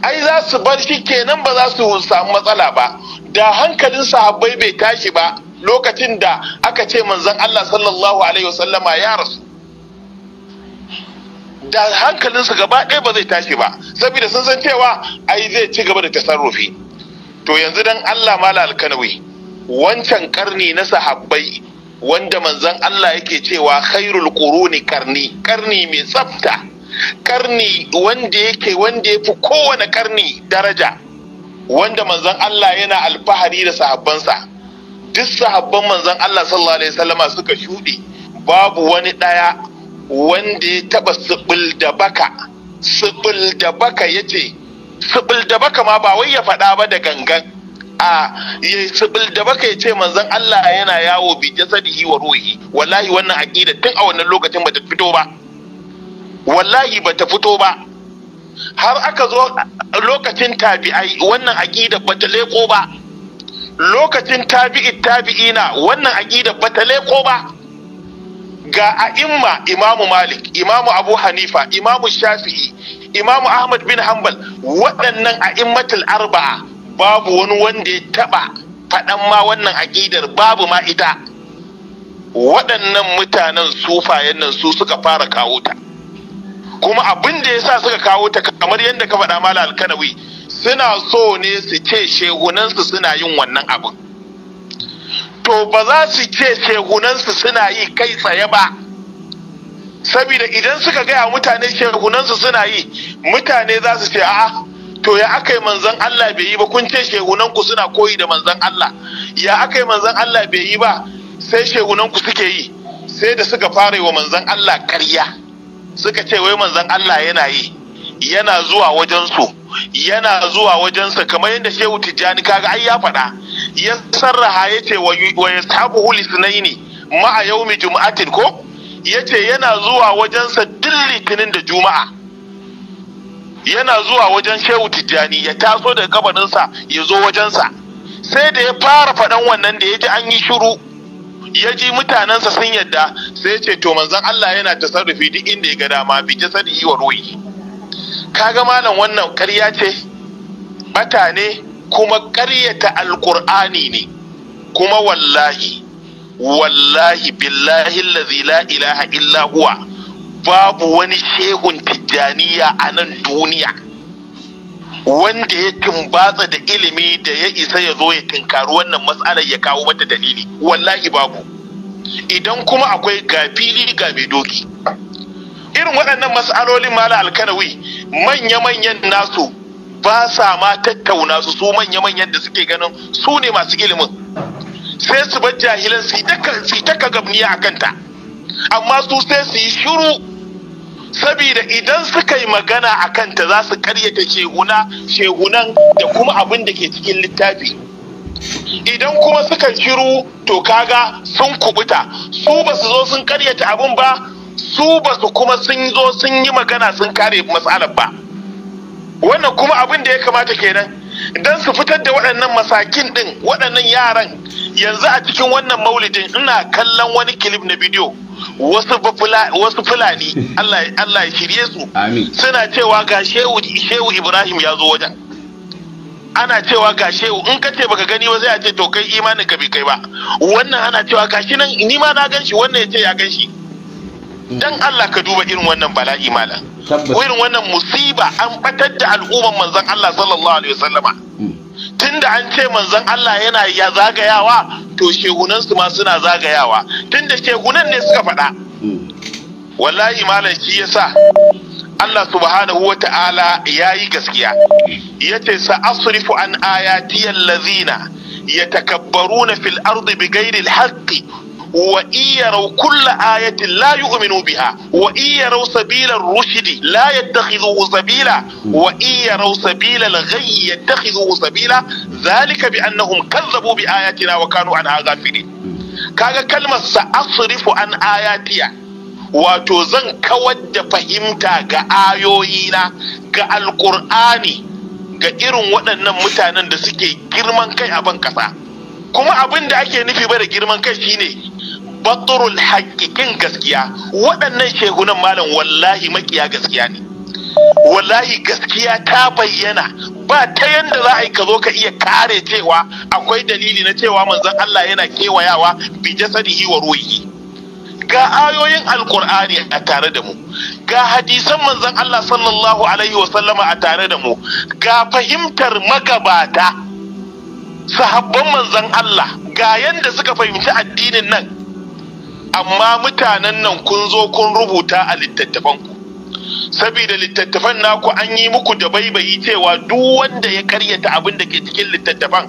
ai za su bar shi kenan ba za su samu matsala ba da hankalin sahabbai bai tashi ba lokacin da aka ce manzon Allah sallallahu alaihi wasallama ya rasu da hankalinsu gaba ɗaya ba zai tashi ba saboda sun san cewa ai zai ci gaba da tasarrufi to yanzu dan Allah mala alkanawi wancan karni na sahabbai wanda manzon Allah yake cewa khairul quruni karni karni mai tsafta karni wanda yake wanda yafi kowane karni daraja wanda manzon Allah yana alfahari da sahabbansa duk sahabban manzon Allah sallallahu alaihi wasallama suka shuɗe babu wani ɗaya wanda ya taba sibil da baka sibil da baka ya ce. sibil da baka ma ba wai ya faɗa ba da gangan a ya sibil da baka ya ce manzon Allah yana yawo bi jasadihi wa ruhi wallahi wannan aqida tun a wannan lokacin bata fito ba wallahi bata fito ba har aka zo lokacin tabi'ai wannan aqida bata leko ba lokacin tabi'i tabi'ina wannan aqida bata leko ba ga a'imma imamu malik imamu abu hanifa imamu shafi'i imamu ahmad bin hanbal waɗannan a'immatul arba'a babu wani wanda ya taɓa faɗan ma wannan aƙidar babu ma ita waɗannan mutanen sufayen nan su suka fara kawo ta kuma abin da ya sa suka kawo ta kamar yadda ka faɗa mala alkanawi suna so ne su ce shehunansu suna yin wannan abin to ba za su shegunan shegunansu suna yi kai tsaye ba saboda idan suka gaya mutane shegunansu suna yi mutane za su ce a'a to ya aka yi manzan Allah bai yi ba kun ce shegunanku suna koyi da manzan Allah ya aka yi manzan Allah bai yi ba sai shegunanku suke yi sai da suka fara yi wa manzan Allah karya suka ce wai manzan Allah yana yi yana zuwa wajensu yana zuwa wajensa kamar yadda shehu tijjani kaga ai ya faɗa ya sarraha ya ce wa ya sabu hulisnaini ma'a yaumi juma'atin ko ya ce yana zuwa wajensa duk litinin da juma'a yana zuwa wajen shehu tijjani ya taso daga kabarinsa ya zo wajensa sai da ya fara faɗan wannan da ya ji an yi shiru ya ji mutanensa sun yadda sai ya ce to manzon Allah yana tasarrufi duk inda ya ga dama bi jasadi wa ruhi kaga malam wannan ƙarya ce bata ne kuma ƙaryata alƙur'ani ne kuma wallahi wallahi billahi allazi la ilaha illa huwa babu wani shehun tijjaniya a nan duniya wanda ya tumbatsa da ilimi da ya isa ya zo ya tinkari wannan matsalar ya kawo mata dalili wallahi babu idan kuma akwai ga fili ga mai doki irin waɗannan matsalolin mala alkanawi manya-manyan nasu ba sa ma tattauna su su manya-manyan da suke ganin su ne masu ilimin sai su bar jahilan su yi ta gabniya a kanta amma su sai su yi shiru saboda idan suka yi magana a kanta za su karyata shehuna shehunan da kuma abin da ke cikin littafi idan kuma suka shiru to kaga sun kubuta su ba su zo sun karyata abin ba su ba su kuma sun zo sun yi magana sun kare matsalar ba wannan kuma abin da ya kamata kenan don su fitar da waɗannan masakin ɗin waɗannan yaran yanzu a cikin wannan maulidin ina kallon wani kilif na bidiyo wasu fulani Allah ya shirye su suna cewa ga shehu Ibrahim ya zo wajen ana cewa ga shehu in ka ce baka gani ba sai a ce to kai imanin ka bi kai ba wannan ana cewa shi nan ni ma na gan shi wannan ya ce ya gan dan Allah ka duba irin wannan bala'i malam irin wannan musiba an batar da al'umman manzon Allah sallallahu alaihi wasallama hmm. tunda an ce manzon Allah yana ya zagayawa to shegunan su ma suna zagayawa tunda shegunan ne suka faɗa hmm. wallahi malam shi yasa Allah subhanahu wa ta'ala ya yi gaskiya ya ce asrifu an ayatiyan lazina yatakabbaruna fil ardi bi al haƙƙi. wa iyarau kulla ayatin la yu'minu biha wa iyarau sabilar rushidi la yattakhidhu sabila wa iyarau sabilal ghayyi yattakhidhu sabila zalika bi annahum kazzabu bi ayatina wa kanu anha ghafilin kaga kalmar sa asrifu an ayatiya wato zan kawar da fahimta ga ayoyina ga alkur'ani ga irin waɗannan mutanen da suke girman kai a ban ƙasa kuma abin da ake nufi ba da girman kai shine baturul hakikin gaskiya waɗannan shegunan malam wallahi makiya gaskiya ne wallahi gaskiya ta bayyana ba ta yanda za a ka zo ka iya kare cewa akwai dalili na cewa manzon Allah yana kewayawa bi jasadihi wa ruhihi ga ayoyin alkur'ani a tare da mu ga hadisan manzon Allah sallallahu alaihi wasallama a tare da mu ga fahimtar magabata sahabban manzon Allah ga yanda suka fahimci addinin nan amma mutanen nan kun zo kun rubuta a littattafanku saboda littattafan naku an yi muku da baibayi cewa duk wanda ya karyata abin da ke cikin littattafan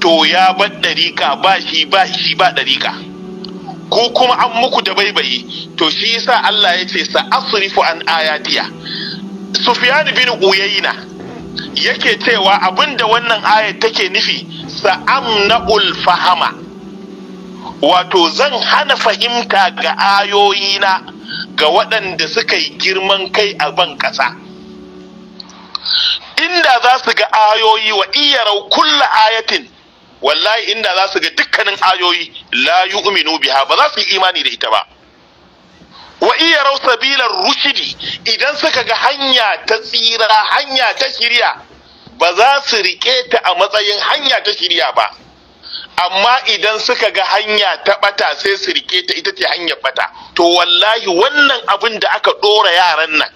to ya bar ɗariƙa ba shi ba shi ba ɗariƙa ko kuma an muku da baibayi to shi yasa Allah ya ce sa asrifu an ayatiya Sufyan bin Uyayna yake cewa abinda wannan ayat take nufi sa amnaul fahama wato zan hana fahimta ga ayoyina ga waɗanda suka yi girman kai a ban ƙasa inda za su ga ayoyi wa iya kulla ayatin wallahi inda za su ga dukkanin ayoyi la yu'minu biha ba za su yi imani da ita ba wa iya sabilar rushidi idan suka ga hanya ta tsira hanya ta shirya ba za su riƙe ta a matsayin hanya ta shirya ba amma idan suka ga hanya ta bata sai su rike ta ita ce hanyar bata to wallahi wannan abin da aka dora yaran nan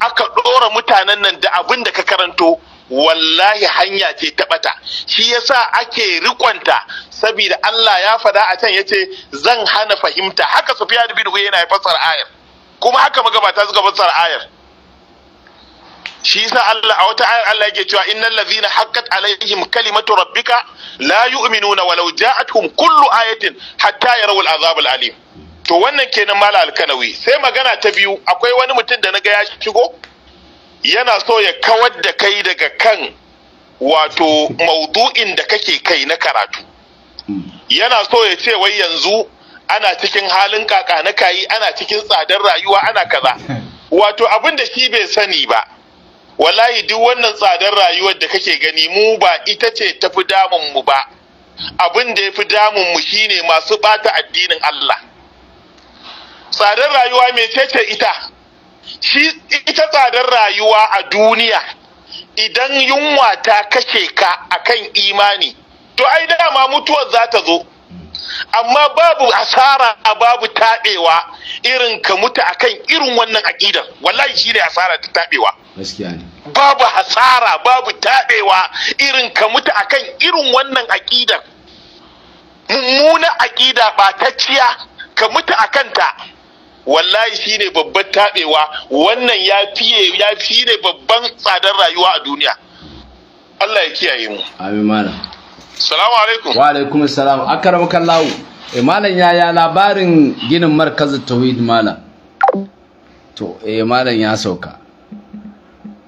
aka dora mutanen nan da abin da ka karanto wallahi hanya ce ta bata shi yasa ake rikonta saboda Allah ya fada a can yace zan hana fahimta haka Sufyan bin Uyayna ya fassara ayar kuma haka magabata suka fassara ayar shi yasa Allah a wata ayar Allah yake cewa innal ladhina haqqat alaihim kalimatu rabbika la yu'minuna walau ja'atuhum kullu ayatin hatta yarawul al'azab al'alim to wannan kenan mala alkanawi sai magana ta biyu akwai wani mutum da naga ya shigo yana so ya kawar da kai daga kan wato maudu'in da kake kai na karatu yana so ya ce wai yanzu ana cikin halin kaka na kayi ana cikin tsadar rayuwa ana kaza wato abin da shi bai sani ba wallahi duk wannan tsadar rayuwar da kake gani mu ba ita ce tafi damun mu ba abin da ya fi damun mu shine masu bata addinin Allah tsadar rayuwa mai ce ita shi ita tsadar rayuwa a duniya idan yunwa ta kashe ka akan imani to ai dama mutuwar za ta zo amma babu asara babu taɓewa irin ka mutu akan irin wannan aƙidar. wallahi shi ne asara ta taɓewa babu hasara babu taɓewa irin ka mutu akan irin wannan aƙidar. mummuna aƙida ba ta ciya ka mutu a kanta wallahi shi ne babban taɓewa wannan ya fiye ya fi ne babban tsadar rayuwa a duniya Allah ya kiyaye mu amin malam Salamu alaikum. Wa alaikum salam. Akaram kallahu. E, eh, malam ya yaya labarin ginin markazin tauhid malam. To eh malam ya sauka.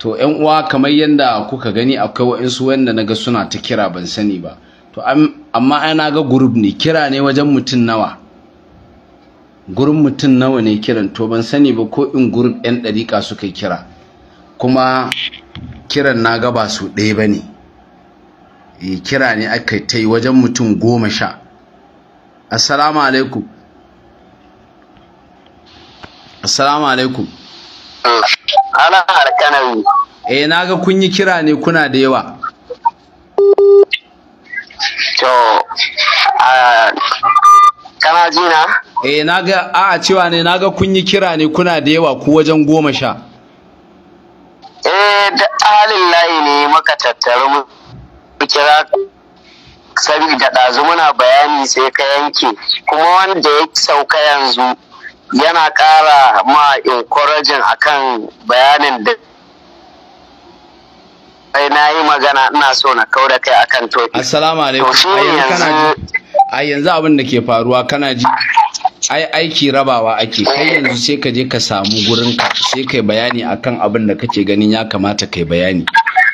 To 'yan uwa kamar yadda kuka gani akwai wa'insu wanda naga suna ta kira ban sani ba. To amma ai ga gurub ne kira ne wajen mutum nawa. Gurin mutum nawa ne kiran to ban sani ba ko in gurub yan ɗariƙa suka kira. Kuma kiran na ga ba su ɗaya ba ne. Eh, kira ne aka ta yi wajen mutum goma sha assalamu alaikum assalamu alaikum ana alkanawi eh na ga kun yi kira ne kuna da yawa to kana ji na eh na ga a cewa ne na ga kun yi kira ne kuna da yawa ku wajen goma sha eh da alillahi ne maka tattaru kira saboda ɗazu muna bayani sai ka yanke kuma wanda ya sauka yanzu yana ƙara ma encouraging akan bayanin da ai na yi magana ina so na kau da kai akan toki assalamu alaikum a yanzu abin da ke faruwa kana ji ai aiki rabawa ake kai eh. yanzu sai ka je ka samu gurinka sai kai bayani akan abin da kake ganin ya kamata kai bayani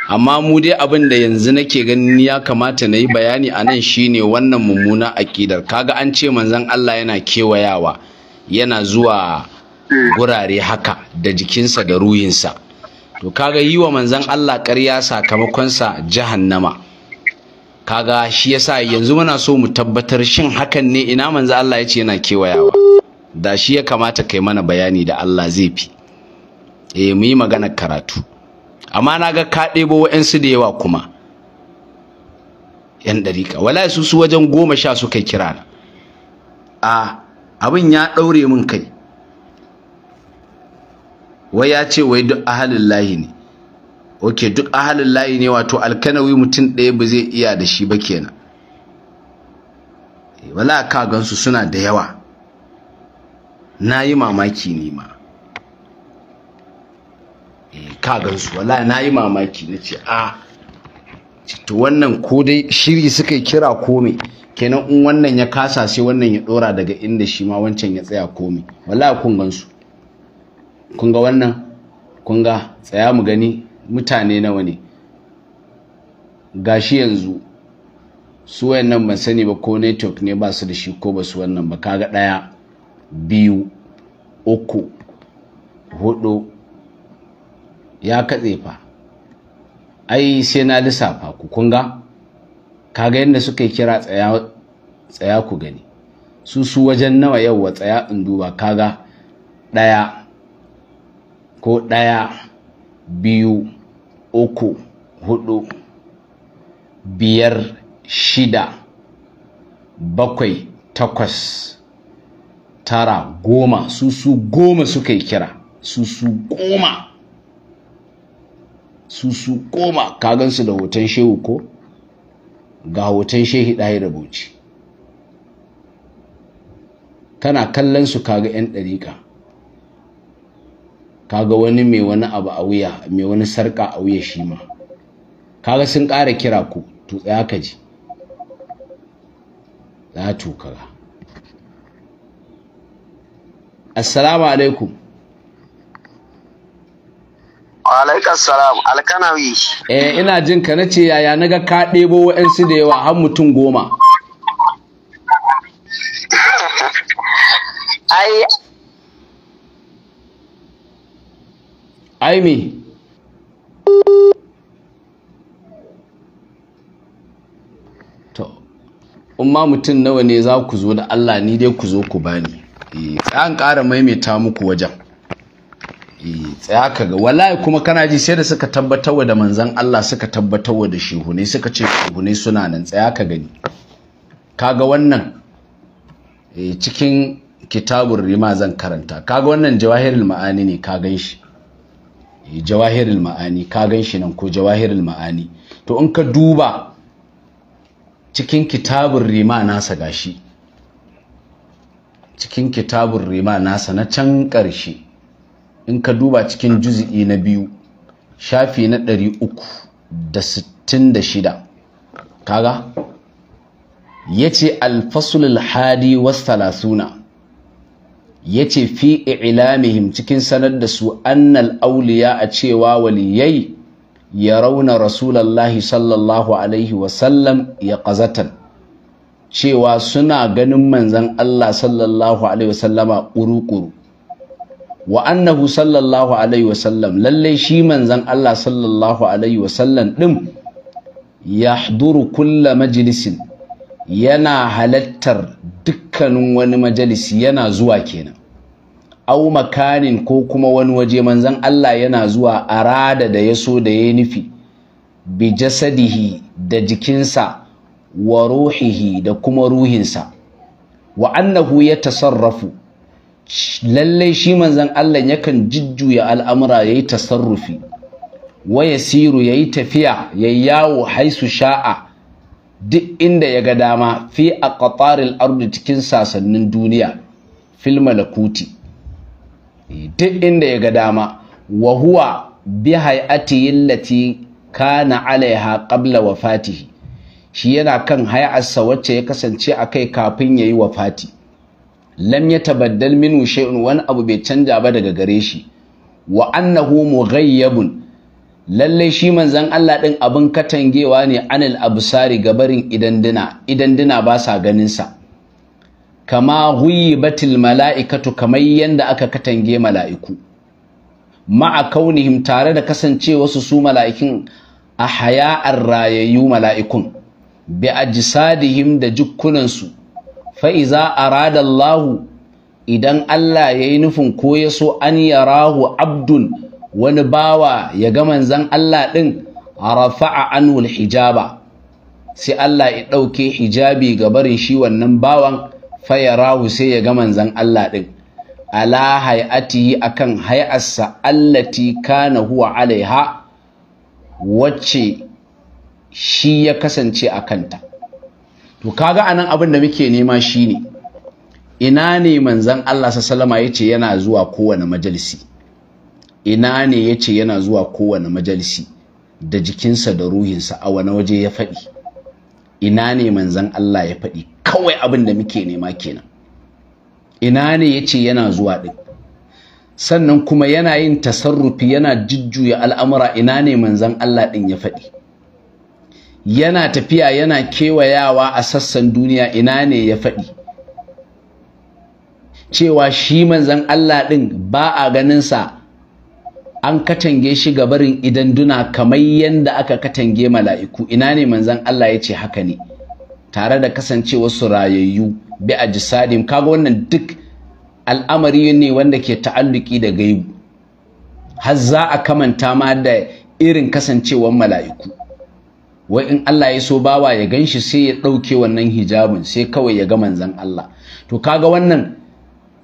amma mu dai abin da yanzu nake ganin ya kamata na yi bayani a nan shine wannan mummuna aƙidar kaga an ce manzon Allah yana kewayawa yana zuwa gurare haka da jikinsa da ruhinsa to kaga yi wa manzan Allah ƙarya sakamakonsa jahannama kaga shi yasa yanzu muna so mu tabbatar shin hakan ne ina manzan Allah ya ce yana kewayawa da shi ya kamata kai mana bayani da Allah zai fi eh mu yi maganar karatu amma na ga ka ɗebo 'yansu da yawa kuma yan dariƙa, wala su su wajen goma sha suka kira a abin ya ɗaure min kai wai ya ce wai duk ahalin lahi ne ok duk ahalin layi ne wato alkanawi mutum ɗaya ba zai iya da shi ba kenan wala ka gansu suna da yawa na yi mamaki ne ma Eh, ka wala na yi mamaki na ce a to wannan ko dai shiri suka kira kome kenan in wannan ya kasa sai wannan ya dora daga inda shi ma wancan ya tsaya kome wala kun gansu kun ga wannan kun ga tsaya mu gani mutane nawa ne gashi yanzu su wayannan ban sani ba ko network ne ba su da shi ko ba su wannan ba kaga ɗaya biyu uku hudu ya katse fa ai sai na lissafa ku kunga kaga yadda suka kira tsaya ku gani su su wajen nawa yau wa tsaya in duba kaga ɗaya ko ɗaya biyu uku hudu biyar shida bakwai takwas tara goma su su goma suka kira su su goma su su koma ka gansu da hoton shehu ko ga hoton shehu ɗaya da bauchi kana kallon su kaga 'yan ɗariƙa kaga wani mai wani abu a wuya mai wani sarƙa a wuya shi ma kaga sun ƙara kira ku to tsaya ka ji za to kaga assalamu alaikum Alaikar salam alkanawi. Eh ina jin ka na ce yaya na ga ka ɗebo wa'yansu da yawa har mutum goma. Ai. Ai me? To, umma mutum nawa ne za ku zo da Allah ni dai ku zo ku bani. Eh, an ƙara maimaita muku wajen. Eh, tsaya ka ga wallahi kuma kana ji sai da suka tabbatarwa da manzon Allah suka tabbatarwa da ne suka ce ne suna nan tsaya ka gani kaga wannan eh, cikin kitabun rima zan karanta kaga wannan jawahirul ma'ani ne ka gan shi eh, jawahirul ma'ani ka gan shi nan ko jawahirul ma'ani to in ka duba cikin kitabun rima nasa gashi cikin kitabun rima nasa na can ƙarshe in ka duba cikin juzi'i na biyu shafi na ɗari uku da sittin da shida kaga ya ce alfasulul hadi was talasuna ya ce fi ilamihim cikin sanar da su annal auliya a cewa waliyai ya rauna rasulallahi sallallahu alaihi wasallam ya ƙazatan cewa suna ganin manzan Allah sallallahu alaihi wasallama ƙuru wa annahu sallallahu alaihi wasallam lalle shi manzon Allah sallallahu alaihi wasallam din yahduru kulla majlisin yana halattar dukkanin wani majalisi yana zuwa kenan au makanin ko kuma wani waje manzan Allah yana zuwa arada da yaso da yayi nufi bi jasadihi da jikinsa wa ruhihi da kuma ruhinsa wa annahu yatasarrafu lallai shi manzan Allah yakan jujjuya al'amura ya yayi tasarrufi wa ya yi tafiya yayi yawo haisu sha'a duk inda ya ga dama fi aqtaril ardu cikin sasannin duniya fil malakuti duk inda ya ga dama wa huwa bi hay'ati allati kana alaiha wa wafatihi shi yana kan hay'arsa wacce ya kasance a kai kafin ya yi wa wafati lam tabaddal minu shay'un wani abu bai canja ba daga gare shi wa annahu mughayyabun lalle shi manzon Allah din abin katangewa ne anil absari gabarin idan dina ba sa ganin sa kama ghuibatil mala'ikatu kamar yanda aka katange mala'iku ma'a kaunihim tare da kasancewarsu su mala'ikin a haya'ar rayayyu mala'ikun bi ajsadihim da jukkunansu fa'iza a radallahu idan Allah ya yi nufin ko ya so an ya rahu abdun wani bawa ya ga manzan Allah ɗin a rafa'a anul hijaba sai Allah ya ɗauke hijabi ga barin shi wannan bawan fayarahu sai ya ga manzan Allah ɗin ala hay'atihi akan hay'arsa allati kana huwa alaiha wacce shi ya kasance a kanta to kaga anan abin da muke nema shine ina ne manzon Allah sallama yace yana zuwa kowane majalisi ina ne yace yana zuwa kowane majalisi da jikinsa da ruhinsa a wani waje ya faɗi ina ne manzon Allah ya faɗi kawai abin da muke nema kenan ina ne yace yana zuwa din sannan kuma yana yin tasarrufi yana jujjuya al'amura ina ne manzon Allah din ya faɗi yana tafiya yana kewayawa a sassan duniya ina ne ya faɗi cewa shi manzan Allah ɗin ba a ganinsa an katange shi ga barin idan duna kamar yadda aka katange mala'iku ina ne manzan Allah ya ce haka ne tare da kasancewarsu rayayyu bi a jisadim kaga wannan duk al'amari ne wanda ke ta'alluki da gaibu har za a kamanta ma da irin kasancewar mala'iku wai in Allah ya so bawa ya gan shi sai ya ɗauke wannan hijabin sai kawai ya ga manzan Allah to kaga wannan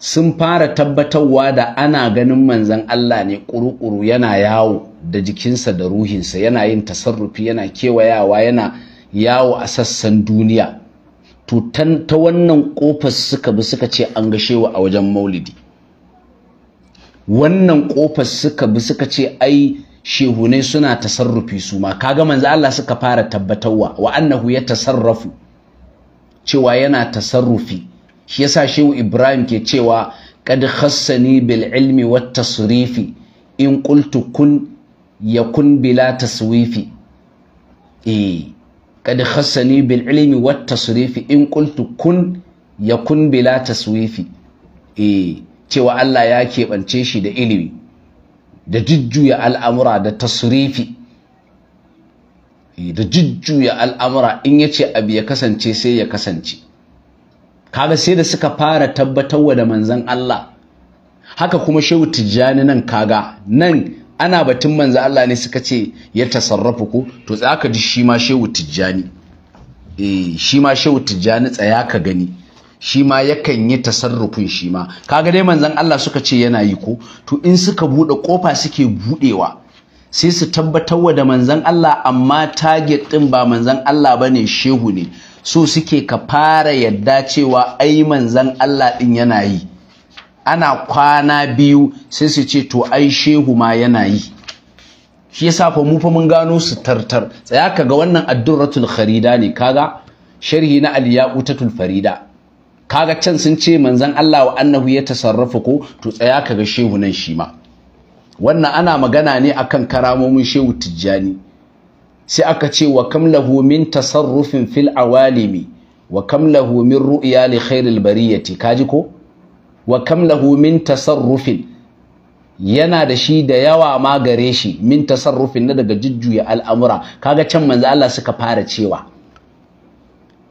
sun fara tabbatarwa da ana ganin manzan Allah ne ƙuruƙuru yana yawo da jikinsa da ruhinsa yana yin tasarrufi yana kewayawa yana yawo a sassan duniya to ta wannan ƙofar suka bi suka ce an gashe wa a wajen maulidi wannan ƙofar suka bi suka ce ai shehunai suna tasarrufi su ma kaga manzo Allah suka fara tabbatarwa wa annahu ya tasarrafu cewa yana tasarrufi shi yasa shehu Ibrahim ke cewa qad khassani bil ilmi wat tasrifi in qultu kun yakun bila taswifi eh qad khassani bil ilmi wat tasrifi in qultu kun yakun bila taswifi eh cewa Allah ya keɓance shi da ilimi da jujjuya al'amura da tasurifi da jujjuya al'amura in ya ce abu ya kasance sai ya kasance kaga sai da suka fara wa da manzan Allah haka kuma shehu tijjani nan kaga nan ana batun manzan Allah ne suka ce ya tasarrafa ko to tsaka ka ji shi ma shehu tijjani eh, shi ma shehu tijjani tsaya ka gani shi ma yakan yi tasarrufin shi ma kaga dai manzon Allah suka ce yana yi ko to in suka bude kofa suke budewa sai su tabbatar wa da manzon Allah amma target din ba manzan Allah bane shehu ne so suke ka fara yadda cewa ai manzan Allah din yana yi ana kwana biyu sai su ce to ai shehu ma yana yi shi yasa fa mu fa mun gano su tartar tsaya kaga wannan addurratul kharida ne kaga sharhi na aliyaqutatul farida kaga can sun ce manzon Allah wa annahu ya tasarrafa ko to tsaya kaga shehu nan shi ma wannan ana magana ne akan karamomin shehu tijjani sai aka ce wa kam lahu min tasarrufin fil awalimi wa kam lahu min ru'ya li khairil bariyati kaji ko wa kam lahu min tasarrufin yana da shi da yawa ma gare shi min tasarrufin na daga jujjuya al'amura kaga can manzo Allah suka fara cewa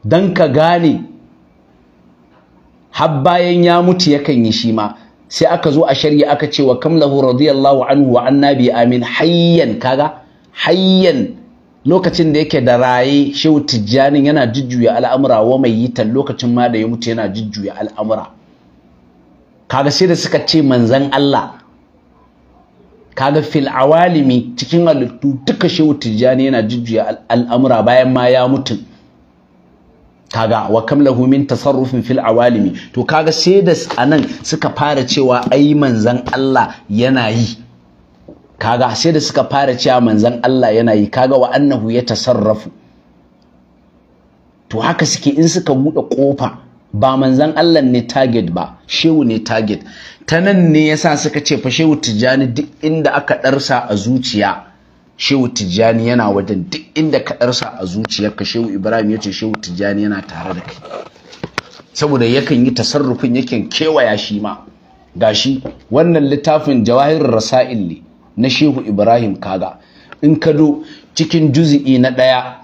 dan ka gane har bayan ya mutu yakan yi shi ma sai aka zo a shari'a aka ce wa kamlahu radiyallahu anhu wa annabi amin hayyan kaga hayyan lokacin da yake da raye shehu tijjanin yana jujjuya al'amura wa mai yitan lokacin ma da ya mutu yana jujjuya al'amura kaga sai da suka ce manzan Allah kaga fil awalimi cikin halittu duka shehu tijjani yana jujjuya al'amura bayan ma ya mutu kaga wa kam lahu min tasarrufin fil awalimi to kaga sai da anan suka fara cewa ai manzon Allah yana yi kaga sai da suka fara cewa manzon Allah yana yi kaga wa annahu ya tasarrafu to haka suke in suka buɗe ƙofa ba manzan Allah ne target ba shehu ne target ta nan ne yasa suka ce fa shehu tijjani duk inda aka ɗarsa a zuciya shehu tijjani yana wajen duk inda ka ɗarsa a zuciyarka shehu ibrahim yace shehu tijjani yana tare da kai saboda yakan yi tasarrufin yakan kewaya shi ma gashi wannan littafin jawahir rasa'il ne na shehu ibrahim kaga in ka do cikin juzi'i na ɗaya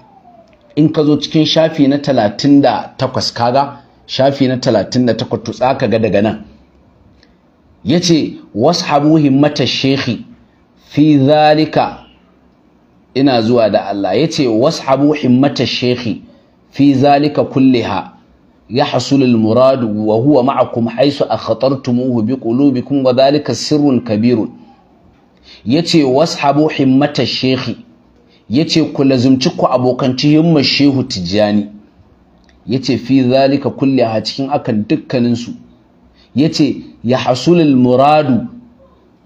in ka zo cikin shafi na talatin da takwas kaga shafi na talatin da takwas tutsa ka ga daga nan ya ce wasu himmata shehi fi zalika ina zuwa da Allah Ya yace washabu himmata shekhi fi zalika kulliha يحصل المراد وهو معكم حيث wa بقلوبكم وذلك سر كبير yace washabu himmata shekhi yace ku lazumci ku abokanci himmar shehu tijjani yace fi zalika kulliha cikin akan dukkaninsu Ya ce ya hasulul muradu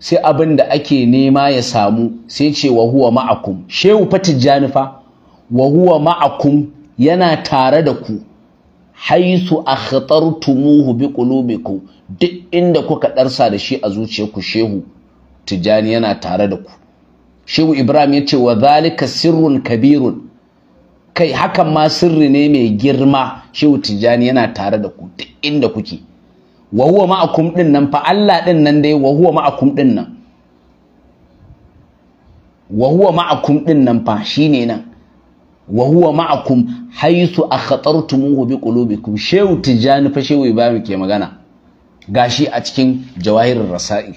sai abin da ake nema ya samu sai ce wa huwa ma'akum shehu fatijjani fa wa huwa ma'akum yana tare da ku haisu akhtartumuhu bi qulubikum duk inda kuka darsa da shi a zuciyarku shehu tijjani yana tare da ku shehu ibrahim ya ce wa zalika sirrun kabirun kai hakan ma sirri ne mai girma shehu tijjani yana tare da ku duk inda kuke wa huwa ma'akum din nan fa Allah din nan dai wa huwa ma'akum din nan wa huwa ma'akum din nan fa shine nan wa huwa ma'akum haythu bi biqulubikum shehu tijani fa shehu ibrahim ke magana gashi a cikin jawahirin rasa'i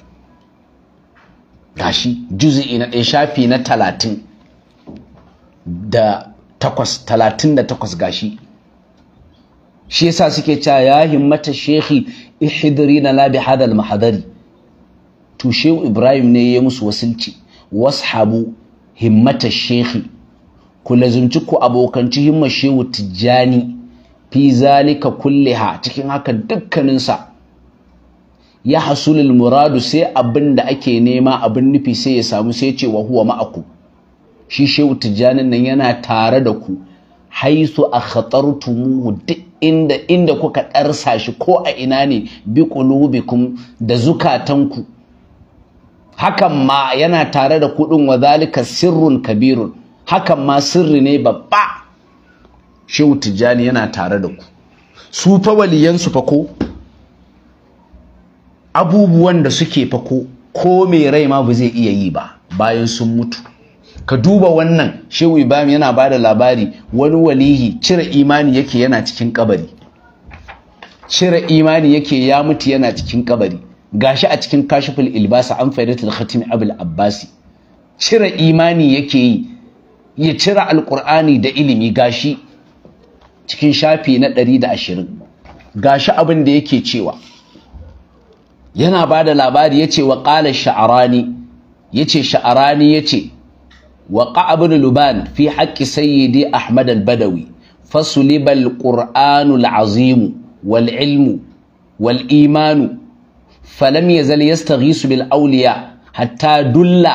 gashi juz'i na ɗaya shafi na talatin da takwas talatin da takwas gashi shi yasa suke cewa ya himmata shekhi ihdirina la bi hadal mahadari to shehu ibrahim ne ya musu wasilci washabu himmata shehi ku lazumci ku abokanci himmar shehu tijjani fi zalika kulliha cikin haka dukkaninsa ya hasulul muradu sai abin da ake nema abin nufi sai ya samu sai ce wa huwa ma'aku shi shehu tijjanin nan yana tare da ku haisu a duk inda inda kuka ɗarsa shi ko a ina ne bi kulubikum da zukatanku hakan ma yana tare da kuɗin wa zalika sirrun kabirun hakan ma sirri ne babba shehu tijjani yana tare da ku su fa waliyansu fa ko abubuwan da suke fa ko ko mai rai ma ba zai iya yi ba bayan sun mutu ka duba wannan shehu ibrahim yana ba da labari wani walihi cire imani yake yana cikin kabari cire imani yake ya mutu yana cikin kabari gashi a cikin kashiful ilbasa an faidatul khatim abul abbasi cire imani yake yi ya cire alkur'ani da ilimi gashi cikin shafi na 120 gashi abin da yake cewa yana ba da labari yace wa ƙala sha'arani yace ce sha'arani ya وقع ابن لبان في حق سيدي أحمد البدوي فسلب القرآن العظيم والعلم والإيمان فلم يزل يستغيث بالأولياء حتى دل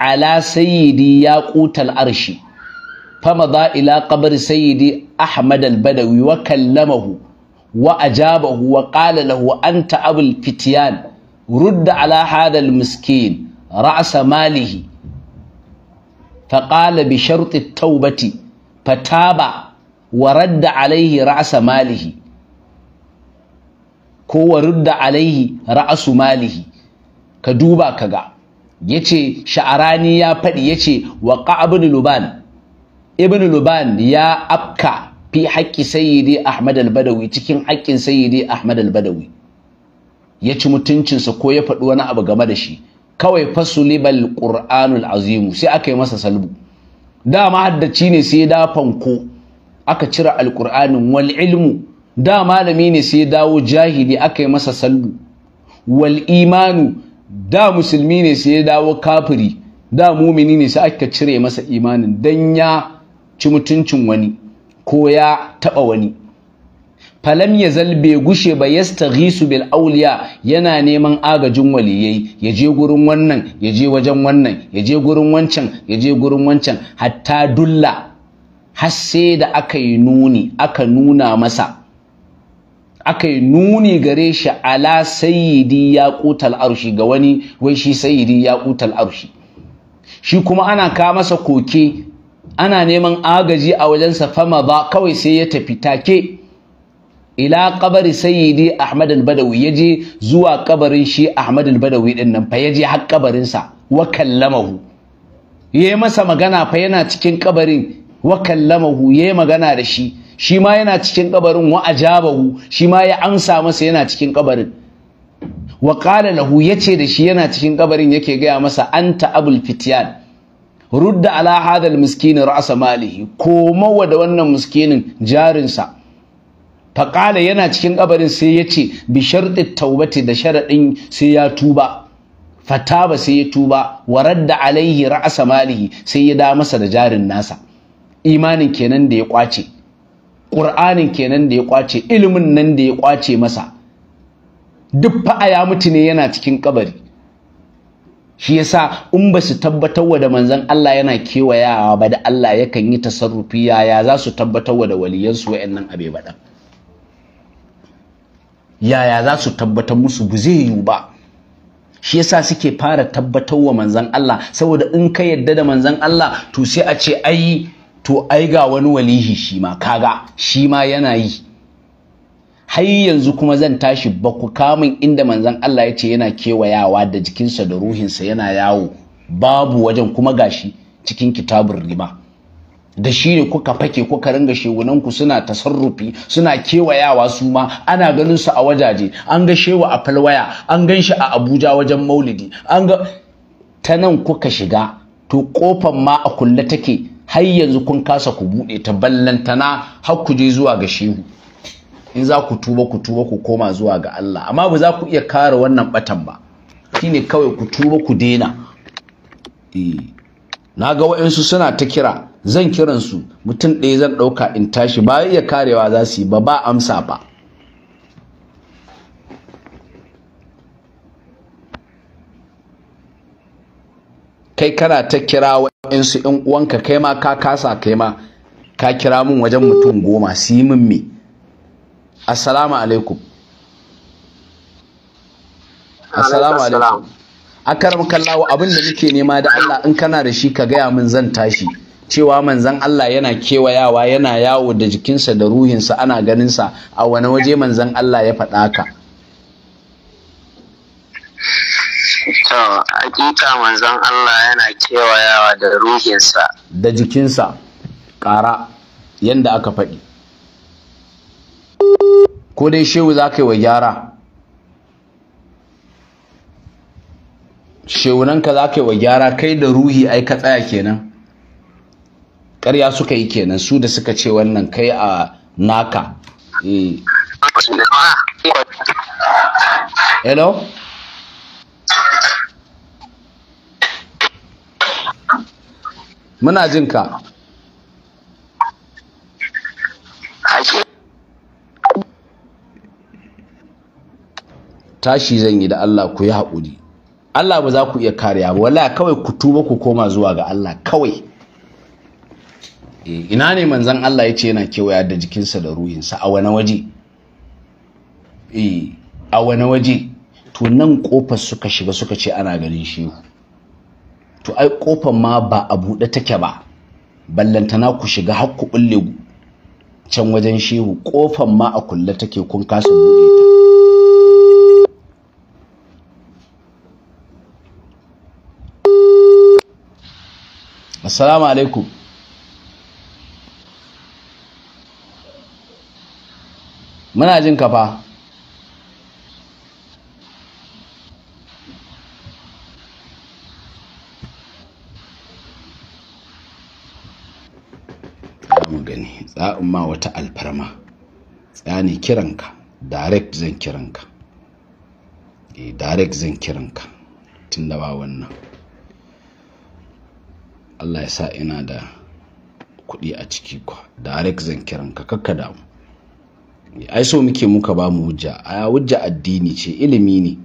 على سيدي ياقوت الأرش فمضى إلى قبر سيدي أحمد البدوي وكلمه وأجابه وقال له أنت أبو الفتيان رد على هذا المسكين رأس ماله Ka faƙala bi sharti taubati fataba wa radda alaihi ra'asa malihi ko wa alaihi ra'asu malihi ka duba kaga yace sha'arani ya faɗi yace wa ibn luban ibn ya afka fi haƙƙi sayyidi ahmad al-badawi cikin haƙƙin sayyidi ahmad al-badawi ya ci mutuncinsa ko ya faɗi wani abu game da shi kawai fasulibal ƙur'anul azimu sai aka yi masa salbu dama haddaci ne sai da fanko aka cire alqur'anin wal ilmu da malami ne sai dawo jahili aka yi masa salbu wal imanu da musulmi ne sai dawo kafiri da mumini ne sai aka cire masa imanin dan ya ci mutuncin wani ko ya taɓa wani falam ya zalbe gushe ba yastaghisu bil auliya yana neman agajin waliyai ya je gurin wannan ya je wajen wannan ya je gurin wancan ya je gurin wancan hatta dulla har sai da aka yi nuni aka nuna masa aka yi nuni gare shi ala sayyidi ya kutal arshi ga wani wai shi sayyidi ya kutal arshi shi kuma ana ka masa koke ana neman agaji a wajensa fama ba kawai sai ya tafi take ila kabari sayyidi ahmad al-badawi yaje zuwa kabarin shi ahmad al-badawi din nan fa yaje har kabarin sa wa kallamahu yayi masa magana fa yana cikin kabarin wa kallamahu yayi magana da shi shi ma yana cikin kabarin wa ajabahu shi ma ya amsa masa yana cikin kabarin wa qala lahu yace da shi yana cikin kabarin yake gaya masa anta abul fityan rudda ala hadha al-miskin ra'sa malihi koma wa da wannan miskinin jarinsa faƙala yana cikin ƙabarin sai ya ce Bishar taubati da sharaɗin sai ya tuba fataba sai ya tuba warar da alaihi ra'asa malihi sai ya da masa da jarin nasa imanin kenan da ya ƙwace ƙur'anin kenan da ya ƙwace ilimin nan da ya ƙwace masa duk fa'a ya mutu ne yana cikin ƙabari shi yasa in ba su tabbatar wa da manzon Allah yana kewayawa ba da Allah yakan yi tasarrufi yaya za su tabbatar wa da waliyansu wa'annan abe baɗan yaya za su tabbatar musu ba zai yiwu ba shi yasa suke fara tabbatar wa manzon Allah saboda in ka yadda da manzon Allah to sai a ce ai to ai ga wani walihi shi ma kaga shi ma yana yi har yanzu kuma zan tashi ba ku kamun inda manzon Allah ya ce yana kewayawa da jikinsa da ruhinsa yana yawo babu wajen kuma gashi cikin kitabun riba da shi ne kuka fake kuka ringa shegunanku suna tasarrufi suna kewayawa su ma ana ganin su a wajaje an ga shewa a falwaya an gan shi a abuja wajen maulidi an ga ta nan kuka shiga to kofan ma a kulle take har yanzu kun kasa ku buɗe ta ballantana har ku je zuwa ga shehu in za ku tuba ku tuba ku koma zuwa ga Allah amma ba za ku iya kare wannan batan ba shine kawai ku tuba ku daina eh, na ga wa'ansu suna ta kira zan kiransu mutum ɗaya zan ɗauka in tashi ba iya karewa za su yi ba ba amsa ba kai kana ta kira wa'insu in uwanka kai ma ka kasa kai ma ka kira min wajen mutum goma su yi min me assalamu alaikum assalamu alaikum akaram kallawo abin da nake nema da Allah in kana da shi ka gaya min zan tashi cewa manzan Allah yana kewayawa yana yawo da jikinsa da ruhinsa ana ganinsa a wani waje manzan Allah ya faɗa ka to hakika manzan Allah yana kewayawa da ruhinsa da jikinsa ƙara yanda aka faɗi ko dai shehu za ka yi wa gyara ka za ka yi wa gyara kai da ruhi ai ka tsaya kenan ƙarya suka yi kenan su da suka ce wannan kai a naka eh. hello muna jin ka tashi zan yi da Allah ku yi haƙuri Allah ba za ku iya kariya ba wallahi kawai ku tuba ku koma zuwa ga Allah kawai Eh, ina ne manzan Allah ya ce yana kewaya da jikinsa da ruhinsa a wani waje eh, a wani waje to nan kofar suka shiga suka ce ana ganin shehu to ai kofar ma ba a buɗe take ba ballantana ku shiga har ku bulle can wajen shehu kofar ma a kulle take kun kasa buɗe ta assalamu alaikum muna jin kafa. mu gani tsa'in ma wata alfarma tsani kiranka direct zan kiranka e eh, direct zan kiranka tun da ba wannan Allah ya sa ina da kuɗi a ciki kwa direct zan kiranka kakka damu ai so muke muka ba mu hujja a hujja addini ce ilimi ne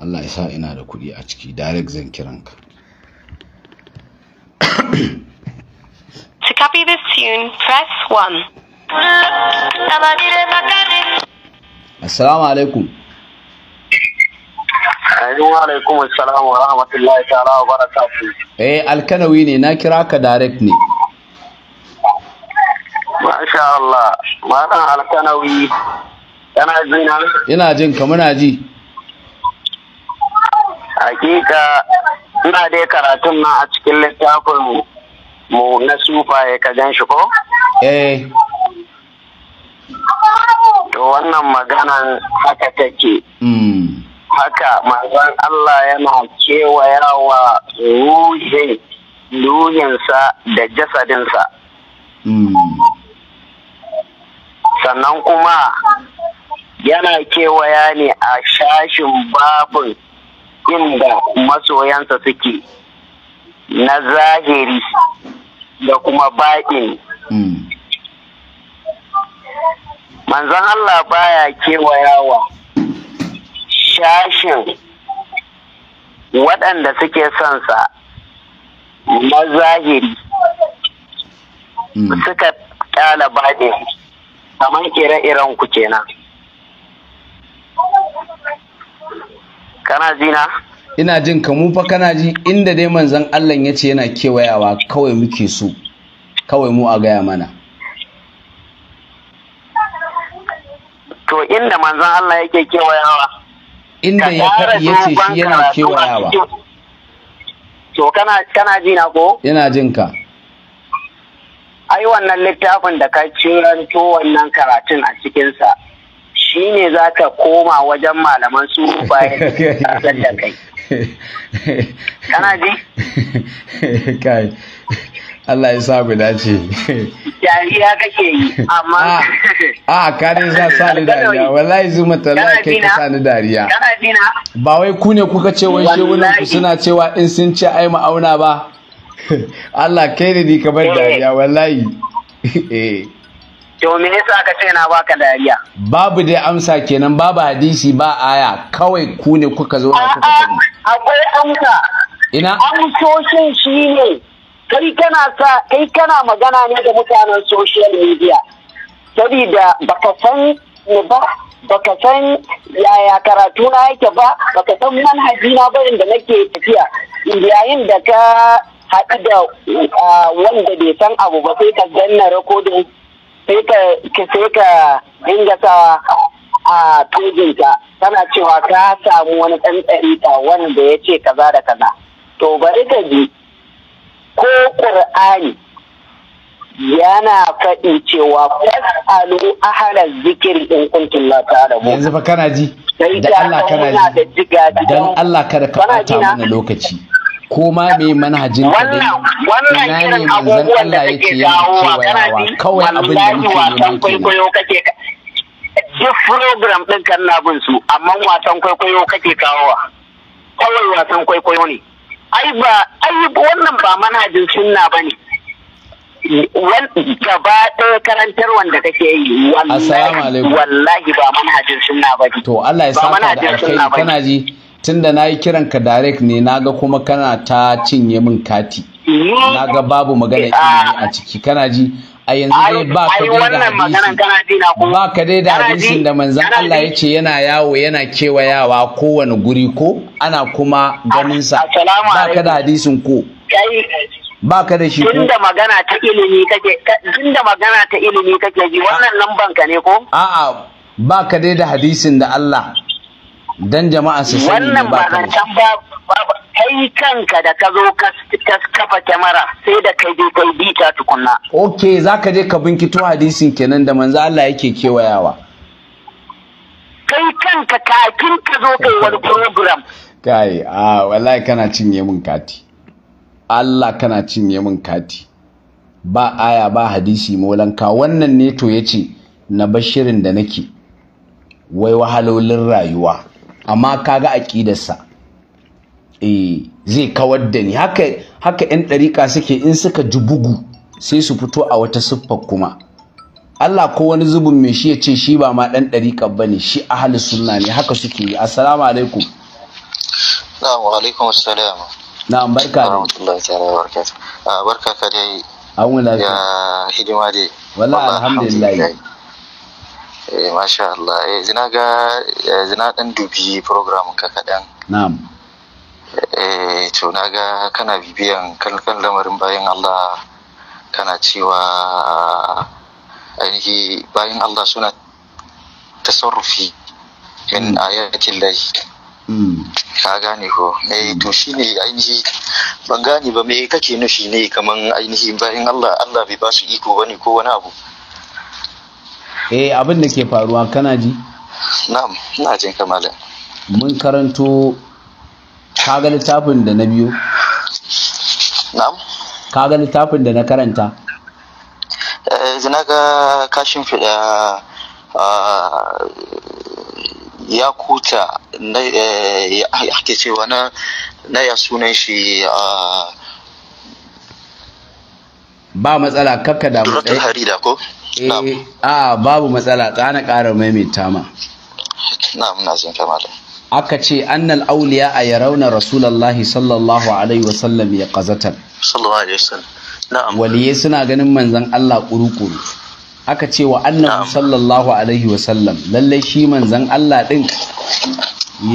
Allah ya sa ina da kuɗi a ciki direct zan kiran ka To copy this tune press 1 Assalamu alaikum alaikum assalam wa rahmatullahi ta'ala wa barakatuh eh alkanawi ne na kira ka direct ne Masha Allah, Malam Alkanawi, yana Ina jin ka muna ji. Hakika, ina dai karatun nan a cikin littafin mu na sufaye ka gan shi ko? Eh. To wannan maganan haka take. Hmm. Haka manzon Allah yana kewayawa ruhin, ruhinsa da jasadinsa. Hmm. sannan kuma yana kewaya ne a shashin babin inda masoyansa suke na zahiri da kuma baƙin hmm. manzan Allah baya kewayawa shashin waɗanda suke sonsa na zahiri hmm. suka ƙyala baɗin Kaman ire iran ku kenan kana jina ina jin ka mu fa kana ji inda dai manzon Allah ya ce yana kewayawa kawai muke so kawai mu a gaya mana to inda manzon Allah yake kewayawa inda ya ce shi yana kewayawa to kana kana jina ko Ina jin ka ai wannan littafin da ka ciranto wannan karatun a cikinsa shi ne za ka koma wajen malaman su bayan da kai kana ji? kai Allah ya sa guda ce. ya kake yi, amma. A, ah, ah, ka dai sa sa ni dariya, wallahi zuma talla kai ka sa ni dariya. Ba wai ku ne kuka ce wani shegunan ku suna cewa in sun ce ai ma'auna ba. Allah kai ne ni kamar dariya wallahi eh to me yasa aka ce na baka dariya babu dai amsa kenan babu hadisi ba aya kawai ku ne kuka zo na kuka tabi akwai amsa ina amsoshin shine kai kana sa kai kana magana ne da mutanen social media saboda baka san ne ba baka san yaya karatu na yake ba baka san manhaji na ba da nake tafiya yayin da ka haɗu da wanda bai san abu ba sai ka danna rikodin sai ka sai dinga sa a pejinka tana cewa ka samu wani ɗan ɗarita wanda ya ce kaza da kaza to bari ka ji ko ƙur'ani yana faɗi cewa fas'alu ahala zikiri in kuntum la ta'lamu yanzu fa kana ji da Allah kana ji dan Allah kada ka ɓata mana lokaci ko ma me manhajin ka dai ina ne manzon Allah yake yana kewayawa kawai abin da muke neman kake duk program din kan na bin su amma wasan kwaikwayo kake kawowa kawai wasan kwaikwayo ne ai ba ai wannan ba manhajin sunna bane gaba ɗaya karantar wanda kake yi wallahi ba manhajin sunna bane to Allah ya saka da alkhairi kana ji tunda na yi kiran ka direct ne na ga kuma kana ta cinye min kati na ga babu magana ilimi a ciki kana ji a yanzu dai ba ka dai da hadisi ba ka dai da hadisin da manzon Allah ya ce yana yawo yana kewayawa kowane guri ko ana kuma ganin sa ba ka da hadisin ko ba ka da shi ko tunda magana ta ilimi kake tunda magana ta ilimi kake ji wannan nan banka ne ko a'a ba ka dai da hadisin da Allah dan jama'a su sani wannan ba zancen ba kai kanka da ka zo ka kafa kyamara sai da kai je kai bita tukunna ok za ka je ka binkito hadisin kenan da manzo Allah yake kewayawa kai kanka kafin ka zo kai wani program kai a wallahi kana cinye min kati Allah kana cinye min kati ba aya ba hadisi molanka wannan ne to yace na bashirin da nake wai wahalolin rayuwa amma kaga aƙidarsa eh, zai kawar da ni haka yan ɗariƙa suke in suka ji bugu sai su fito a wata siffar kuma Allah ko wani zubin mai shi ya ce shi ba ma ɗan ɗariƙa ba ne shi a hali sunna ne haka suke yi assalamu alaikum na'am wa alaikum assalam na'am barka da ah, barka ka dai an wula ya hidima dai wallahi alhamdulillah eh masha Allah eh zina ga eh, zina dan dubi program ka kadan na'am eh to na ga kana bibiyan kalkan lamarin bayan Allah kana cewa ainihi bayan Allah suna tasarrufi min hmm. ayatin lahi hmm. ka gane ko eh to hmm. shine ainihi ban gane ba me kake nufi ne kaman ainihi bayan Allah Allah bai ba su iko bane ko wani abu eh abin da ke faruwa kana ji na'am ina jin kamala mun karanto kaga littafin da na biyo na'am kaga littafin da na karanta eh na ga kashin fida ah, ya kuta na eh, ake cewa na na ya sunan shi ah, ba matsala kakka eh, da mu ko eh ah babu matsala kana ƙara maimaita ma na muna jin kamar aka ce annal auliya a yarawna Rasulallah sallallahu alaihi wasallam ya qazatan sallallahu alaihi wasallam na'am waliye suna ganin manzon Allah kurukuru aka ce wa annabi sallallahu alaihi wasallam lalle shi manzon Allah din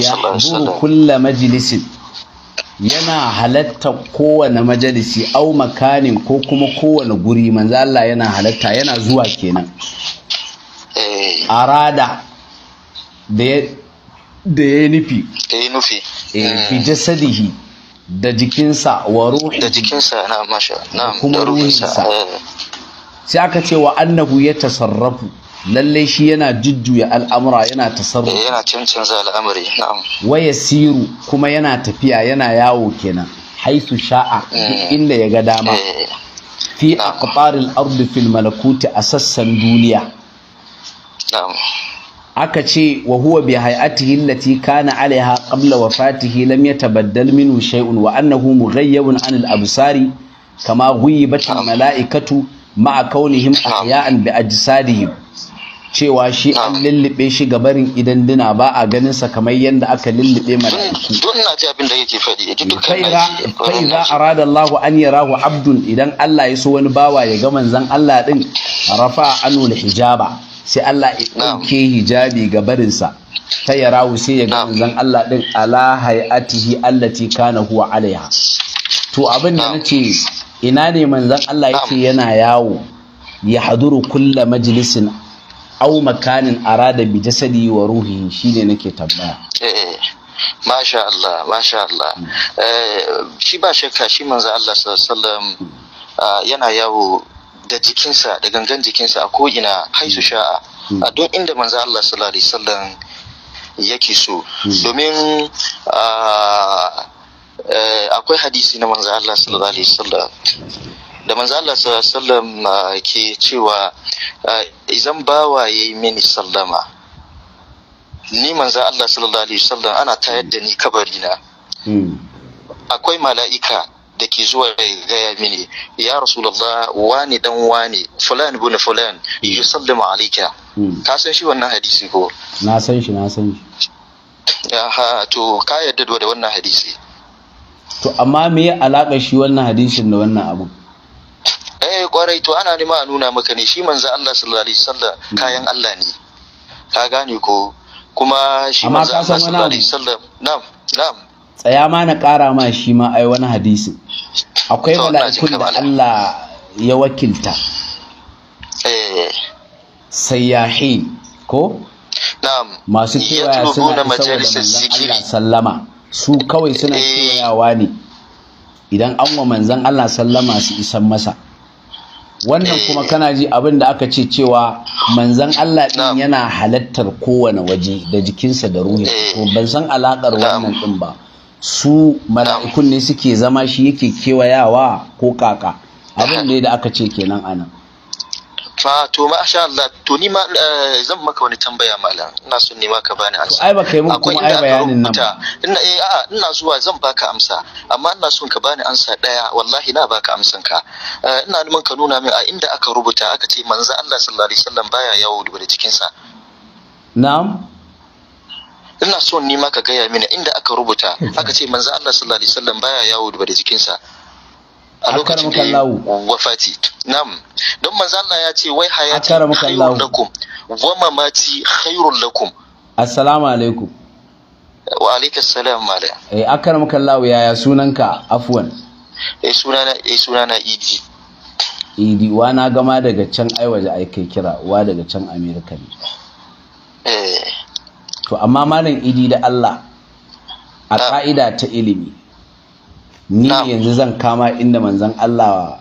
ya kulla majlisin yana halatta kowane majalisi au makanin ko kuma kowane guri manzo Allah yana halatta yana zuwa kenan eh. arada da ya nufi da ya nufi fi eh, hmm. jasadihi da jikinsa wa ruhi da jikinsa na masha na kuma ruhinsa eh. sai aka ce wa annahu ya tasarrafu lalle shi yana jujjuya al'amura yana tasarru eh, yana al'amari na'am waya siru kuma yana tafiya yana yawo kenan haisu sha'a duk mm. inda ya ga dama eh, fi aqtaril ardi fil malakuti a sassan duniya na'am aka ce wa huwa bi hay'atihi allati kana alaiha qabla wafatihi lam yatabaddal minhu shay'un wa annahu mughayyabun anil absari kama ghuyibat al mala'ikatu ma'a kaunihim ahya'an bi ajsadihim cewa shi an lullube shi ga barin idan dina ba a ganin sa kamar yadda aka lullube mala'iku na ji abin da yake faɗi fa'iza arada Allah an yarahu abdun idan Allah ya so wani bawa ya ga manzon Allah din rafa anu hijaba sai Allah ya ɗauke hijabi ga barinsa. sa ta yarahu sai ya ga manzon Allah din ala hayatihi allati kana huwa alaiha to abin da nace ina ne manzon Allah yake yana yawo ya haduru kulla majalisin au makanin arada bi jasadi wa ruhi shine nake tambaya eh, masha Allah masha Allah hmm. eh, shi ba shakka shi manzo Allah sallallahu alaihi hmm. ah, yana yawo da jikinsa da gangan jikinsa a ko'ina haisu hmm. sha'a a don inda manzo Allah sallallahu alaihi wasallam yake so domin ah, eh, akwai hadisi na manzo Allah sallallahu alaihi wasallam da manzo Allah sallallahu alaihi ah, ke cewa ah, idan bawa yayi mini sallama ni manzo Allah sallallahu alaihi wasallam ana tayar da ni kabari na hmm. akwai mala'ika da ke zuwa ya gaya mini ya rasulullah wani dan wani fulan ibn fulan hmm. Sallama alayka hmm. ka san shi wannan hadisi ko na san shi na san shi aha to ka yarda da wannan hadisi to amma me ya alaka shi wannan hadisin da wannan abu eh kwarai to ana nema a nuna maka ne shi manzo Allah sallallahu alaihi wasallam kayan hmm. Allah ne ka gane ko kuma shi manzo Allah sallallahu alaihi wasallam na'am na'am tsaya ma na ƙara ma shi ma ai wani hadisi akwai mala'ikun da Allah ya wakilta eh sayyahin ko na'am masu cewa suna isa da Allah sallama su kawai suna kewayawa eh. ne idan an wa manzon Allah sallama su isan masa wannan kuma kana ji abin da aka ce cewa manzan Allah din yana halattar kowane waje da jikinsa da ruhi eh. to ban san alakar wannan din ba su mala'ikun ne suke zama shi yake kewayawa ko kaka abin da aka ce kenan anan fa to sha Allah to ni ma eh, zan maka wani tambaya malam ina son ne maka bani amsa ai baka yi mun kuma ai bayanin nan ina eh a'a ina zuwa zan baka amsa amma ina son ka bani amsa daya wallahi na baka amsan ka eh, ina neman ka nuna min a inda aka rubuta aka ce manzo Allah sallallahu alaihi wasallam baya yawo da cikin sa na'am ina son ni ma ka gaya mini inda aka rubuta aka ce manzo Allah sallallahu alaihi wasallam baya yawo da jikinsa a lokacin da ya wafati nam don manzo Allah ya ce wai hayati khairul lakum wa mamati khairul lakum assalamu alaikum wa alaikum assalam malam eh akramaka Allah yaya sunanka afwan eh sunana eh sunana idi idi wa na gama daga can ai waje ai kai kira wa daga can america ne eh to amma malam idi da Allah a ka'ida ta ilimi ni yanzu zan kama inda manzon Allah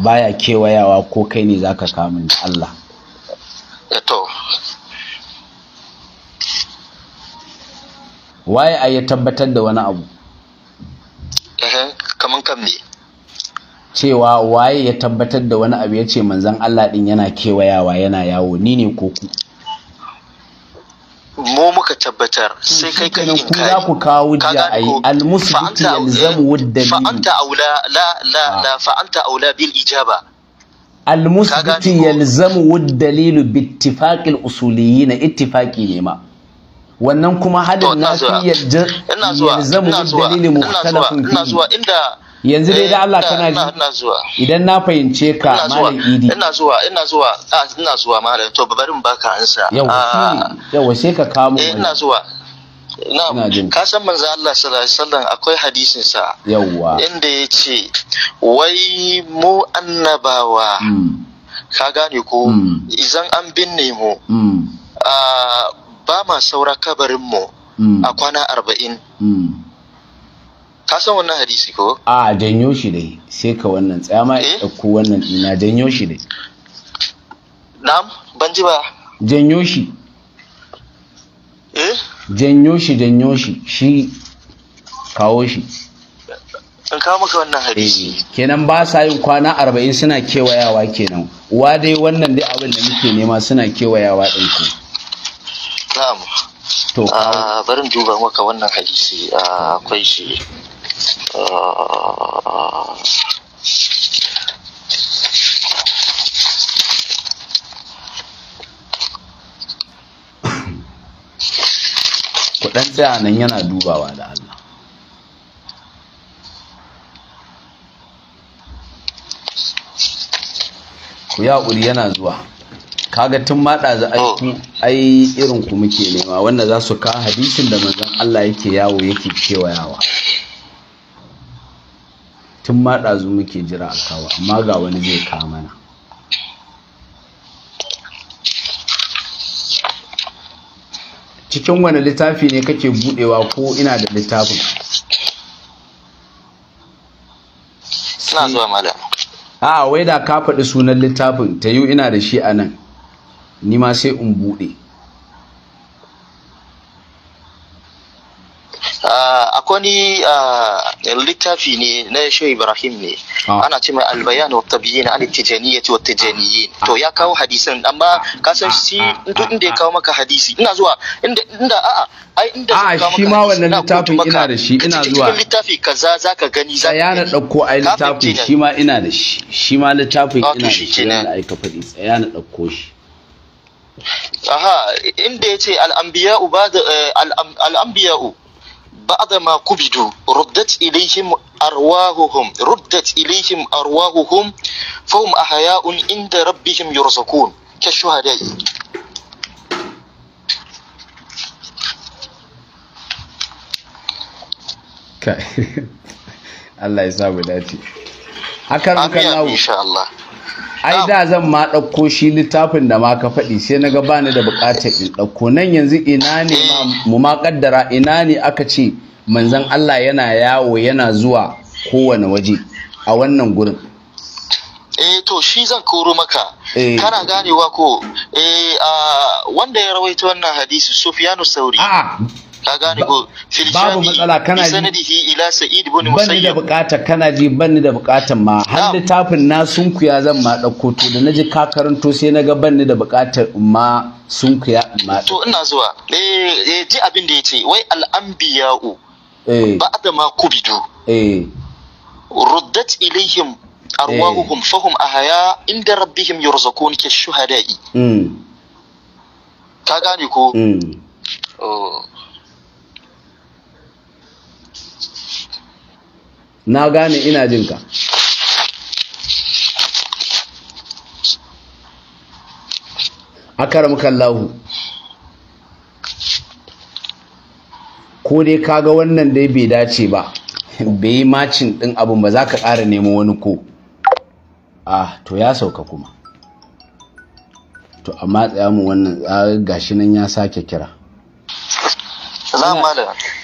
baya kewayawa ko kai ne zaka kama ni Allah eh, to waye a ya tabbatar da wani abu eh, kaman kan me cewa waye ya tabbatar da wani abu ya ce manzon Allah din yana kewayawa yana yawo ni ne ko ku mu muka tabbatar sai kai ka in kai za ku kawo ja ai almusbiti yalzamu eh, waddalil fa anta aula la la la ah. fa anta aula bil ijaba almusbiti yalzamu waddalil bittifaqil usuliyyin ittifaqi ne ma wannan kuma hadin ina zuwa ina zuwa ina zuwa inda yanzu dai da eh, Allah kana ji idan na fahimce ka malam idi ina zuwa ina zuwa ah, ina zuwa malam to bari in baka ansa yawa ah, sai ka kamo eh, ina zuwa na ka san manzo Allah sallallahu alaihi wasallam akwai hadisin sa yawa inda yace wai mu annabawa hmm. ka gane ko hmm. idan an binne mu hmm. ah, ba ma saura kabarin mu a kwana arba'in ka san wannan hadisi ko a janyo shi dai sai ka wannan tsaya ma ya eh? dauko wannan ina janyo shi dai na'am ban ji ba janyo shi eh janyo shi janyo shi shi kawo shi in kawo maka wannan hadisi eh, kenan ba sa yin kwana arba'in suna kewayawa kenan uwa dai wannan dai abin da muke nema suna kewayawa din ku na'am to ah, barin duba maka wannan hadisi ah, akwai shi kudan tsaya nan yana dubawa da Allah ku uri yana zuwa kaga tun maɗa za a ai irin ku muke nema wanda za su ka hadisin da manzon Allah yake yawo yake kewayawa tun ma ɗazu muke jira a kawo amma ga wani zai kawo mana cikin wani littafi ne kake buɗewa ko ina da littafin suna zuwa Mada. a wai da ka faɗi sunan littafin ta yiwu ina da shi a nan ni ma sai in buɗe Ah, akwai ah, littafi ne na shehu ibrahim ne ah. ana ce mai albayan wa tabiyin an tijaniya wa tijaniyin to ya kawo hadisan amma ka san shi duk inda ya kawo maka hadisi ina zuwa inda inda a'a ai inda zuwa kawo maka shi ma wannan littafin ina da shi ina zuwa cikin littafi kaza zaka gani za ka yana dauko ai littafin shi ma ina da shi shi ma littafin ina da shi yana aika fadi tsaya na dauko shi aha inda yace al-anbiya'u ba eh, al-anbiya'u بعدما قبضوا ردت إليهم أرواحهم ردت إليهم أرواحهم فهم أحياء عند ربهم يرزقون كالشهداء الله ya sa mu إن شاء الله ai da zan ma ɗauko shi littafin da ma ka faɗi sai na ga bani da buƙatar in ɗauko nan yanzu ina ne eh. mu ma ƙaddara ina ne aka ce manzon Allah yana yawo yana zuwa kowane waje a wannan gurin eh to shi zan koro maka eh. kana ganewa ko eh ah, wanda ya rawaito wannan hadisi Sufyanu Sauri ka gane ko babu matsala kana ji sanadihi ila sa'id ibn musayyib da bukata kana ji banni da bukatan ma har tafin na sunkuya zan ma dauko to da naji ka karanto sai naga banni da bukatar ma sunkuya ma to ina zuwa eh, eh ji abin da yace wai al anbiya'u eh. ba'da ma kubidu eh ruddat ilaihim arwahuhum eh. fahum ahaya inda rabbihim yurzakun ke shuhada'i mm. ka gane ko mm. oh. na gane ina jinka akaram kallahu ko dai kaga wannan dai bai dace ba bai yi macin ɗin abin ba za ka ƙara nemo wani ko ah to ya sauka kuma to amma tsaya mu wannan ah, gashi nan ya sake kira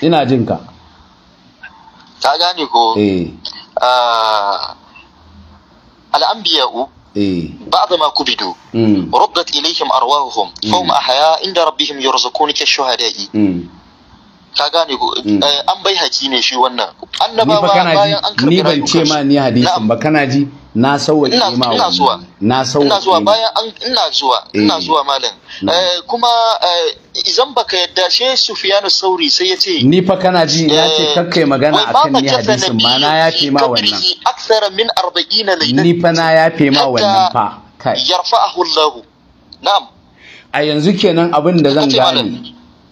ina jinka. ka gane ko al'ambiya'u بعض ما كبدوا ردت إليهم أرواحهم فهم أحياء عند ربهم يرزقون كالشهداء ka gane ko hmm. eh, an bai haki ne shi wannan annabawa bayan an karbi ni ban ce ma ni hadisin ba kana ji na sauwaƙe ma ina zuwa na ina zuwa bayan an ina zuwa ina eh. zuwa malam eh, kuma eh, idan baka yadda she Sufyanu Sauri sai ya ce ni fa kana ji ya ce kakkai magana akan ni hadisin ma na yafe ma wannan aksara min 40 ni fa na yafe ma wannan fa kai yarfa'ahu Allah na'am a yanzu kenan abin da zan gane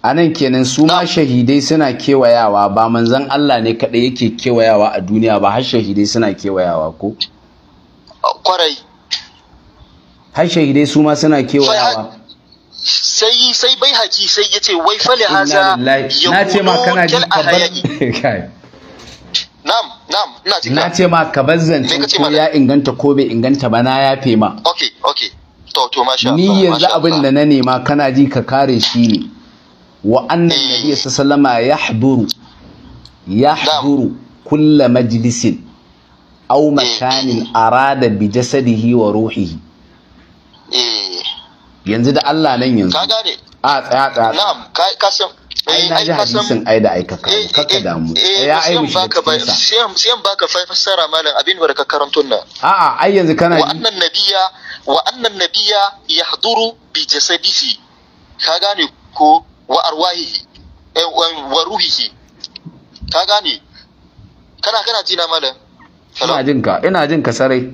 a nan kenan su ma shahidai suna kewayawa ba manzon Allah ne kaɗai yake kewayawa a duniya ba har shahidai suna kewayawa ko kwarai har shahidai su ma suna kewayawa sai sai bai haki sai ya ce wai fali haza na ce ma kana jin kabar nam nam ina jin na ce ma kabar zancen ko ya inganta ko bai inganta ba na yafe ma okay okay to to masha ni yanzu abin da na nema kana ji ka kare shi ne wa annan eh. alaihi wasallama yahduru yahduru kulla majlisin aw makanin arada bi jasadihi wa ruhihi yanzu da Allah nan yanzu a tsaya tsaya na'am ka ka san ai na kaka damu ya ai mishi baka ba sai baka fassara malam abin da ka karanto nan a'a ai yanzu kana wa annan nabiyya yahduru bi ka gane wa ruhihi ka gane ina jin ka ina jin ka sarai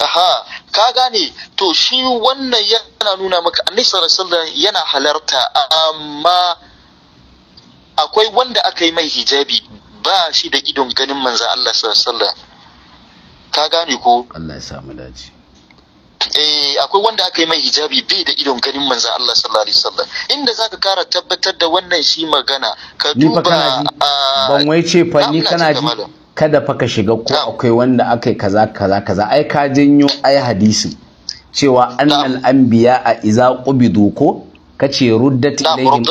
aha ka gane to shi wannan yana nuna maka annabi sallallahu yana halarta amma akwai wanda aka yi mai hijabi ba shi da idon ganin manzo Allah sallallahu ka gane ko Allah ya samu dace eh akwai wanda aka yi mai hijabi bai da idon ganin manzo Allah sallallahu alaihi wasallam inda zaka kara tabbatar da wannan shi magana ka duba ah, ban wai ce fa ni kana ji kada fa ka shiga ko akwai wanda akai kaza kaza kaza ai ka janyo ai hadisi cewa annal anbiya a iza qubidu ko kace ruddat ilayhim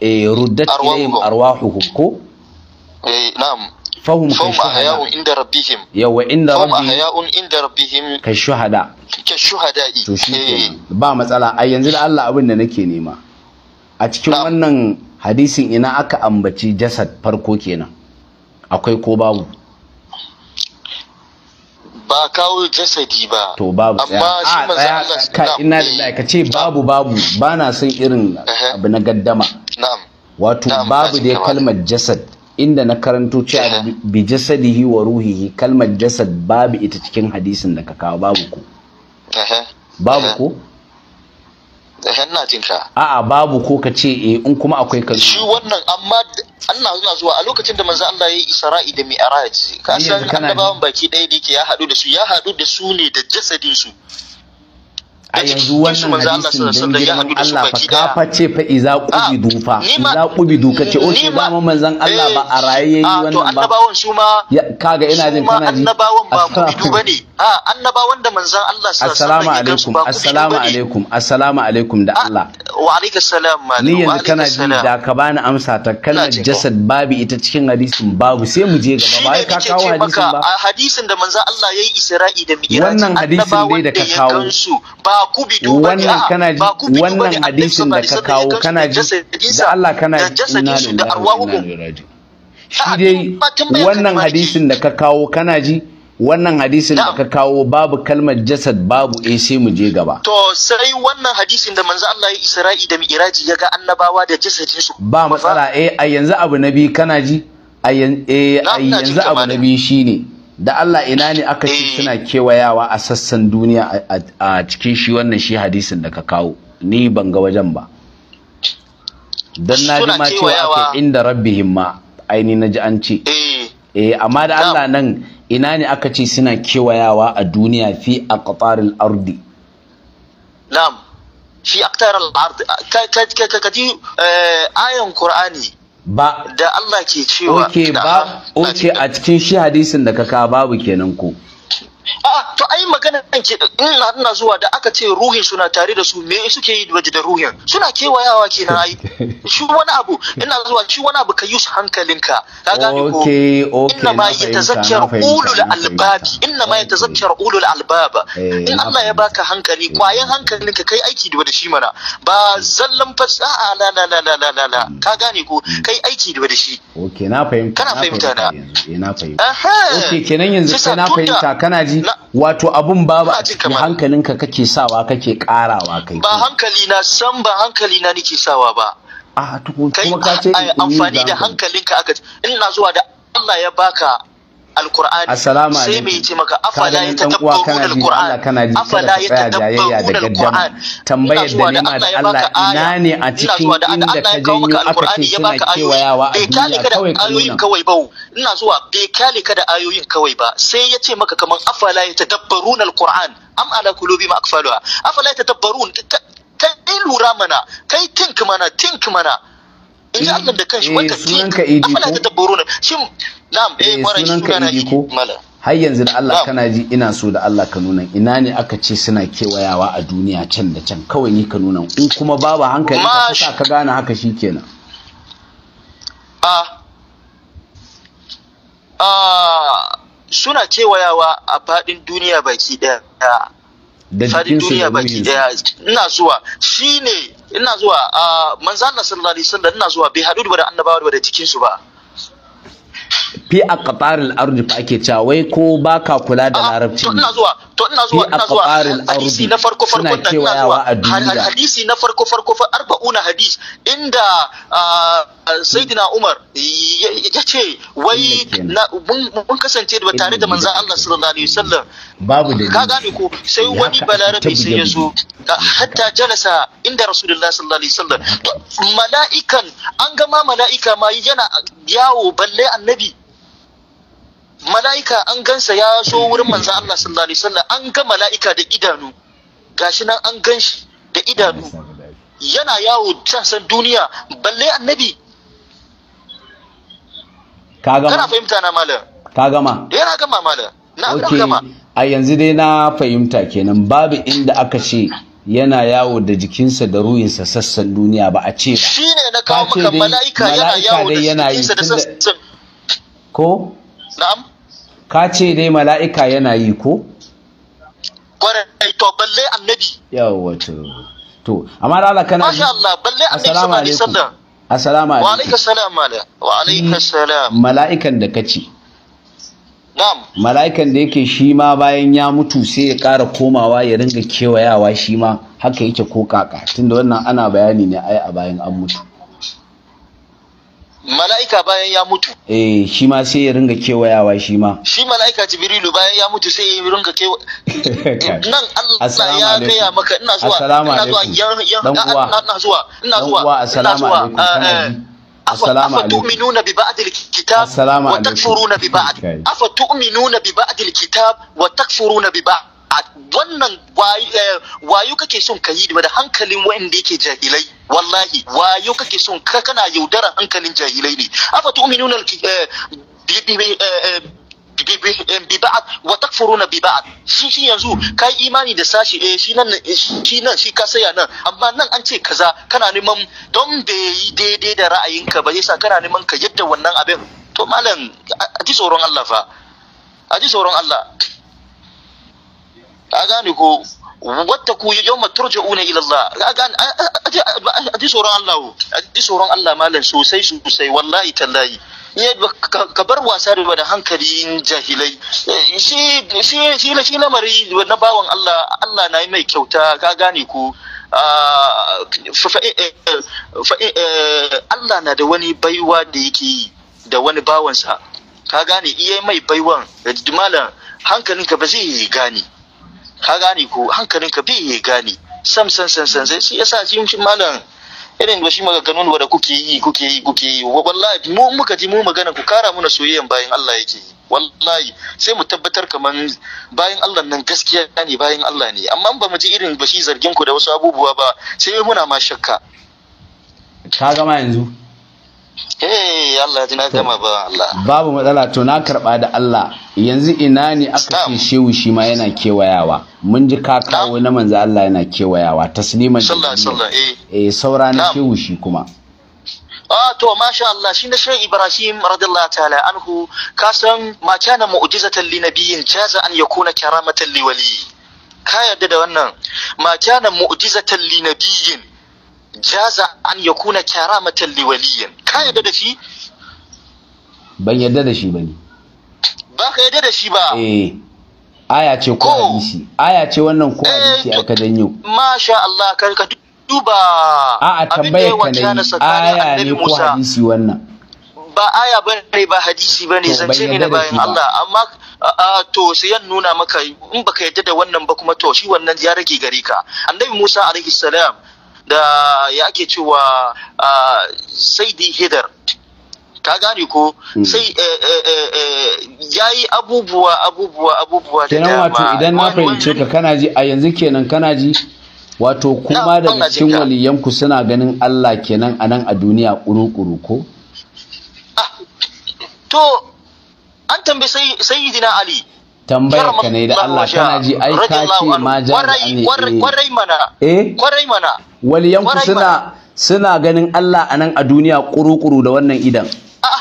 eh ruddat ilayhim arwahuhum ko eh na'am fahum ahya'un inda rabbihim yawa inda rabbihim fahum ahya'un inda rabbihim ka shuhada ka shuhada'i to shi eh. ba matsala ai yanzu da Allah abin da nake nema a cikin wannan hadisin ina aka ambaci jasad farko kenan akwai ko babu ba kawo jasadi ba to babu amma shi manzo Allah ina da babu babu ba na son irin abu na gaddama na'am wato babu dai kalmar jasad inda na karanto a bi jasadihi wa ruhihi kalmar jasad babu ita cikin hadisin da ka kawo babu ko babu ko na jin ka a'a babu ko ka ce eh in kuma akwai ka shi wannan amma Allah yana zuwa a lokacin da manzo Allah ya yi Isra'i da Mi'raj ka san annabawan baki ɗaya da yake ya haɗu da su ya haɗu da su ne da jasadin su a yanzu wannan hadisin dan girman Allah fa ka face fa iza qubidu ah, dufa iza qubidu duka ce o oh, okay ba mu manzon Allah eh, ba a raye yayi ah, wannan ba to annabawan su ma kaga ina jin kana ji annabawan ba qubidu bane a ah, annabawan da manzon Allah sallallahu alaihi wasallam assalamu alaikum assalamu alaikum da Allah wa alaikum salam ni yanzu kana ji da ka bani amsa ta kana jasad babu ita cikin hadisin babu sai mu je gaba ba ka kawo hadisin ba hadisin da manzon Allah yayi isra'i da mi'raj wannan hadisin dai da ka kawo ba wannan ah, kana ji wannan hadisin da ka kawo kana ji da Allah kana ji ina lillahi shi dai wannan hadisin da ka kawo kana ji wannan hadisin da ka kawo babu kalmar jasad babu eh sai mu je gaba to sai wannan hadisin da manzo Allah ya Isra'i da Mi'raji ya ga annabawa da jasadin su ba matsala eh a yanzu abu nabi kana ji a eh, yanzu abu nabi shine da Allah ina ne aka ce eh. suna kewayawa a sassan duniya a cikin shi wannan shi hadisin da ka kawo ni ban ga wajen ba Don na ji ma cewa ake inda rabbihim ma aini na ji an ce eh, eh amma da Allah nan ina ne aka ce suna kewayawa a duniya fi a ƙatarin ardi na'am fi aqtaril ardi ka ka ka ji eh, ayan qur'ani ba da Allah ke cewa okay ba okay a cikin shi hadisin da ka ka babu kenan ko a'a to ai magana kan ke ina ina zuwa da aka ce ruhin suna tare da su me suke yi waje da ruhin suna kewayawa kenan ai shi wani abu ina zuwa shi wani abu ka yusu hankalinka ka gane ko inna ma yatazakkar ulul albab inna ma yatazakkar ulul albab eh, in Allah ya baka hankali kwayan hankalinka kai aiki da shi mana ba zallan fasa a la la la la la la ka gane ko hmm. kai aiki da shi okay na fahimta kana fahimta na eh, na fahimta okay kenan yanzu na fahimta kana ji ji wato abun babu a cikin hankalinka kake sawa kake karawa kai ba hankali na san ba hankali na nake sawa ba a to kuma ka ce eh, amfani da hankalinka aka ina zuwa da Allah ya baka alqur'ani assalamu alaikum sai mai ce maka afala yatadabbaruna alqur'an kana ji afala da gaddama tambayar da nema da Allah ina ne a cikin inda ka janyo aka suna kewayawa a duniya kawai ayoyin kawai ba ina zuwa bai kyale ka da ayoyin kawai ba sai ya ce maka kaman afala yatadabbaruna alqur'an am ala kulubi ma akfaluha afala yatadabbarun kai lura mana kai tink mana tink mana in Allah da kanshi wanda ti afala ta dabbaro na shin na'am eh, eh kwarai har yanzu da Allah kana ji ina so da Allah ka nuna ina ne aka ce suna kewayawa a duniya can da can kawai ni ka nuna in kuma babu hankali ka sa ka gane haka shikenan a a suna kewayawa a fadin duniya baki daya da fadin duniya baki daya ina zuwa shine ina zuwa ah, manzan nasarar sallallahu alaihi ina zuwa bai hadu da annabawa da cikinsu ba fi a ƙafarin ardi fa ake cewa wai ko baka kula da larabci ne to ina zuwa ina zuwa hadisi na farko farko nan ina zuwa hadisi na farko farko arba'una hadis inda ah, sayyidina Umar ya ce wai mun kasance da tare da manzon Allah sallallahu alaihi wasallam babu da ka gane ko sai wani balarabi sai ya zo hatta jalasa inda rasulullah sallallahu alaihi wasallam mala'ikan an ga ma mala'ika ma yana yawo balle annabi mala'ika an gansa ya so wurin manzo Allah sallallahu alaihi wasallam an ga mala'ika da idanu gashi nan an gan shi da idanu yana yawo sassan duniya balle annabi ka gama kana fahimta na malam ka gama yana eh, gama malam na gama a yanzu dai na fahimta kenan babu inda aka ce yana yawo da jikinsa da ruhinsa sassan duniya ba a ce ba shine na kawo maka mala'ika yana yawo da jikinsa da sassan ko na'am ka ce dai mala'ika yana yi ko kwarai to balle annabi yawa to to amma da Allah kana yi. Asalama balle annabi sallallahu assalamu alaikum wa alaikum salam wa alaikum salam mala'ikan da kace na'am mala'ikan da yake shi ma bayan ya mutu sai ya ƙara komawa ya ringa kewayawa shi ma haka yake ko kaka tunda wannan ana bayani ne ai a bayan an mutu mala'ika bayan ya mutu eh shi ma sai ya ringa kewayawa shi ma shi mala'ika jibrilu bayan ya mutu sai ya ringa kewa nan Allah ya gaya maka ina zuwa ina zuwa ina zuwa ina zuwa eh, assalamu alaikum السلام عليكم أفتؤمنون ببعض الكتاب وتكفرون ببعض أفتؤمنون ببعض الكتاب وتكفرون ببعض wannan wayu eh, kake son ka yi da hankalin wanda yake jahilai wallahi wayo kake son ka kana yaudaran hankalin jahilai ne afa eh, eh, eh, bi ba'd wa takfuruna ba'd shi shi yanzu kai imani da sashi eh shi nan shi nan shi ka saya nan amma nan an ce kaza kana neman don bai yi daidai da ra'ayinka ba yasa kana neman ka yadda wannan abin to malam a ji tsoron Allah fa a ji tsoron Allah a gane ko wattaku yawma turja'una ila Allah aji tsoron Allah aji tsoron Allah malam sosai sosai wallahi tallahi ka bar wasa da hankalin jahilai shi shi shi lamari na bawan Allah Allah na yi mai kyauta ka gane ko Allah na da wani baiwa da yake yi da wani bawansa ka gane iya mai baiwan malam hankalinka ba zai gane ka gane ko hankalinka bai ya gane sam san san san sai ya yasa shi shi malam irin goshi ne da kuke yi kuke yi kuke yi wallahi mu muka ji mu magana ku kara muna soyayyan bayan Allah yake yi wallahi sai mu tabbatar kaman bayan Allah nan gaskiya ne bayan Allah ne amma ba mu ji irin bashi zargin ku da wasu abubuwa ba sai muna ma shakka ka ma yanzu Allah gama ba Allah. Babu matsala to na karba da Allah. Yanzu ina ne aka ce shehu shi ma yana kewayawa. Mun ji ka kawo na manzo Allah yana kewayawa tasliman. Sallallahu alaihi eh. Eh saura na shehu shi kuma. Ah to masha Allah shi na shehu Ibrahim radiyallahu ta'ala anhu ka san ma kana mu'jizatan li nabiyyin jaza an yakuna karamatan li wali. Ka yarda da wannan ma kana mu'jizatan li nabiyyin jaza an ya kuna yakuna karamatan liwaliyin ka yadda da shi ban yadda da shi bane ba ka yadda da shi ba eh aya ce ko hadisi aya ce wannan ko eh, hadisi aka danyo masha Allah kar ka duba a a tambayar ka ne aya ne ko hadisi wannan ba aya bane ba hadisi bane zance ne da bayan Allah amma a to sai yan nuna maka in baka yadda da wannan ba kuma to shi wannan ya rage gare ka annabi Musa alaihi salam da ya ake cewa saidi hidar ka gane ko hmm. sai eh, eh, eh, ya yi abubuwa abubuwa abubuwa da dama wato idan na fahimce ka kana ji a yanzu kenan kana ji wato kuma daga cikin waliyanku suna ganin Allah kenan a nan a duniya kuru-kuru ko ah, to an tambayi sayyidina ali tambayar ka ne da Allah kana ji ai ka ce ma ne eh. kwarai mana eh kwarai mana waliyan ku suna suna ganin Allah a nan a duniya kurukuru da wannan idan ah, ah.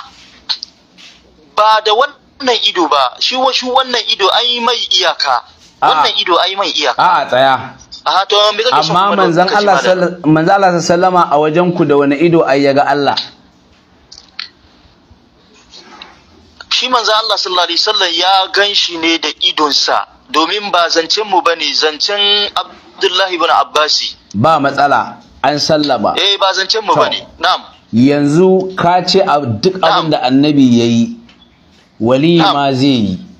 ba da wannan ido ba shi wa shi wannan ido ai mai iyaka ah. wannan ido ai mai iyaka a'a tsaya amma manzan Allah manzon Allah sallama a wajen ku da wani ido ai yaga Allah shi manzo Allah sallallahu alaihi wasallam ya ganshi ne da idonsa domin ba zancen mu bane zancen Abdullahi ibn Abbasi ba matsala an sallama eh ba zancen mu bane na'am yanzu ka ce duk abin da annabi yayi wali ma zai yi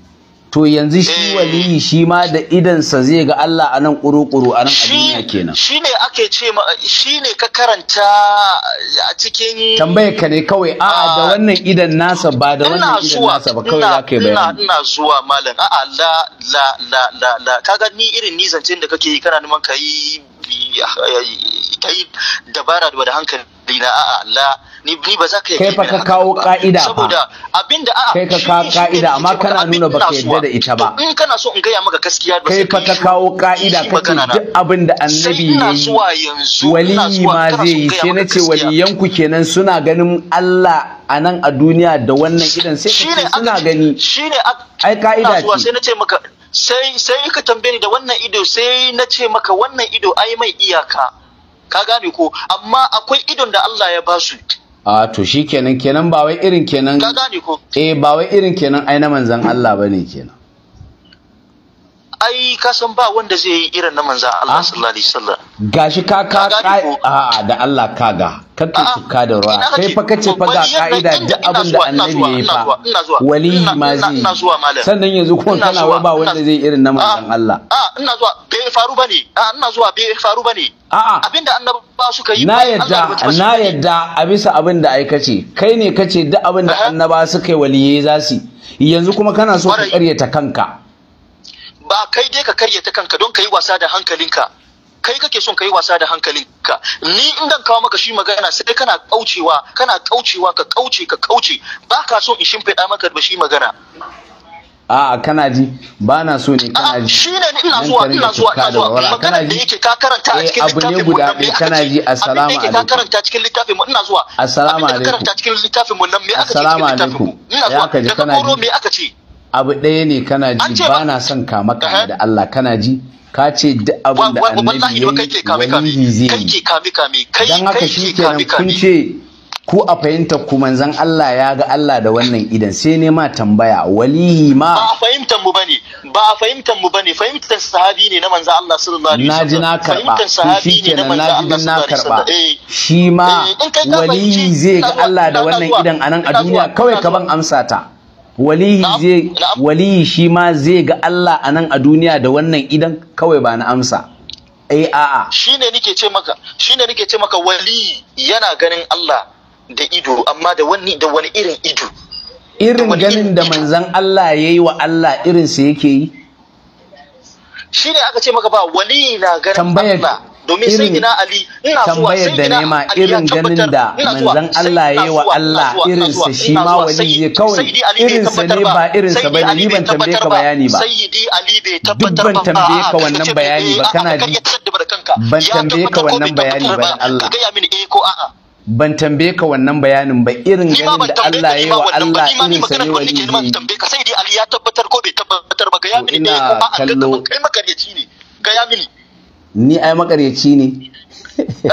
to yanzu shi eh. waliyi shi ma da idansa zai ga Allah a nan ƙuruƙuru a nan duniya kenan shi ne ake ce ma shi ne ka karanta a cikin tambaye ka ne kawai a'a ah. da wannan idan nasa ba da wannan idan nasa ba kawai za ka yi bayani ina zuwa malam a'a la la la la la kaga ni irin nizancin da kake yi kana neman ka yi ka yi dabara da hankali dina a la ni ba za ka kai fa ka kawo ka'ida saboda abinda a kai ka kawo ka'ida amma kana nuna ba ka yadda da ita ba in kana so in gaya maka gaskiya ba kai fa ka kawo ka'ida ka ce duk abinda annabi ya yi waliyi ma zai yi sai na ce waliyanku kenan suna ganin Allah a nan a duniya da wannan idan sai ka ce suna gani ai ka'ida ce sai nace maka sai sai ka tambaye ni da wannan ido sai na ce maka wannan ido ai mai iyaka ka gane ko amma akwai idon da Allah ya ba su a to shi kenan kenan ba wai irin kenan ka gane ko eh ba wai irin kenan ai na manzon Allah bane kenan ai ka san ba wanda zai yi irin na manzan Allah ah? sallallahu alaihi wasallam gashi ka ka a da Allah ka kaga kake tuka da ruwa kai fa kace fa ga ka'ida da abin da annabi ya yi fa wali ma zai sannan yanzu kuma kana wa ba wanda zai irin na ah, manzan Allah a ah, ina zuwa bai faru bane a ina zuwa bai faru bane a a abinda annabawa suka yi na yadda na yadda a bisa abin da ai kace kai ne kace duk abin da annaba suka yi waliyai za su yanzu kuma kana so ka karyata kanka ba kai dai ka karya ta kanka don ka yi wasa da hankalinka kai kake son ka yi wasa da hankalinka ni in dan kawo maka shi magana sai kana kaucewa kana kaucewa ka kauce ka kauce ba ka so in shimfiɗa maka da shi magana a'a kana ji ba na so ne kana ji shi ne ina zuwa ina zuwa ina zuwa magana da yake ka karanta a eh, cikin littafin abu ne guda ɗaya kana ji assalamu alaikum ka karanta cikin littafin mu ina zuwa assalamu alaikum ka karanta cikin littafin mu nan me aka ce cikin littafin mu ina zuwa daga koro me aka ce abu ɗaya ne kana ji ba na son kama kama eh? da Allah kana ji ka ce duk abin da annabi ya yi walihi zai yi don haka shi kenan kun ce ku a fahimta ku manzan Allah ya ga Allah da wannan idan sai ne ma tambaya walihi ma ba a fahimtar mu bane ba a fahimtar mu bane fahimtar sahabi ne na manzan Allah sallallahu alaihi wasallam ji na karba shi kenan naji din na karba eh. shi ma eh, walihi zai ga Allah da wannan idan anan a duniya kawai ka ban amsa ta waliyi shi ma zai ga Allah a nan a duniya da wannan idan kawai ba na amsa eh a'a ne nike ce maka shi ne nike ce maka waliyi yana ganin Allah da ido amma da wani da wani irin ido irin ganin da manzan Allah ya yi wa Allah irinsa yake yi shi ne aka ce maka ba waliyi na ganin Allah domin sai gina ali ina zuwa sai gina ali irin ganin da manzon Allah yayi wa Allah irin sa shi ma wani ne kawai irin sa ne ba irin sa bane ni ban tambaye ka bayani ba sayyidi ali bai tabbatar ba ban tambaye ka wannan bayani ba kana ji ban tambaye ka wannan bayani ba Allah ka ga mini eh ko a'a ban tambaye ka wannan bayanin ba irin ganin da Allah yayi wa Allah irin sa ne wani ne ban tambaye ka sai dai Ali ya tabbatar ko bai tabbatar ba ga ya mini eh, ne ko ba a ga kai makareci ne ga ya mini ni ai makaryaci ne eh,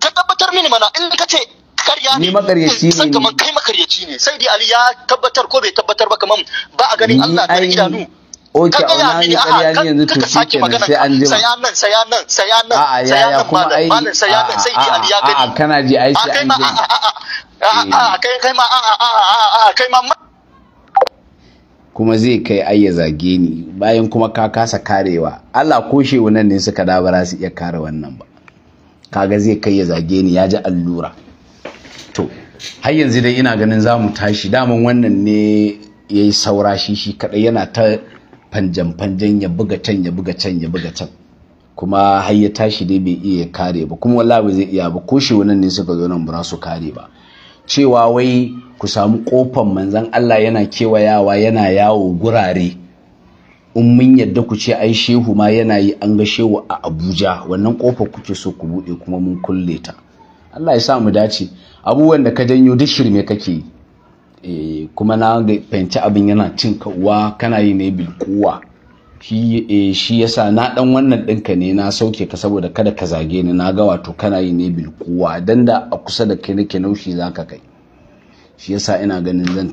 ka tabbatar mini mana in ka ce karya ne ni makaryaci ne kamar kai makaryaci ne sai dai ali ya tabbatar ko bai tabbatar ba kaman ba a ganin Allah da idanu Oke, a wani ne karya ne yanzu to shi kenan sai an jima. Saya nan, saya nan, saya nan. A'a, yaya kuma ai, a'a, kana ji ai sai an jima. A'a, kai ma a'a, a'a, a'a, kai ma kuma zai kai ai ya zage ni bayan kuma ka kasa karewa Allah ko nan ne suka da ba su iya kare wannan ba kaga zai kai ya zage ni ya ji allura to har yanzu dai ina ganin za mu tashi daman wannan ne ya yi saura shi shi kaɗai yana ta fanjan-fanjan ya buga can ya buga can ya buga can kuma har ya tashi dai bai iya kare ba kuma wallahi zai iya ba ko shi ne suka zo nan ba su kare ba cewa wai ku samu kofan manzan Allah yana kewayawa yana yawo gurare in mun yadda ku ce ai shehu ma yana yi an ga shehu a Abuja wannan kofar kuke so ku bude kuma mun kulle ta Allah ya sa mu dace abubuwan da ka janyo duk shirme kake yi eh, kuma na fahimci abin yana cin ka uwa kana yi ne bilkuwa shi eh, yasa na dan wannan ɗinka ne na sauke ka saboda kada ka zage ni na ga wato kana yi ne bilkuwa danda a kusa da kai nake naushi zaka kai shi yasa ina ganin zan